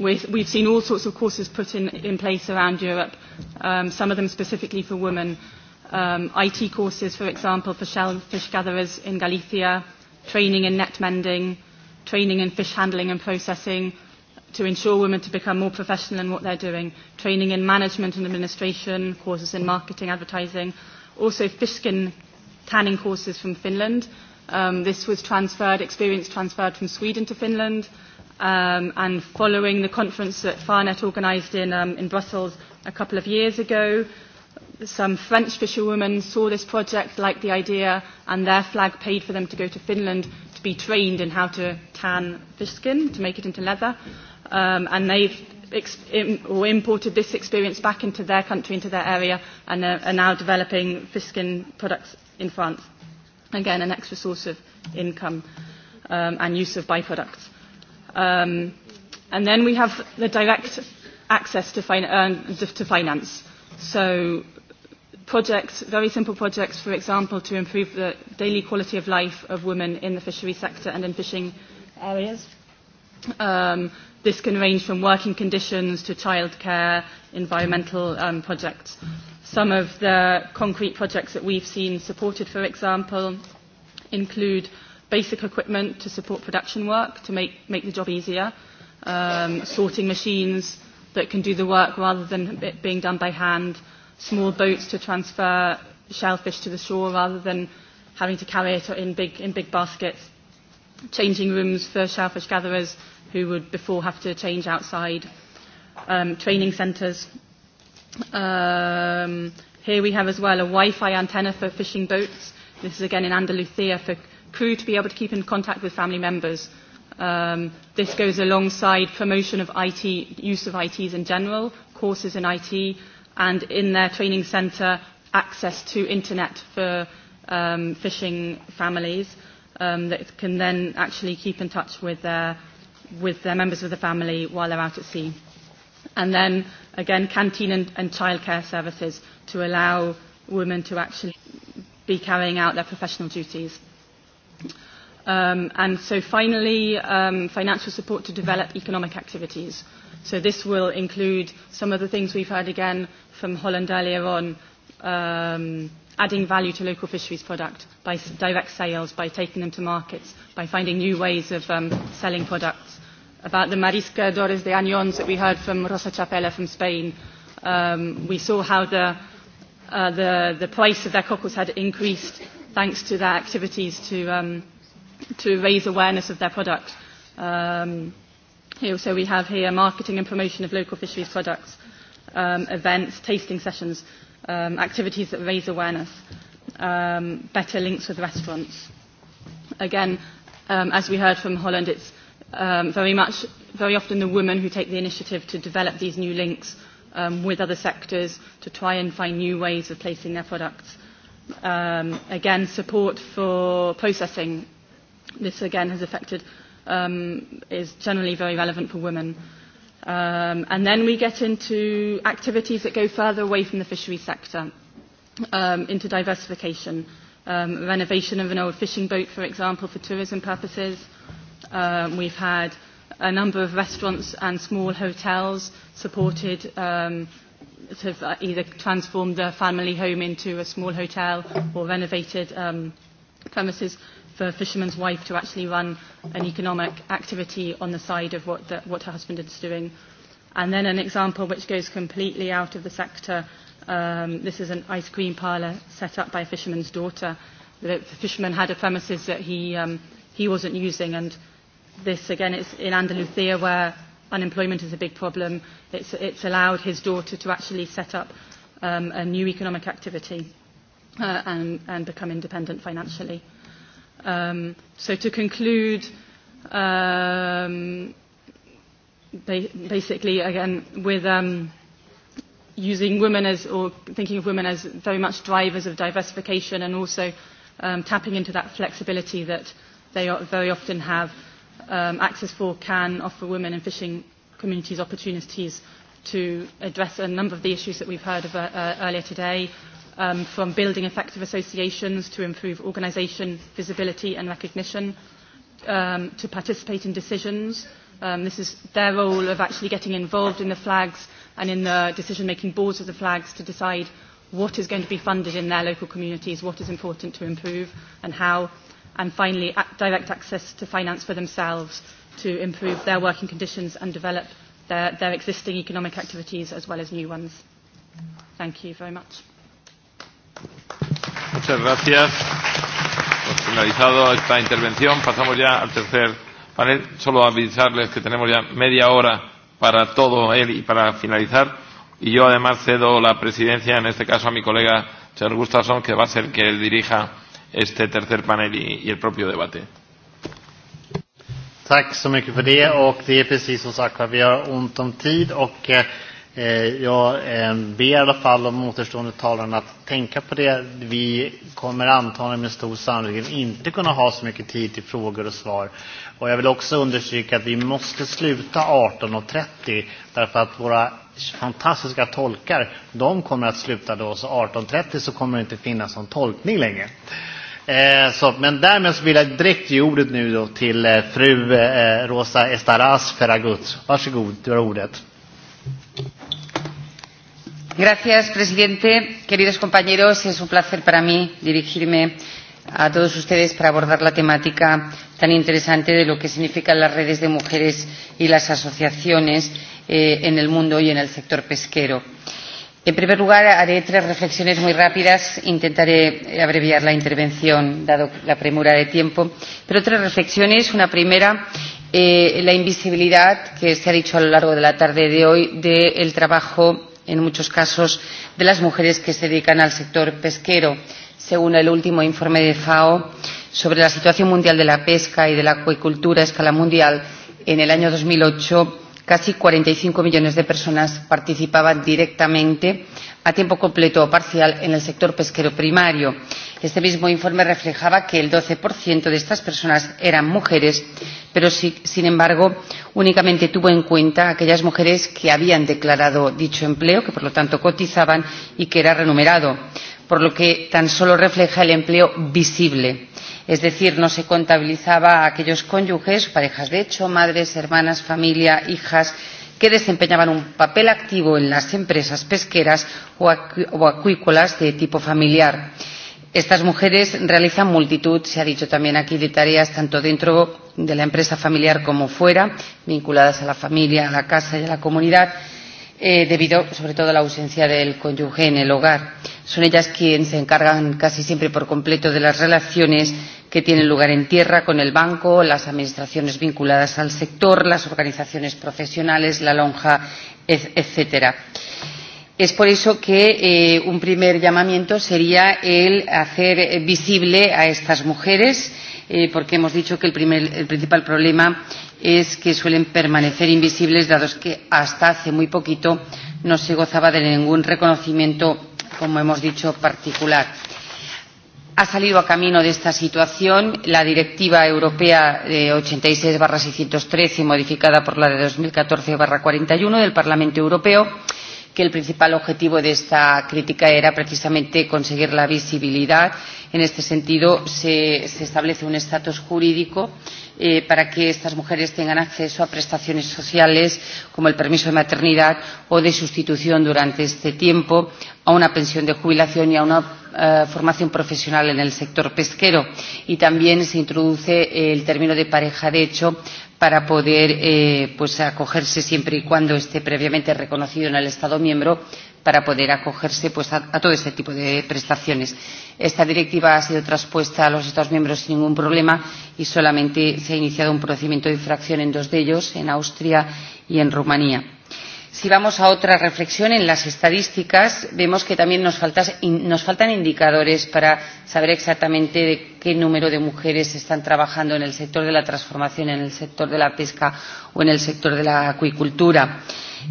with, we've seen all sorts of courses put in, in place around Europe, um, some of them specifically for women. Um, IT courses, for example, for shellfish gatherers in Galicia, training in net mending, training in fish handling and processing to ensure women to become more professional in what they're doing, training in management and administration, courses in marketing, advertising, also fish skin tanning courses from Finland. Um, this was transferred, experience transferred from Sweden to Finland. Um, and following the conference that Farnet organised in, um, in Brussels a couple of years ago, some French fisherwomen saw this project, liked the idea, and their flag paid for them to go to Finland to be trained in how to tan fish skin to make it into leather. Um, and they've ex- Im- or imported this experience back into their country, into their area, and are, are now developing fish skin products in France. Again, an extra source of income um, and use of byproducts. Um, and then we have the direct access to, fin- uh, to finance. So projects, very simple projects, for example, to improve the daily quality of life of women in the fishery sector and in fishing areas. Um, this can range from working conditions to childcare, environmental um, projects. Some of the concrete projects that we've seen supported, for example, include basic equipment to support production work to make, make the job easier, um, sorting machines that can do the work rather than it being done by hand, small boats to transfer shellfish to the shore rather than having to carry it in big, in big baskets. Changing rooms for shellfish gatherers who would before have to change outside. Um, training centres. Um, here we have as well a Wi-Fi antenna for fishing boats. This is again in Andalusia for crew to be able to keep in contact with family members. Um, this goes alongside promotion of IT, use of ITs in general, courses in IT, and in their training centre access to internet for um, fishing families um, that can then actually keep in touch with their, uh, with their members of the family while they're out at sea. And then again, canteen and, and childcare services to allow women to actually be carrying out their professional duties. Um, and so finally, um, financial support to develop economic activities. So this will include some of the things we've heard again from Holland earlier on, um, adding value to local fisheries product by direct sales, by taking them to markets, by finding new ways of um, selling products. About the mariscadores de añons that we heard from Rosa Chapela from Spain, um, we saw how the, uh, the, the price of their cockles had increased thanks to their activities to, um, to raise awareness of their product. Um, here, so we have here marketing and promotion of local fisheries products um, events, tasting sessions, um, activities that raise awareness, um, better links with restaurants. Again, um, as we heard from Holland, it's um, very much, very often the women who take the initiative to develop these new links um, with other sectors to try and find new ways of placing their products. Um, again, support for processing. This again has affected, um, is generally very relevant for women. Uh, Um, and then we get into activities that go further away from the fishery sector, um, into diversification, um, renovation of an old fishing boat, for example, for tourism purposes. Um, we've had a number of restaurants and small hotels supported um, to uh, either transform the family home into a small hotel or renovated um, premises for a fisherman's wife to actually run an economic activity on the side of what, the, what her husband is doing. And then an example which goes completely out of the sector. Um, this is an ice cream parlour set up by a fisherman's daughter. The fisherman had a premises that he, um, he wasn't using. And this, again, it's in Andalusia where unemployment is a big problem. It's, it's allowed his daughter to actually set up um, a new economic activity uh, and, and become independent financially. Mm-hmm Um, so to conclude, um, ba basically, again, with um, using women as, or thinking of women as very much drivers of diversification and also um, tapping into that flexibility that they are, very often have um, access for can offer women and fishing communities opportunities to address a number of the issues that we've heard of uh, uh, earlier today, um, from building effective associations to improve organisation visibility and recognition, um, to participate in decisions. Um, this is their role of actually getting involved in the flags and in the decision-making boards of the flags to decide what is going to be funded in their local communities, what is important to improve and how, and finally direct access to finance for themselves to improve their working conditions and develop their, their existing economic activities as well as new ones. Thank you very much. Muchas gracias. Pues finalizado esta intervención, pasamos ya al tercer panel. Solo avisarles que tenemos ya media hora para todo él y para finalizar. Y yo además cedo la presidencia, en este caso a mi colega señor Gustafsson, que va a ser que él dirija este tercer panel y, y el propio debate. Tack så mycket för det och det är precis som sagt att vi har ont om tid och eh, Eh, jag eh, ber i alla fall de återstående talarna att tänka på det. Vi kommer antagligen med stor sannolikhet inte kunna ha så mycket tid till frågor och svar. Och jag vill också understryka att vi måste sluta 18.30 därför att våra fantastiska tolkar, de kommer att sluta då. Så 18.30 så kommer det inte finnas någon tolkning längre. Eh, så, men därmed så vill jag direkt ge ordet nu då till eh, fru eh, Rosa Estaras Ferragut. Varsågod, du har ordet señor presidente queridos compañeros es un placer para mí dirigirme a todos ustedes para abordar la temática tan interesante de lo que significan las redes de mujeres y las asociaciones eh, en el mundo y en el sector pesquero. en primer lugar haré tres reflexiones muy rápidas intentaré abreviar la intervención dada la premura de tiempo pero tres reflexiones. una primera eh, la invisibilidad que se ha dicho a lo largo de la tarde de hoy del de trabajo en muchos casos de las mujeres que se dedican al sector pesquero. Según el último informe de FAO sobre la situación mundial de la pesca y de la acuicultura a escala mundial, en el año 2008 casi 45 millones de personas participaban directamente a tiempo completo o parcial en el sector pesquero primario Este mismo informe reflejaba que el 12% de estas personas eran mujeres, pero sin embargo únicamente tuvo en cuenta aquellas mujeres que habían declarado dicho empleo, que por lo tanto cotizaban y que era remunerado, por lo que tan solo refleja el empleo visible. Es decir, no se contabilizaba a aquellos cónyuges, parejas de hecho, madres, hermanas, familia, hijas, que desempeñaban un papel activo en las empresas pesqueras o acuícolas de tipo familiar. Eh, Estas mujeres realizan multitud, se ha dicho también aquí, de tareas tanto dentro de la empresa familiar como fuera, vinculadas a la familia, a la casa y a la comunidad, eh, debido sobre todo a la ausencia del cónyuge en el hogar. Son ellas quienes se encargan casi siempre por completo de las relaciones que tienen lugar en tierra con el banco, las administraciones vinculadas al sector, las organizaciones profesionales, la lonja, etc. Es por eso que eh, un primer llamamiento sería el hacer visible a estas mujeres, eh, porque hemos dicho que el, primer, el principal problema es que suelen permanecer invisibles, dados que hasta hace muy poquito no se gozaba de ningún reconocimiento, como hemos dicho, particular. Ha salido a camino de esta situación la Directiva Europea eh, 86-613, modificada por la de 2014-41 del Parlamento Europeo, que el principal objetivo de esta crítica era precisamente conseguir la visibilidad. En este sentido, se, se establece un estatus jurídico eh, para que estas mujeres tengan acceso a prestaciones sociales como el permiso de maternidad o de sustitución durante este tiempo, a una pensión de jubilación y a una eh, formación profesional en el sector pesquero. Y también se introduce el término de pareja de hecho para poder eh, pues acogerse siempre y cuando esté previamente reconocido en el Estado miembro para poder acogerse pues, a, a todo este tipo de prestaciones. Esta directiva ha sido traspuesta a los Estados miembros sin ningún problema y solamente se ha iniciado un procedimiento de infracción en dos de ellos, en Austria y en Rumanía si vamos a otra reflexión en las estadísticas vemos que también nos, faltas, in, nos faltan indicadores para saber exactamente de qué número de mujeres están trabajando en el sector de la transformación en el sector de la pesca o en el sector de la acuicultura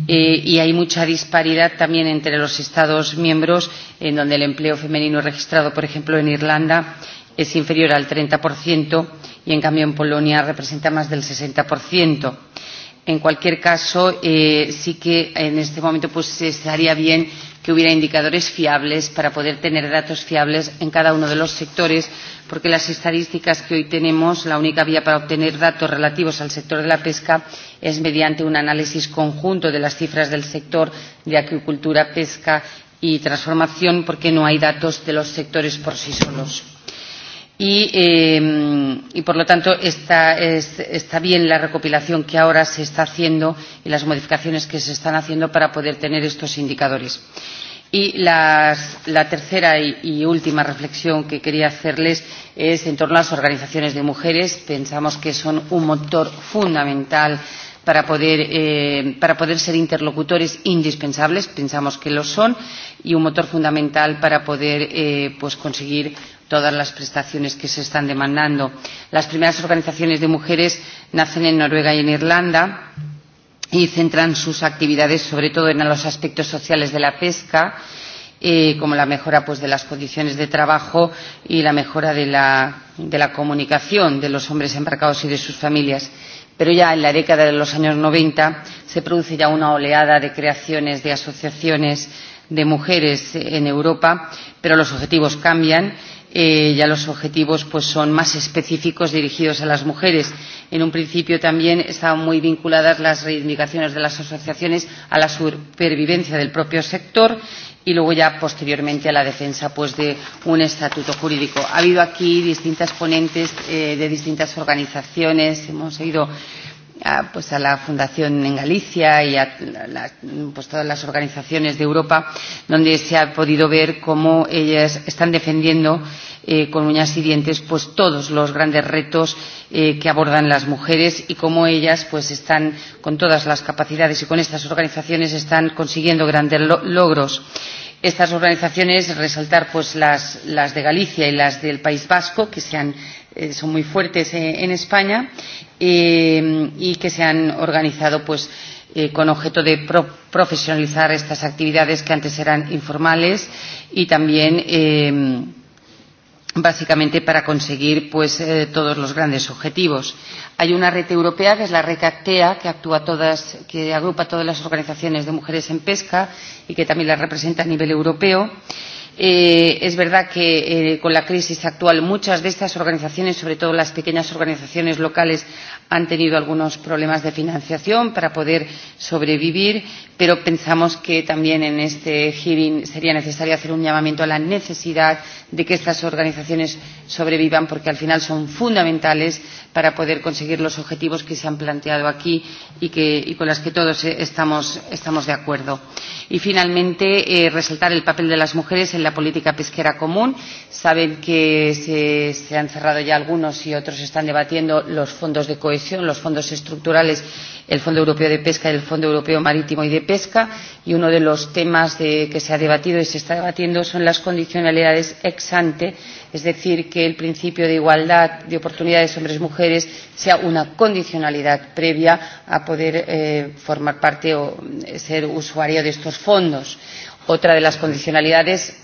eh, y hay mucha disparidad también entre los estados miembros en donde el empleo femenino registrado por ejemplo en irlanda es inferior al 30% y en cambio en polonia representa más del 60% En cualquier caso, eh, sí que en este momento pues, estaría bien que hubiera indicadores fiables para poder tener datos fiables en cada uno de los sectores, porque las estadísticas que hoy tenemos, la única vía para obtener datos relativos al sector de la pesca es mediante un análisis conjunto de las cifras del sector de acuicultura, pesca y transformación, porque no hay datos de los sectores por sí solos y, eh, y por lo tanto está, es, está bien la recopilación que ahora se está haciendo y las modificaciones que se están haciendo para poder tener estos indicadores. Y las, la tercera y, y última reflexión que quería hacerles es en torno a las organizaciones de mujeres. Pensamos que son un motor fundamental eh, para poder, eh, para poder ser interlocutores indispensables, pensamos que lo son, y un motor fundamental para poder eh, pues conseguir todas las prestaciones que se están demandando. Las primeras organizaciones de mujeres nacen en Noruega y en Irlanda y centran sus actividades sobre todo en los aspectos sociales de la pesca, eh, como la mejora pues, de las condiciones de trabajo y la mejora de la, de la comunicación de los hombres embarcados y de sus familias. Eh, pero ya en la década de los años 90 se produce ya una oleada de creaciones de asociaciones de mujeres en Europa, pero los objetivos cambian. Eh, ya los objetivos pues, son más específicos dirigidos a las mujeres. En un principio también estaban muy vinculadas las reivindicaciones de las asociaciones a la supervivencia del propio sector y luego ya posteriormente a la defensa pues, de un estatuto jurídico. Ha habido aquí distintas ponentes eh, de distintas organizaciones, hemos oído a, pues a la Fundación en Galicia y a la, pues todas las organizaciones de Europa, donde se ha podido ver cómo ellas están defendiendo eh, con uñas y dientes pues todos los grandes retos eh, que abordan las mujeres y cómo ellas pues están con todas las capacidades y con estas organizaciones están consiguiendo grandes lo logros estas organizaciones resaltar pues las, las de Galicia y las del País Vasco que se han, eh, son muy fuertes eh, en España eh, y que se han organizado pues, eh, con objeto de pro profesionalizar estas actividades que antes eran informales y también eh, básicamente para conseguir pues, eh, todos los grandes objetivos. Hay una red europea que es la red Actea, que, actúa todas, que agrupa todas las organizaciones de mujeres en pesca y que también las representa a nivel europeo. Eh, Eh, es verdad que eh, con la crisis actual muchas de estas organizaciones, sobre todo las pequeñas organizaciones locales, han tenido algunos problemas de financiación para poder sobrevivir, pero pensamos que también en este hearing sería necesario hacer un llamamiento a la necesidad de que estas organizaciones sobrevivan, porque al final son fundamentales para poder conseguir los objetivos que se han planteado aquí y, que, y con los que todos eh, estamos, estamos de acuerdo. Eh, y finalmente eh, resaltar el papel de las mujeres en la política pesquera común. Saben que se, se han cerrado ya algunos y otros están debatiendo los fondos de cohesión, los fondos estructurales, el Fondo Europeo de Pesca y el Fondo Europeo Marítimo y de Pesca y uno de los temas de, que se ha debatido y se está debatiendo son las condicionalidades ex ante es decir, que el principio de igualdad de oportunidades hombres y mujeres sea una condicionalidad previa a poder eh, formar parte o ser usuario de estos fondos. Otra de las condicionalidades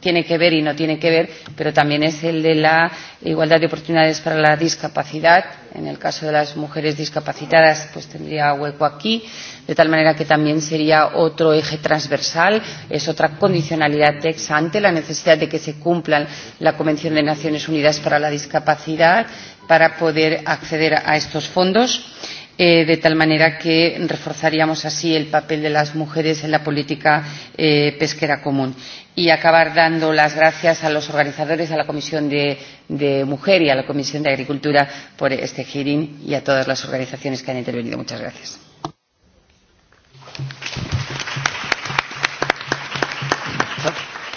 tiene que ver y no tiene que ver, pero también es el de la igualdad de oportunidades para la discapacidad. En el caso de las mujeres discapacitadas, pues tendría hueco aquí, de tal manera que también sería otro eje transversal, es otra condicionalidad ex ante, la necesidad de que se cumplan la Convención de Naciones Unidas para la Discapacidad para poder acceder a estos fondos. Eh, eh, de tal manera que reforzaríamos así el papel de las mujeres en la política eh, pesquera común. Y acabar dando las gracias a los organizadores, a la Comisión de, de Mujer y a la Comisión de Agricultura por este hearing y a todas las organizaciones que han intervenido. Muchas gracias.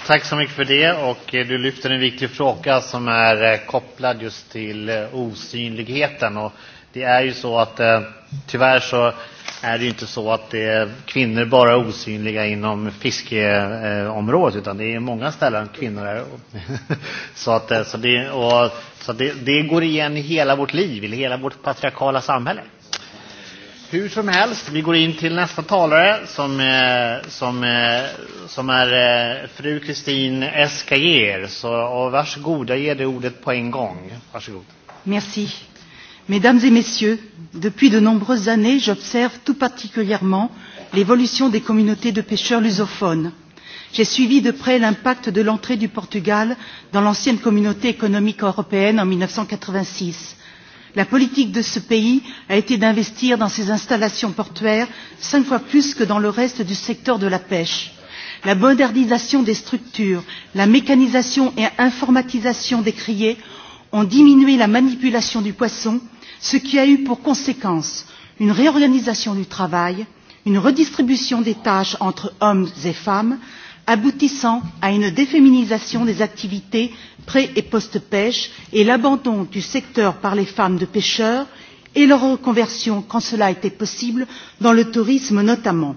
Tack så mycket för det och eh, du lyfter en viktig fråga som är eh, kopplad just till eh, osynligheten och det är ju så att eh, tyvärr så är det ju inte så att eh, kvinnor bara är osynliga inom fiskeområdet, eh, utan det är många ställen kvinnor är. [laughs] så att, eh, så, det, och, så det, det går igen i hela vårt liv, i hela vårt patriarkala samhälle. Hur som helst, vi går in till nästa talare som, eh, som, eh, som är eh, fru Kristin Eskayer. Så och varsågoda, ge det ordet på en gång. Varsågod. Merci mesdames et messieurs depuis de nombreuses années j'observe tout particulièrement l'évolution des communautés de pêcheurs lusophones. j'ai suivi de près l'impact de l'entrée du portugal dans l'ancienne communauté économique européenne en. mille neuf cent quatre vingt six la politique de ce pays a été d'investir dans ses installations portuaires cinq fois plus que dans le reste du secteur de la pêche. la modernisation des structures la mécanisation et informatisation décriées ont diminué la manipulation du poisson ce qui a eu pour conséquence une réorganisation du travail, une redistribution des tâches entre hommes et femmes, aboutissant à une déféminisation des activités pré et post pêche et l'abandon du secteur par les femmes de pêcheurs et leur reconversion quand cela était possible dans le tourisme notamment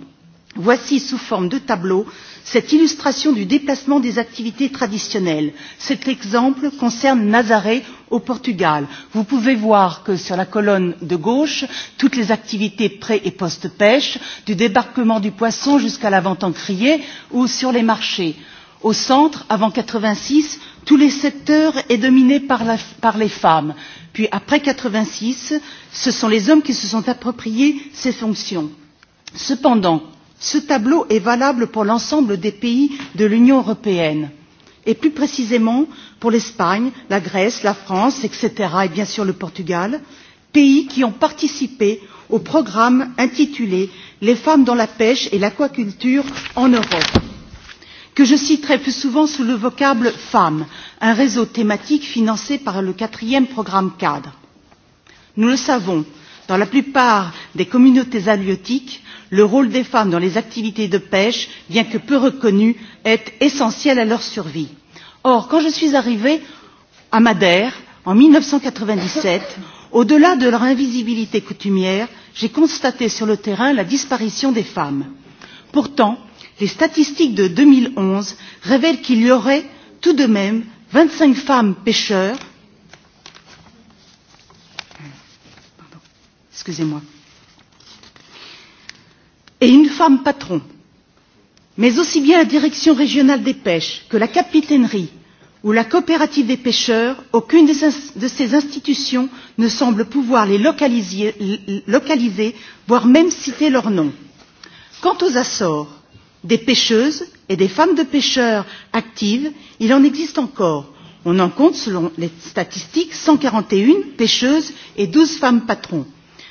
voici sous forme de tableau cette illustration du déplacement des activités traditionnelles. cet exemple concerne nazaré au portugal. vous pouvez voir que sur la colonne de gauche toutes les activités pré et post pêche du débarquement du poisson jusqu'à la vente en criée ou sur les marchés. au centre avant quatre vingt six tous les secteurs sont dominés par, la, par les femmes puis après quatre vingt six ce sont les hommes qui se sont approprié ces fonctions. cependant ce tableau est valable pour l'ensemble des pays de l'union européenne et plus précisément pour l'espagne la grèce la france etc. et bien sûr le portugal pays qui ont participé au programme intitulé les femmes dans la pêche et l'aquaculture en europe que je citerai plus souvent sous le vocable femmes un réseau thématique financé par le quatrième programme cadre. nous le savons dans la plupart des communautés halieutiques le rôle des femmes dans les activités de pêche bien que peu reconnu est essentiel à leur survie. or quand je suis arrivée à madère en mille neuf cent quatre vingt dix sept au delà de leur invisibilité coutumière j'ai constaté sur le terrain la disparition des femmes. pourtant les statistiques de deux mille onze révèlent qu'il y aurait tout de même vingt cinq femmes pêcheurs excusez moi et une femme patron. Mais aussi bien la direction régionale des pêches que la capitainerie ou la coopérative des pêcheurs, aucune de ces institutions ne semble pouvoir les localiser, localiser voire même citer leur nom. Quant aux Açores, des pêcheuses et des femmes de pêcheurs actives, il en existe encore. On en compte, selon les statistiques, 141 pêcheuses et 12 femmes patrons.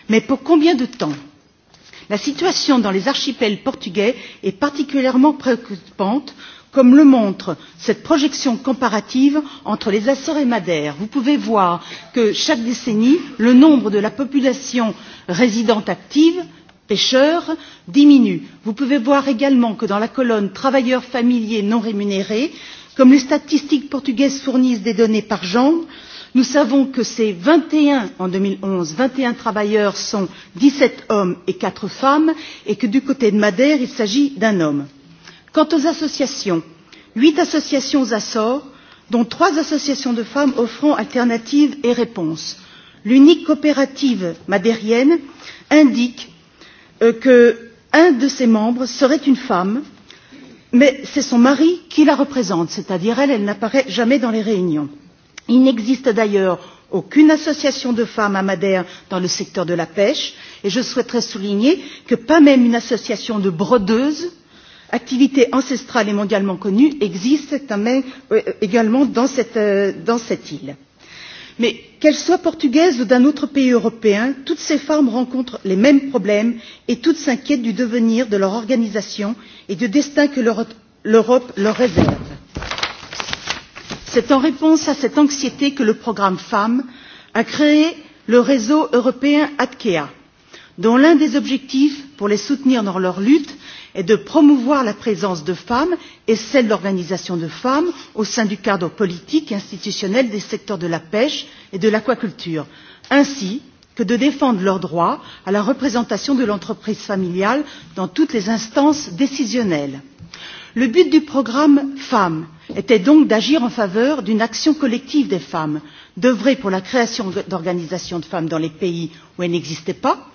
Mais pour combien de temps la situation dans les archipels portugais est particulièrement préoccupante comme le montre cette projection comparative entre les açores et madère. vous pouvez voir que chaque décennie le nombre de la population résidente active pêcheurs diminue. vous pouvez voir également que dans la colonne travailleurs familiers non rémunérés comme les statistiques portugaises fournissent des données par genre nous savons que c'est vingt et un en deux mille onze vingt et un travailleurs sont dix sept hommes et quatre femmes et que du côté de madère il s'agit d'un homme. quant aux associations huit associations aux açores dont trois associations de femmes offrant alternatives et réponses. l'unique coopérative madérienne indique euh, qu'un de ses membres serait une femme mais c'est son mari qui la représente c'est à dire elle elle n'apparaît jamais dans les réunions il n'existe d'ailleurs aucune association de femmes à madère dans le secteur de la pêche et je souhaiterais souligner que pas même une association de brodeuses activité ancestrale et mondialement connue existe euh, également dans cette, euh, dans cette île. Mais qu'elles soient portugaises ou d'un autre pays européen, toutes ces femmes rencontrent les mêmes problèmes et toutes s'inquiètent du devenir de leur organisation et du destin que l'Europe leur réserve c'est en réponse à cette anxiété que le programme femm a créé le réseau européen atkea dont l'un des objectifs pour les soutenir dans leur lutte est de promouvoir la présence de femmes et celle d'organisations de femmes au sein du cadre politique et institutionnel des secteurs de la pêche et de l'aquaculture ainsi que de défendre leur droit à la représentation de l'entreprise familiale dans toutes les instances décisionnelles le but du programme femmes était donc d'agir en faveur d'une action collective des femmes d'œuvrer pour la création d'organisations de femmes dans les pays où elles n'existaient pas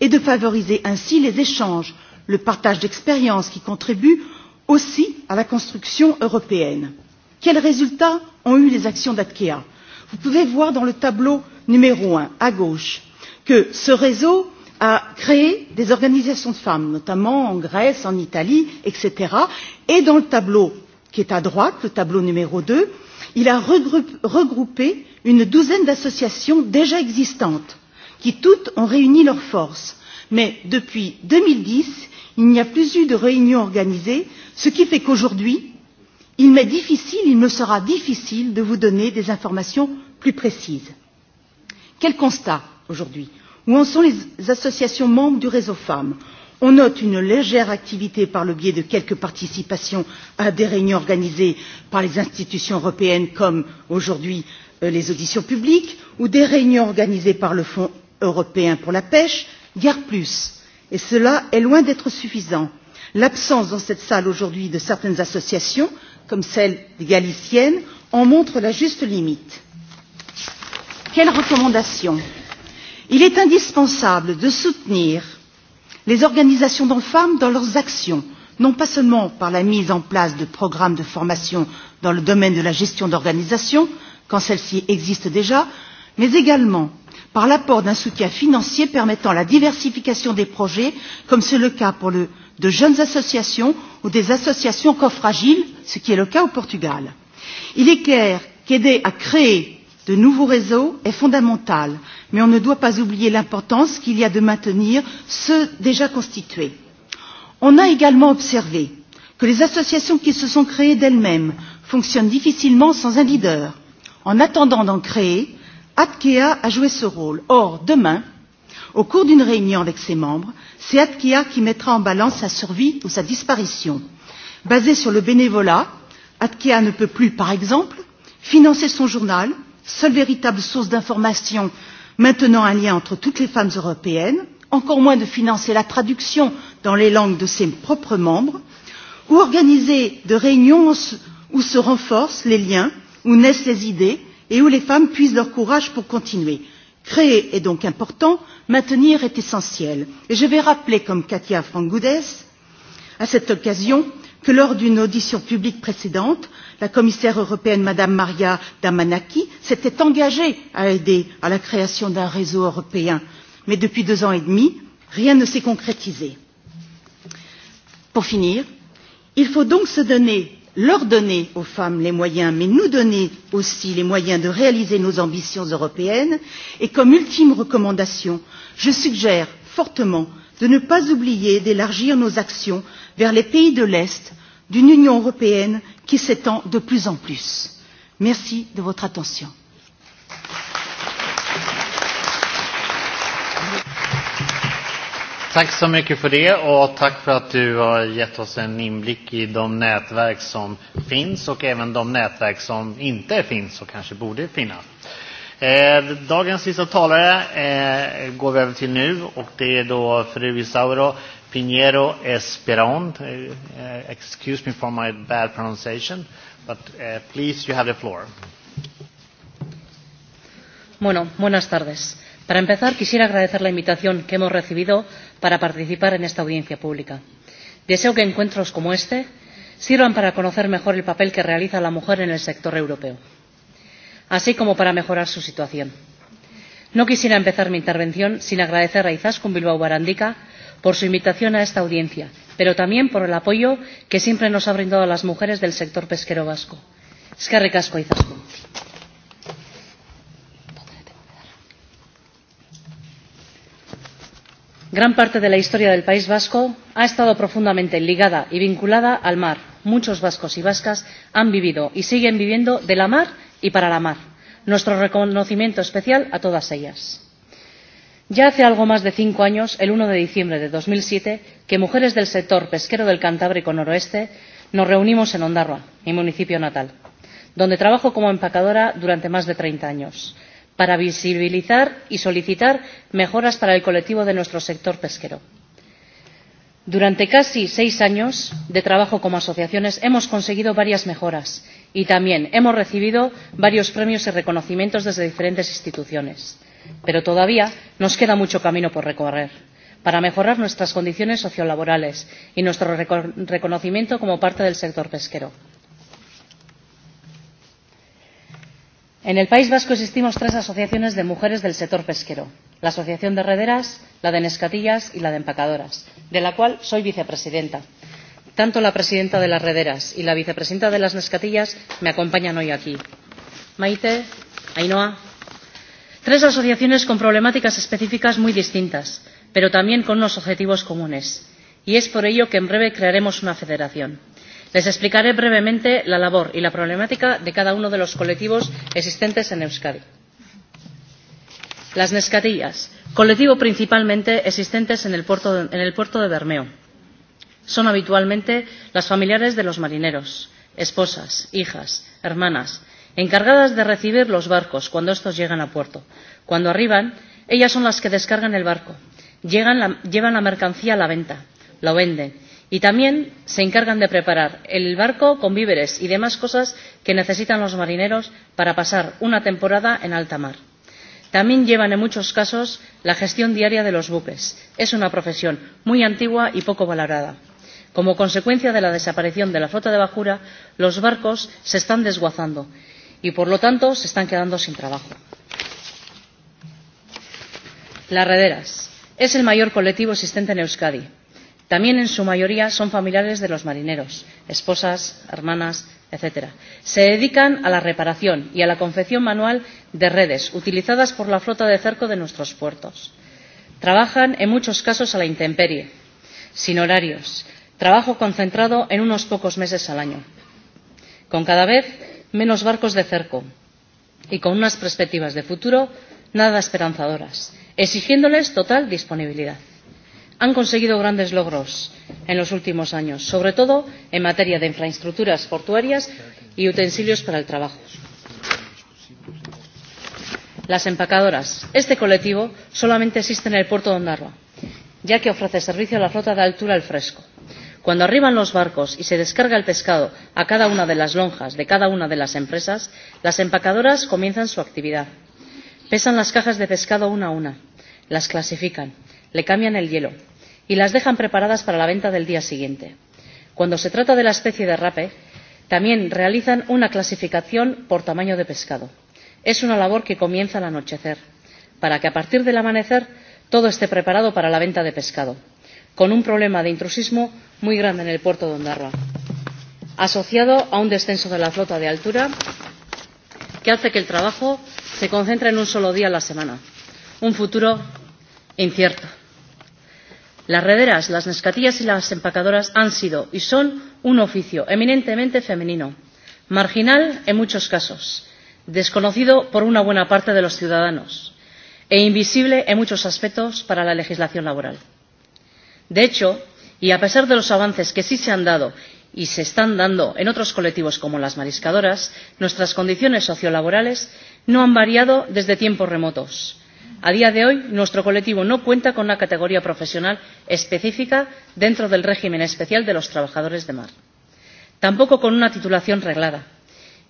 et de favoriser ainsi les échanges le partage d'expériences qui contribuent aussi à la construction européenne. quels résultats ont eu les actions d'atkea? vous pouvez voir dans le tableau n un à gauche que ce réseau à créer des organisations de femmes notamment en grèce en italie etc. et dans le tableau qui est à droite le tableau numéro deux il a regroupé une douzaine d'associations déjà existantes qui toutes ont réuni leurs forces mais depuis deux mille dix il n'y a plus eu de réunion organisée ce qui fait qu'aujourd'hui il m'est difficile il me sera difficile de vous donner des informations plus précises. quel constat aujourd'hui? Où en sont les associations membres du réseau femmes On note une légère activité par le biais de quelques participations à des réunions organisées par les institutions européennes comme aujourd'hui euh, les auditions publiques ou des réunions organisées par le Fonds européen pour la pêche, guère plus. Et cela est loin d'être suffisant. L'absence dans cette salle aujourd'hui de certaines associations, comme celle des Galiciennes, en montre la juste limite. Quelles recommandations il est indispensable de soutenir les organisations de femmes dans leurs actions non pas seulement par la mise en place de programmes de formation dans le domaine de la gestion d'organisations quand celles ci existent déjà mais également par l'apport d'un soutien financier permettant la diversification des projets comme c'est le cas pour le, de jeunes associations ou des associations encore fragiles ce qui est le cas au portugal. il est clair qu'aider à créer de nouveaux réseaux est fondamentale mais on ne doit pas oublier l'importance qu'il y a de maintenir ceux déjà constitués. on a également observé que les associations qui se sont créées d'elles mêmes fonctionnent difficilement sans un leader. en attendant d'en créer atkea a joué ce rôle. or demain au cours d'une réunion avec ses membres c'est atkea qui mettra en balance sa survie ou sa disparition. basée sur le bénévolat atkea ne peut plus par exemple financer son journal seule véritable source d'information maintenant un lien entre toutes les femmes européennes encore moins de financer la traduction dans les langues de ses propres membres ou organiser des réunions où se renforcent les liens où naissent les idées et où les femmes puisent leur courage pour continuer. créer est donc important maintenir est essentiel et je vais rappeler comme katia frangoudès à cette occasion que lors d'une audition publique précédente la commissaire européenne mme maria damanaki s'était engagée à aider à la création d'un réseau européen mais depuis deux ans et demi rien ne s'est concrétisé. pour finir il faut donc se donner leur donner aux femmes les moyens mais nous donner aussi les moyens de réaliser nos ambitions européennes et comme ultime recommandation je suggère fortement de ne pas oublier d'élargir nos actions vers les pays de l'est d'une Union européenne qui s'étend de plus en plus. Merci de votre attention. Tack så mycket för det och tack för att du har gett oss en inblick i de nätverk som finns och även de nätverk som inte finns och kanske borde finnas. Eh, dagens sista talare eh, går vi över till nu och det är då fru Isauro Pinheiro Esperon. Uh, uh, excuse me for my bad pronunciation, but uh, please, you have the floor. Bueno, buenas tardes. Para empezar, quisiera agradecer la invitación que hemos recibido para participar en esta audiencia pública. Deseo que encuentros como este sirvan para conocer mejor el papel que realiza la mujer en el sector europeo, así como para mejorar su situación. No quisiera empezar mi intervención sin agradecer a Izaskun Bilbao Barandica por su invitación a esta audiencia pero también por el apoyo que siempre nos ha brindado a las mujeres del sector pesquero vasco. eskerrik asko izaskun. gran parte de la historia del país vasco ha estado profundamente ligada y vinculada al mar. muchos vascos y vascas han vivido y siguen viviendo de la mar y para la mar. nuestro reconocimiento especial a todas ellas ya hace algo más de cinco años el uno de diciembre de dos mil siete que mujeres del sector pesquero del cantábrico noroeste nos reunimos en ondarroa mi municipio natal donde trabajo como empacadora durante más de treinta años para visibilizar y solicitar mejoras para el colectivo de nuestro sector pesquero. Durante casi seis años de trabajo como asociaciones hemos conseguido varias mejoras y también hemos recibido varios premios y reconocimientos desde diferentes instituciones pero todavía nos queda mucho camino por recorrer para mejorar nuestras condiciones sociolaborales y nuestro reconocimiento como parte del sector pesquero. en el país vasco existimos tres asociaciones de mujeres del sector pesquero la asociación de rederas la de neskatillas y la de empacadoras de la cual soy vicepresidenta. tanto la presidenta de las rederas y la vicepresidenta de las neskatillas me acompañan hoy aquí. maite ainhoa tres asociaciones con problemáticas específicas muy distintas pero también con unos objetivos comunes y es por ello que en breve crearemos una federación. les explicaré brevemente la labor y la problemática de cada uno de los colectivos existentes en euskadi. las neskatillas colectivo principalmente existentes en el puerto de, en el puerto de bermeo. son habitualmente las familiares de los marineros esposas hijas hermanas encargadas de recibir los barcos cuando estos llegan a puerto. Cuando arriban, ellas son las que descargan el barco, llegan la, llevan la mercancía a la venta, lo venden y también se encargan de preparar el barco con víveres y demás cosas que necesitan los marineros para pasar una temporada en alta mar. También llevan en muchos casos la gestión diaria de los buques. Es una profesión muy antigua y poco valorada. Como consecuencia de la desaparición de la flota de bajura, los barcos se están desguazando y por lo tanto se están quedando sin trabajo. Las rederas es el mayor colectivo existente en Euskadi. También en su mayoría son familiares de los marineros, esposas, hermanas, etc. Se dedican a la reparación y a la confección manual de redes utilizadas por la flota de cerco de nuestros puertos. Trabajan en muchos casos a la intemperie, sin horarios, trabajo concentrado en unos pocos meses al año. Con cada vez menos barcos de cerco y con unas perspectivas de futuro nada esperanzadoras, exigiéndoles total disponibilidad. Han conseguido grandes logros en los últimos años, sobre todo en materia de infraestructuras portuarias y utensilios para el trabajo. Las empacadoras. Este colectivo solamente existe en el puerto de Ondarroa, ya que ofrece servicio a la flota de altura al fresco cuando arriban los barcos y se descarga el pescado a cada una de las lonjas de cada una de las empresas las empacadoras comienzan su actividad pesan las cajas de pescado una a una las clasifican le cambian el hielo y las dejan preparadas para la venta del día siguiente. cuando se trata de la especie de rape también realizan una clasificación por tamaño de pescado. es una labor que comienza al anochecer para que a partir del amanecer todo esté preparado para la venta de pescado con un problema de intrusismo muy grande en el puerto de Ondarroa, asociado a un descenso de la flota de altura que hace que el trabajo se concentre en un solo día a la semana. Un futuro incierto. Las rederas, las nescatillas y las empacadoras han sido y son un oficio eminentemente femenino, marginal en muchos casos, desconocido por una buena parte de los ciudadanos e invisible en muchos aspectos para la legislación laboral de hecho y a pesar de los avances que sí se han dado y se están dando en otros colectivos como las mariscadoras nuestras condiciones sociolaborales no han variado desde tiempos remotos. a día de hoy nuestro colectivo no cuenta con una categoría profesional específica dentro del régimen especial de los trabajadores de mar tampoco con una titulación reglada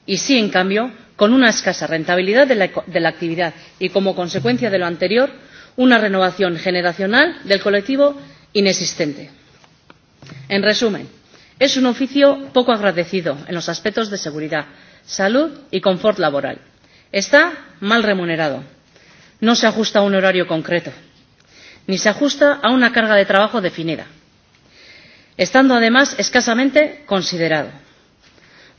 y sí en cambio con una escasa rentabilidad de la, de la actividad y como consecuencia de lo anterior una renovación generacional del colectivo inexistente. En resumen, es un oficio poco agradecido en los aspectos de seguridad, salud y confort laboral. Está mal remunerado. No se ajusta a un horario concreto, ni se ajusta a una carga de trabajo definida, estando además escasamente considerado.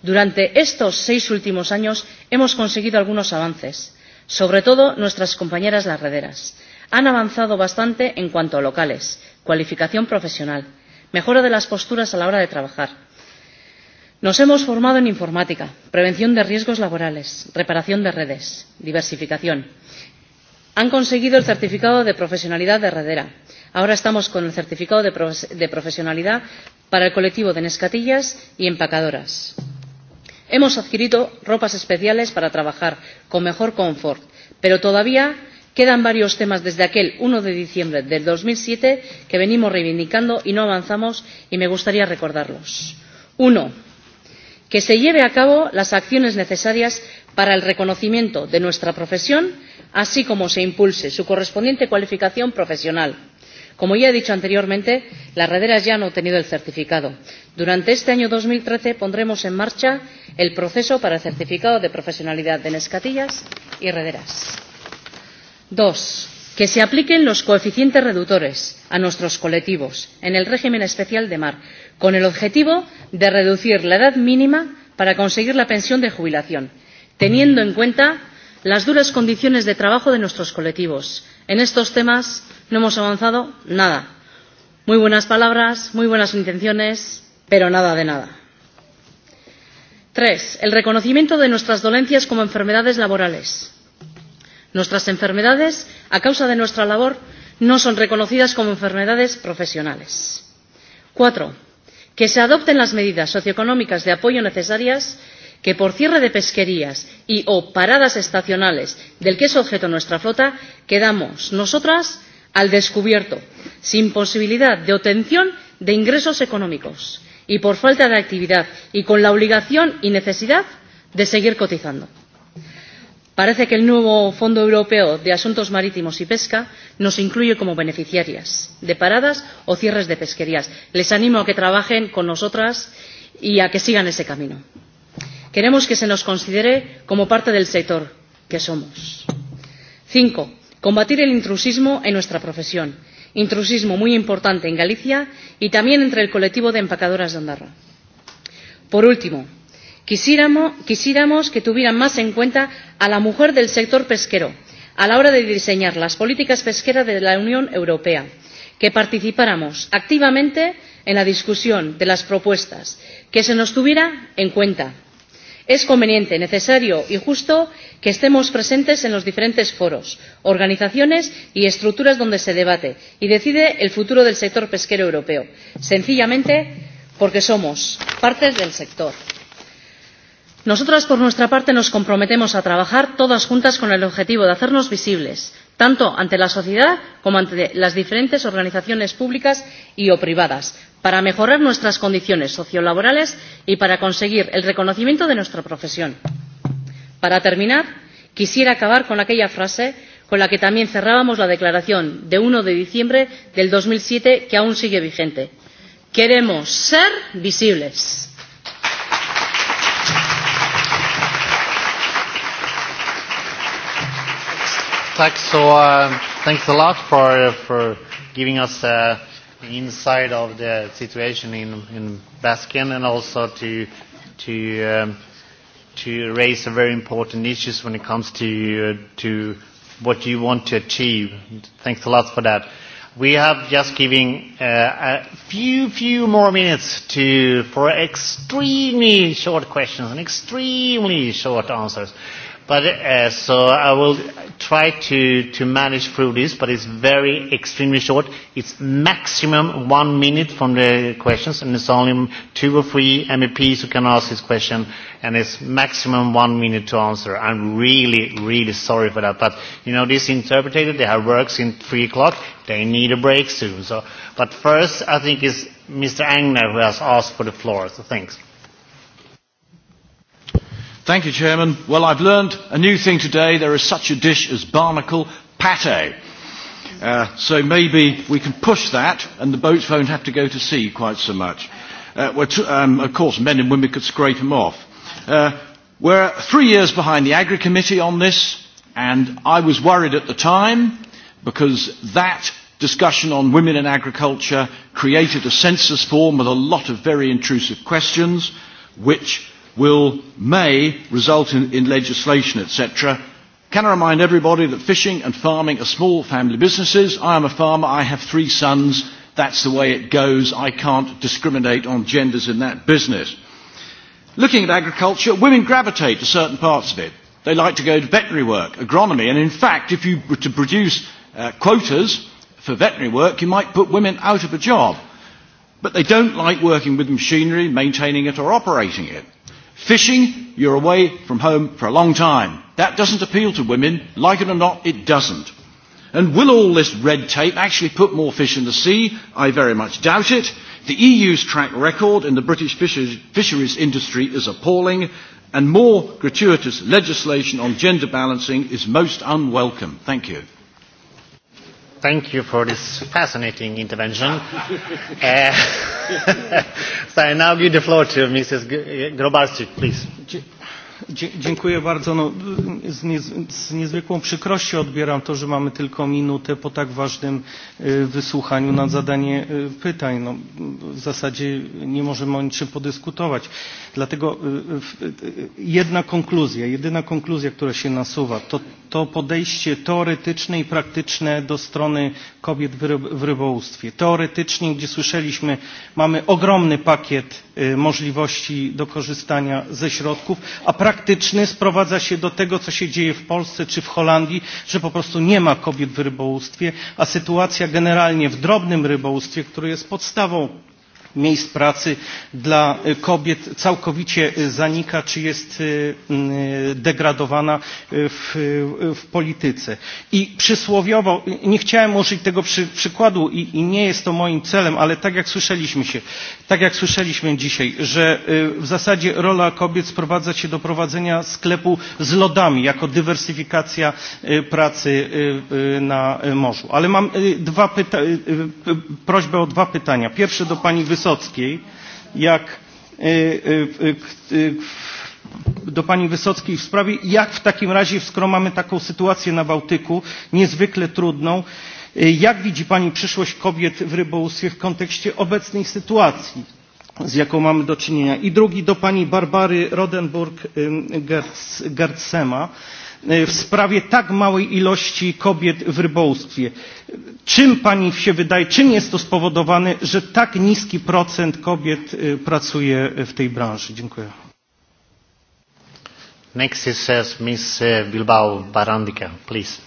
Durante estos seis últimos años hemos conseguido algunos avances, sobre todo nuestras compañeras las rederas. Han avanzado bastante en cuanto a locales cualificación profesional mejora de las posturas a la hora de trabajar. nos hemos formado en informática prevención de riesgos laborales reparación de redes diversificación. han conseguido el certificado de profesionalidad de redera ahora estamos con el certificado de, profes de profesionalidad para el colectivo de nescatillas y empacadoras. hemos adquirido ropas especiales para trabajar con mejor confort pero todavía quedan varios temas desde aquel uno de diciembre de dos mil siete que venimos reivindicando y no avanzamos y me gustaría recordarlos uno que se lleven a cabo las acciones necesarias para el reconocimiento de nuestra profesión así como se impulse su correspondiente cualificación profesional. como ya he dicho anteriormente las rederas ya han obtenido el certificado. durante este año dos mil trece pondremos en marcha el proceso para el certificado de profesionalidad de pescadores y rederas. Dos, que se apliquen los coeficientes reductores a nuestros colectivos en el régimen especial de mar, con el objetivo de reducir la edad mínima para conseguir la pensión de jubilación, teniendo en cuenta las duras condiciones de trabajo de nuestros colectivos. En estos temas no hemos avanzado nada. Muy buenas palabras, muy buenas intenciones, pero nada de nada. Tres, el reconocimiento de nuestras dolencias como enfermedades laborales nuestras enfermedades a causa de nuestra labor no son reconocidas como enfermedades profesionales. cuatro que se adopten las medidas socioeconómicas de apoyo necesarias que por cierre de pesquerías y o paradas estacionales del que es objeto nuestra flota quedamos nosotras al descubierto sin posibilidad de obtención de ingresos económicos y por falta de actividad y con la obligación y necesidad de seguir cotizando parece que el nuevo Fondo Europeo de Asuntos Marítimos y Pesca nos incluye como beneficiarias de paradas o cierres de pesquerías. Les animo a que trabajen con nosotras y a que sigan ese camino. Queremos que se nos considere como parte del sector que somos. Cinco, combatir el intrusismo en nuestra profesión. Intrusismo muy importante en Galicia y también entre el colectivo de empacadoras de Ondarroa. Por último, Quisiéramos, quisiéramos que tuvieran más en cuenta a la mujer del sector pesquero a la hora de diseñar las políticas pesqueras de la Unión Europea, que participáramos activamente en la discusión de las propuestas, que se nos tuviera en cuenta. Es conveniente, necesario y justo que estemos presentes en los diferentes foros, organizaciones y estructuras donde se debate y decide el futuro del sector pesquero europeo, sencillamente porque somos partes del sector nosotras por nuestra parte nos comprometemos a trabajar todas juntas con el objetivo de hacernos visibles tanto ante la sociedad como ante las diferentes organizaciones públicas y o privadas para mejorar nuestras condiciones sociolaborales y para conseguir el reconocimiento de nuestra profesión. para terminar quisiera acabar con aquella frase con la que también cerrábamos la declaración de uno de diciembre de dos mil siete que aún sigue vigente queremos ser visibles. Tack så, uh, thanks a lot for, uh, for giving us uh, the insight of the situation in, in Baskin and also to, to, um, to raise very important issues when it comes to, uh, to what you want to achieve. Thanks a lot for that. We have just giving uh, a few, few more minutes to, for extremely short questions and extremely short answers. Uh, But uh, so I will try to, to manage through this, but it's very extremely short. It's maximum one minute from the questions, and it's only two or three MEPs who can ask this question, and it's maximum one minute to answer. I'm really, really sorry for that. But, you know, this interpreter, they have works in three o'clock. They need a break soon. So, but first, I think it's Mr. Angner who has asked for the floor, so thanks. Thank you, Chairman. Well, I've learned a new thing today. There is such a dish as barnacle pate. Uh, so maybe we can push that and the boats won't have to go to sea quite so much. Uh, we're t- um, of course, men and women could scrape them off. Uh, we're three years behind the Agri Committee on this, and I was worried at the time because that discussion on women in agriculture created a census form with a lot of very intrusive questions, which will, may result in, in legislation, etc. Can I remind everybody that fishing and farming are small family businesses? I am a farmer, I have three sons, that's the way it goes. I can't discriminate on genders in that business. Looking at agriculture, women gravitate to certain parts of it. They like to go to veterinary work, agronomy, and in fact, if you were to produce uh, quotas for veterinary work, you might put women out of a job. But they don't like working with machinery, maintaining it, or operating it. Fishing, you're away from home for a long time. That doesn't appeal to women. Like it or not, it doesn't. And will all this red tape actually put more fish in the sea? I very much doubt it. The EU's track record in the British fisheries industry is appalling, and more gratuitous legislation on gender balancing is most unwelcome. Thank you thank you for this fascinating intervention. [laughs] uh, [laughs] so I now give the floor to Mrs. Grobarczyk, please. Dziękuję bardzo. No, z, nie, z niezwykłą przykrością odbieram to, że mamy tylko minutę po tak ważnym wysłuchaniu na zadanie pytań. No, w zasadzie nie możemy o niczym podyskutować. Dlatego jedna konkluzja, jedyna konkluzja, która się nasuwa, to, to podejście teoretyczne i praktyczne do strony kobiet w rybołówstwie. Teoretycznie, gdzie słyszeliśmy, mamy ogromny pakiet możliwości do korzystania ze środków, a praktyczny sprowadza się do tego, co się dzieje w Polsce czy w Holandii, że po prostu nie ma kobiet w rybołówstwie, a sytuacja generalnie w drobnym rybołówstwie, które jest podstawą miejsc pracy dla kobiet całkowicie zanika czy jest degradowana w, w polityce. I przysłowiowo, nie chciałem użyć tego przy, przykładu i, i nie jest to moim celem, ale tak jak słyszeliśmy się, tak jak słyszeliśmy dzisiaj, że w zasadzie rola kobiet sprowadza się do prowadzenia sklepu z lodami jako dywersyfikacja pracy na morzu. Ale mam dwa pyta- prośbę o dwa pytania. Pierwsze do pani wysłannicy Wysockiej, jak e, e, e, do pani Wysockiej w sprawie, jak w takim razie, skoro mamy taką sytuację na Bałtyku, niezwykle trudną, jak widzi pani przyszłość kobiet w rybołówstwie w kontekście obecnej sytuacji? z jaką mamy do czynienia. I drugi do pani Barbary Rodenburg-Gertsema. -Gerts E, w sprawie tak małej ilości kobiet w rybołówstwie. Czym pani się wydaje, czym jest to spowodowane, że tak niski procent kobiet e, pracuje w tej branży? Dziękuję. Next is uh, Ms. Uh, Bilbao Barandica, please.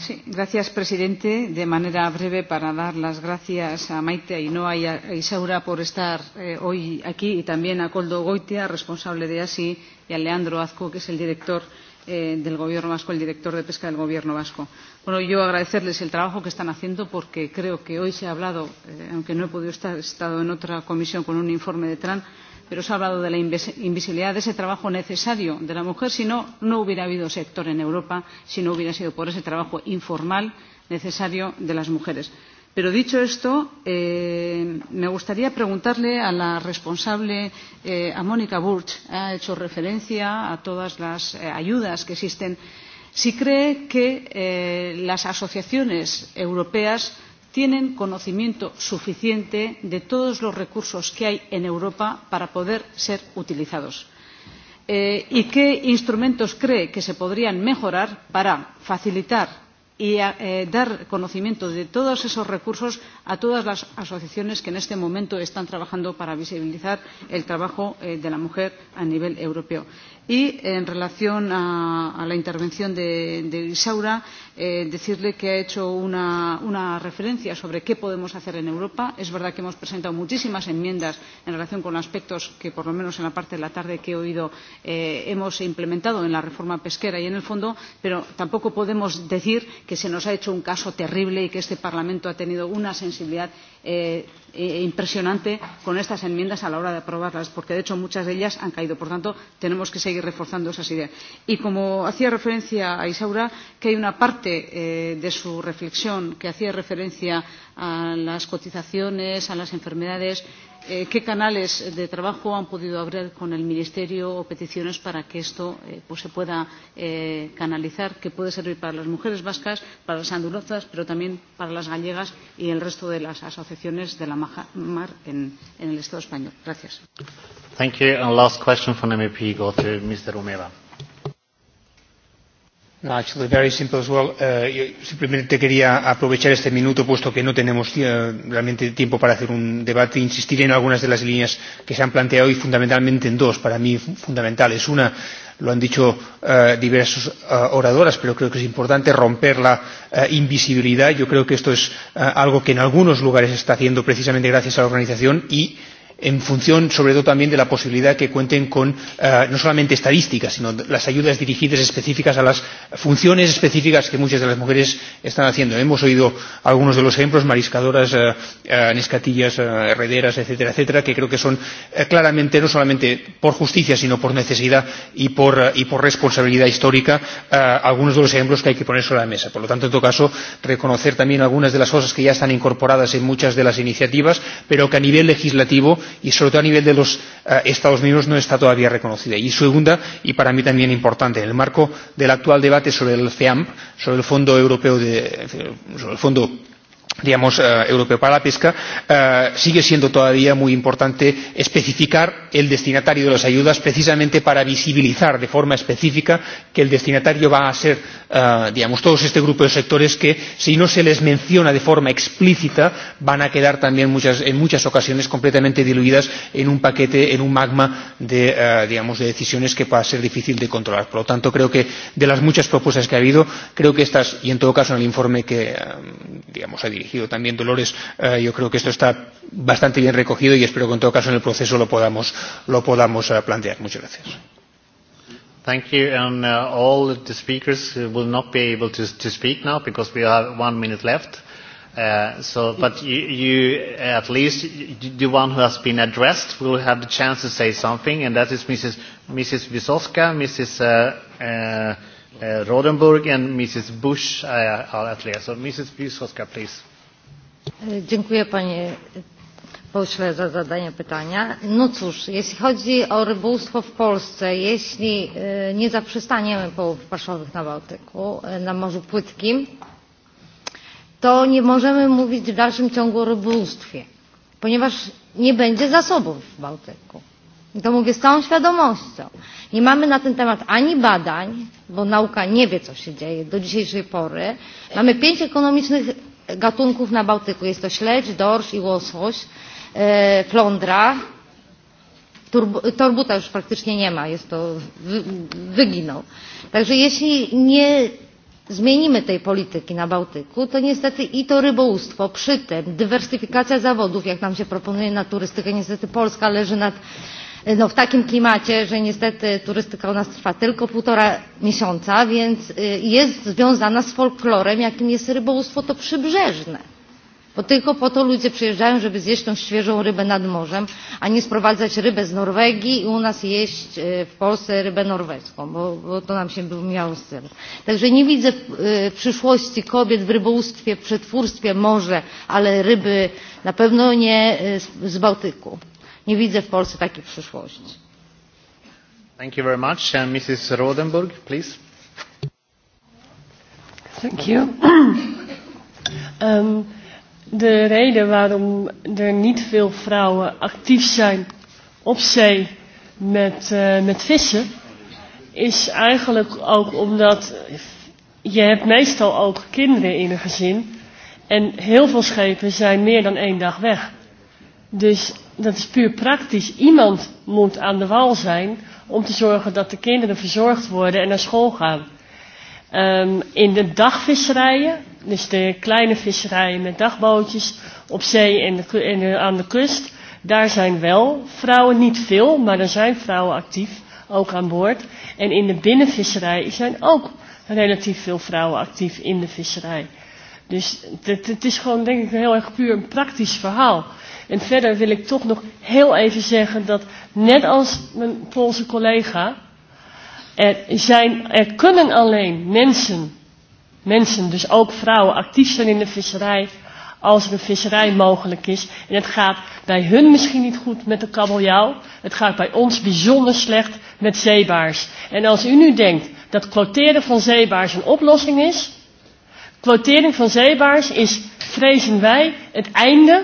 Sí, gracias, presidente. De manera breve, para dar las gracias a Maite Ainhoa y a Isaura por estar eh, hoy aquí y también a Coldo Goitia, responsable de ASI, y a Leandro Azco, que es el director eh, eh, del Gobierno vasco, el director de pesca del Gobierno vasco. Bueno, yo agradecerles el trabajo que están haciendo porque creo que hoy se ha hablado, eh, aunque no he podido estar, he estado en otra comisión con un informe de TRAN, pero se ha hablado de la invisibilidad de ese trabajo necesario de la mujer si no no hubiera habido sector en europa si no hubiera sido por ese trabajo informal necesario de las mujeres. Pero dicho esto, eh, me gustaría preguntarle a la responsable, eh, a Mónica Burch, ha hecho referencia a todas las eh, ayudas que existen, si cree que eh, las asociaciones europeas tienen conocimiento suficiente de todos los recursos que hay en Europa para poder ser utilizados. Eh, ¿Y qué instrumentos cree que se podrían mejorar para facilitar y a, eh, dar conocimiento de todos esos recursos a todas las asociaciones que en este momento están trabajando para visibilizar el trabajo eh, de la mujer a nivel europeo. Y en relación a, a la intervención de, de Isaura, eh, eh, decirle que ha hecho una, una referencia sobre qué podemos hacer en Europa. Es verdad que hemos presentado muchísimas enmiendas en relación con aspectos que, por lo menos en la parte de la tarde que he oído, eh, hemos implementado en la reforma pesquera y en el fondo, pero tampoco podemos decir que se nos ha hecho un caso terrible y que este Parlamento ha tenido una sensibilidad eh, eh, impresionante con estas enmiendas a la hora de aprobarlas, porque de hecho muchas de ellas han caído. Por tanto, tenemos que seguir reforzando esas ideas. Y como hacía referencia a Isaura, que hay una parte parte eh, de su reflexión que hacía referencia a las cotizaciones, a las enfermedades, eh, qué canales de trabajo han podido abrir con el Ministerio o peticiones para que esto eh, pues se pueda eh, canalizar, que puede servir para las mujeres vascas, para las andaluzas, pero también para las gallegas y el resto de las asociaciones de la mar en, en el Estado español. Gracias. Thank you. And last question from MEP go to Mr. Umeva. No, actually, very simple as well. Uh, yo simplemente quería aprovechar este minuto, puesto que no tenemos uh, realmente tiempo para hacer un debate, insistir en algunas de las líneas que se han planteado y fundamentalmente en dos, para mí fundamentales. Una, lo han dicho uh, diversas uh, oradoras, pero creo que es importante romper la uh, invisibilidad. Yo creo que esto es uh, algo que en algunos lugares se está haciendo precisamente gracias a la organización y uh, en función sobre todo también de la posibilidad de que cuenten con eh, no solamente estadísticas sino las ayudas dirigidas específicas a las funciones específicas que muchas de las mujeres están haciendo. Hemos oído algunos de los ejemplos mariscadoras, eh, eh, nescatillas, eh, herrederas, etcétera, etcétera, que creo que son eh, claramente no solamente por justicia sino por necesidad y por, eh, y por responsabilidad histórica eh, algunos de los ejemplos que hay que poner sobre la mesa. Por lo tanto, en todo caso, reconocer también algunas de las cosas que ya están incorporadas en muchas de las iniciativas, pero que a nivel legislativo y sobre todo a nivel de los eh, Estados miembros no está todavía reconocida. Y segunda, y para mí también importante, en el marco del actual debate sobre el FEAMP, sobre el Fondo Europeo de, sobre el Fondo digamos, eh, europeo para la pesca, eh, sigue siendo todavía muy importante especificar el destinatario de las ayudas precisamente para visibilizar de forma específica que el destinatario va a ser, eh, digamos, todos este grupo de sectores que, si no se les menciona de forma explícita, van a quedar también muchas, en muchas ocasiones completamente diluidas en un paquete, en un magma de, eh, digamos, de decisiones que va a ser difícil de controlar. Por lo tanto, creo que de las muchas propuestas que ha habido, creo que estas, y en todo caso en el informe que, eh, digamos, ha dirigido, dirigido también Dolores, eh, yo creo que esto está bastante bien recogido y espero que en todo caso en el proceso lo podamos, lo podamos eh, plantear. Muchas gracias. Thank you. And uh, all the speakers will not be able to, to speak now because we have one minute left. Uh, so, but you, you uh, at least you, the one who has been addressed will have the chance to say something, and that is Mrs. Mrs. Wisowska, Mrs. Uh, uh, uh, Rodenburg, and Mrs. Bush uh, are uh, at least. So, Mrs. Wisowska, please. Dziękuję panie pośle za zadanie pytania. No cóż, jeśli chodzi o rybołówstwo w Polsce, jeśli e, nie zaprzestaniemy połowów paszowych na Bałtyku, e, na Morzu Płytkim, to nie możemy mówić w dalszym ciągu o rybołówstwie, ponieważ nie będzie zasobów w Bałtyku. I to mówię z całą świadomością. Nie mamy na ten temat ani badań, bo nauka nie wie, co się dzieje do dzisiejszej pory. Mamy pięć ekonomicznych gatunków na Bałtyku. Jest to śledź, dorsz i łosoś, flądra, e, torbuta już praktycznie nie ma, jest to wyginął. Także jeśli nie zmienimy tej polityki na Bałtyku, to niestety i to rybołówstwo, przy tym dywersyfikacja zawodów, jak nam się proponuje na turystykę, niestety Polska leży nad no, w takim klimacie, że niestety turystyka u nas trwa tylko półtora miesiąca, więc jest związana z folklorem, jakim jest rybołówstwo to przybrzeżne. Bo tylko po to ludzie przyjeżdżają, żeby zjeść tą świeżą rybę nad morzem, a nie sprowadzać rybę z Norwegii i u nas jeść w Polsce rybę norweską, bo, bo to nam się by miało z tym. Także nie widzę y, przyszłości kobiet w rybołówstwie, przetwórstwie może, ale ryby na pewno nie y, z Bałtyku nie widzę w polsce takiej przyszłości. Thank you very much. And Mrs. Rodenburg, please. Thank you. um, [clears throat] de reden waarom er niet veel vrouwen actief zijn op zee met, uh, met vissen, is eigenlijk ook omdat je hebt meestal ook kinderen in een gezin. En heel veel schepen zijn meer dan één dag weg. Dus dat is puur praktisch. Iemand moet aan de wal zijn om te zorgen dat de kinderen verzorgd worden en naar school gaan. Um, in de dagvisserijen, dus de kleine visserijen met dagbootjes op zee en, de, en de, aan de kust, daar zijn wel vrouwen, niet veel, maar er zijn vrouwen actief, ook aan boord. En in de binnenvisserij zijn ook relatief veel vrouwen actief in de visserij. Dus het is gewoon denk ik heel erg puur een praktisch verhaal. En verder wil ik toch nog heel even zeggen dat net als mijn Poolse collega, er, zijn, er kunnen alleen mensen, mensen, dus ook vrouwen, actief zijn in de visserij als er een visserij mogelijk is. En het gaat bij hun misschien niet goed met de kabeljauw. Het gaat bij ons bijzonder slecht met zeebaars. En als u nu denkt dat quoteren van zeebaars een oplossing is, quotering van zeebaars is, vrezen wij, het einde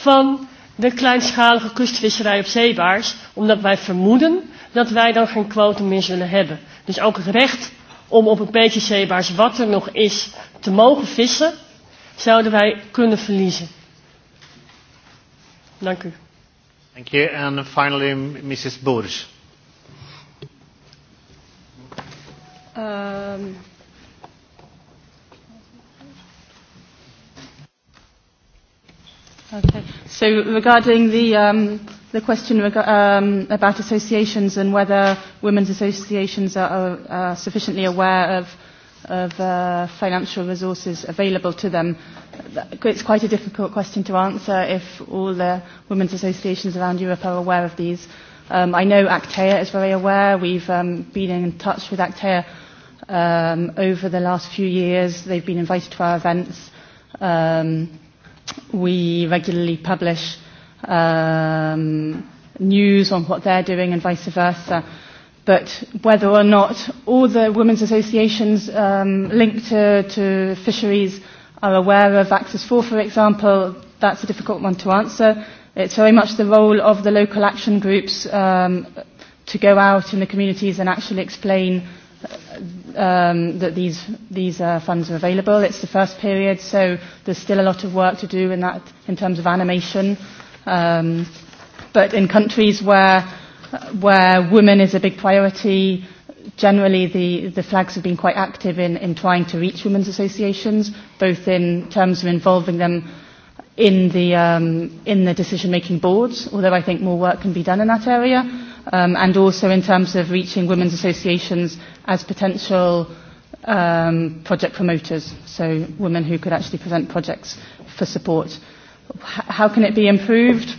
van de kleinschalige kustvisserij op zeebaars, omdat wij vermoeden dat wij dan geen quotum meer zullen hebben. Dus ook het recht om op een beetje zeebaars wat er nog is te mogen vissen, zouden wij kunnen verliezen. Dank u. Thank you. And finally, Mrs. Boers. Um, ehm, Okay. So regarding the, um, the question reg- um, about associations and whether women's associations are, are, are sufficiently aware of, of uh, financial resources available to them, it's quite a difficult question to answer if all the women's associations around Europe are aware of these. Um, I know Actea is very aware. We've um, been in touch with Actea um, over the last few years. They've been invited to our events. Um, we regularly publish um, news on what they're doing and vice versa. But whether or not all the women's associations um, linked to, to fisheries are aware of Access 4, for example, that's a difficult one to answer. It's very much the role of the local action groups um, to go out in the communities and actually explain Uh, um, that these, these uh, funds are available. It's the first period, so there's still a lot of work to do in, that, in terms of animation. Um, but in countries where, where women is a big priority, generally the, the flags have been quite active in, in trying to reach women's associations, both in terms of involving them in the, um, in the decision-making boards, although I think more work can be done in that area um, and also in terms of reaching women's associations as potential um, project promoters, so women who could actually present projects for support. H how can it be improved?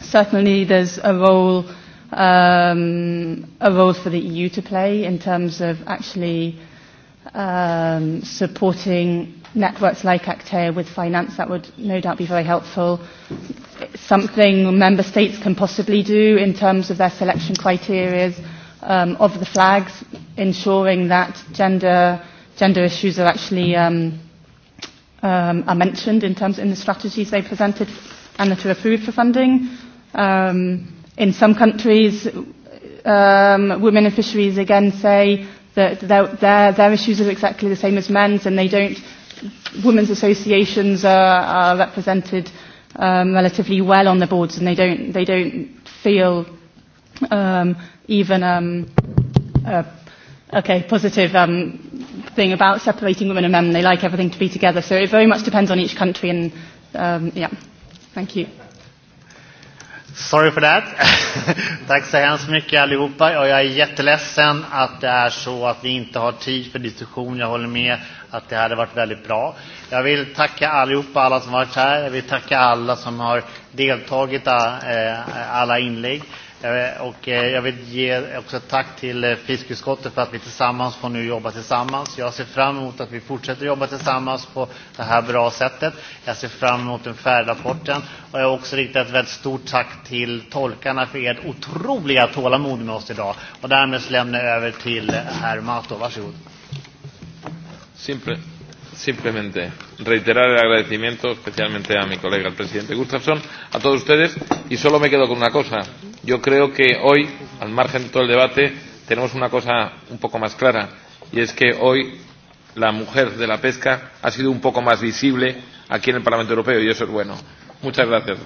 Certainly there's a role, um, a role for the EU to play in terms of actually um, supporting networks like Actea with finance. That would no doubt be very helpful something member states can possibly do in terms of their selection criteria um, of the flags, ensuring that gender, gender issues are actually um, um, are mentioned in terms in the strategies they presented and that are approved for funding. Um, in some countries, um, women in fisheries again say that their, their, their issues are exactly the same as men's and they don't, women's associations are, are represented uh, um, relatively well on the boards and they don't, they don't feel um, even um, a uh, okay, positive um, thing about separating women and men. They like everything to be together. So it very much depends on each country. And um, yeah, thank you. Sorry for that. [laughs] Tack så hemskt mycket allihopa. Och jag är jätteledsen att det är så att vi inte har tid för diskussion. Jag håller med att det hade varit väldigt bra. Jag vill tacka allihopa, alla som varit här. Jag vill tacka alla som har deltagit i eh, alla inlägg. Eh, och eh, jag vill ge också ett tack till fiskutskottet för att vi tillsammans får nu jobba tillsammans. Jag ser fram emot att vi fortsätter jobba tillsammans på det här bra sättet. Jag ser fram emot den färdiga rapporten. Och jag har också riktat ett väldigt stort tack till tolkarna för ert otroliga tålamod med oss idag. Och därmed lämnar jag över till herr Mato. Varsågod. Simple simplemente reiterar el agradecimiento especialmente a mi colega el presidente Gustafsson, a todos ustedes y solo me quedo con una cosa. Yo creo que hoy, al margen de todo el debate, tenemos una cosa un poco más clara y es que hoy la mujer de la pesca ha sido un poco más visible aquí en el Parlamento Europeo y eso es bueno. Muchas gracias.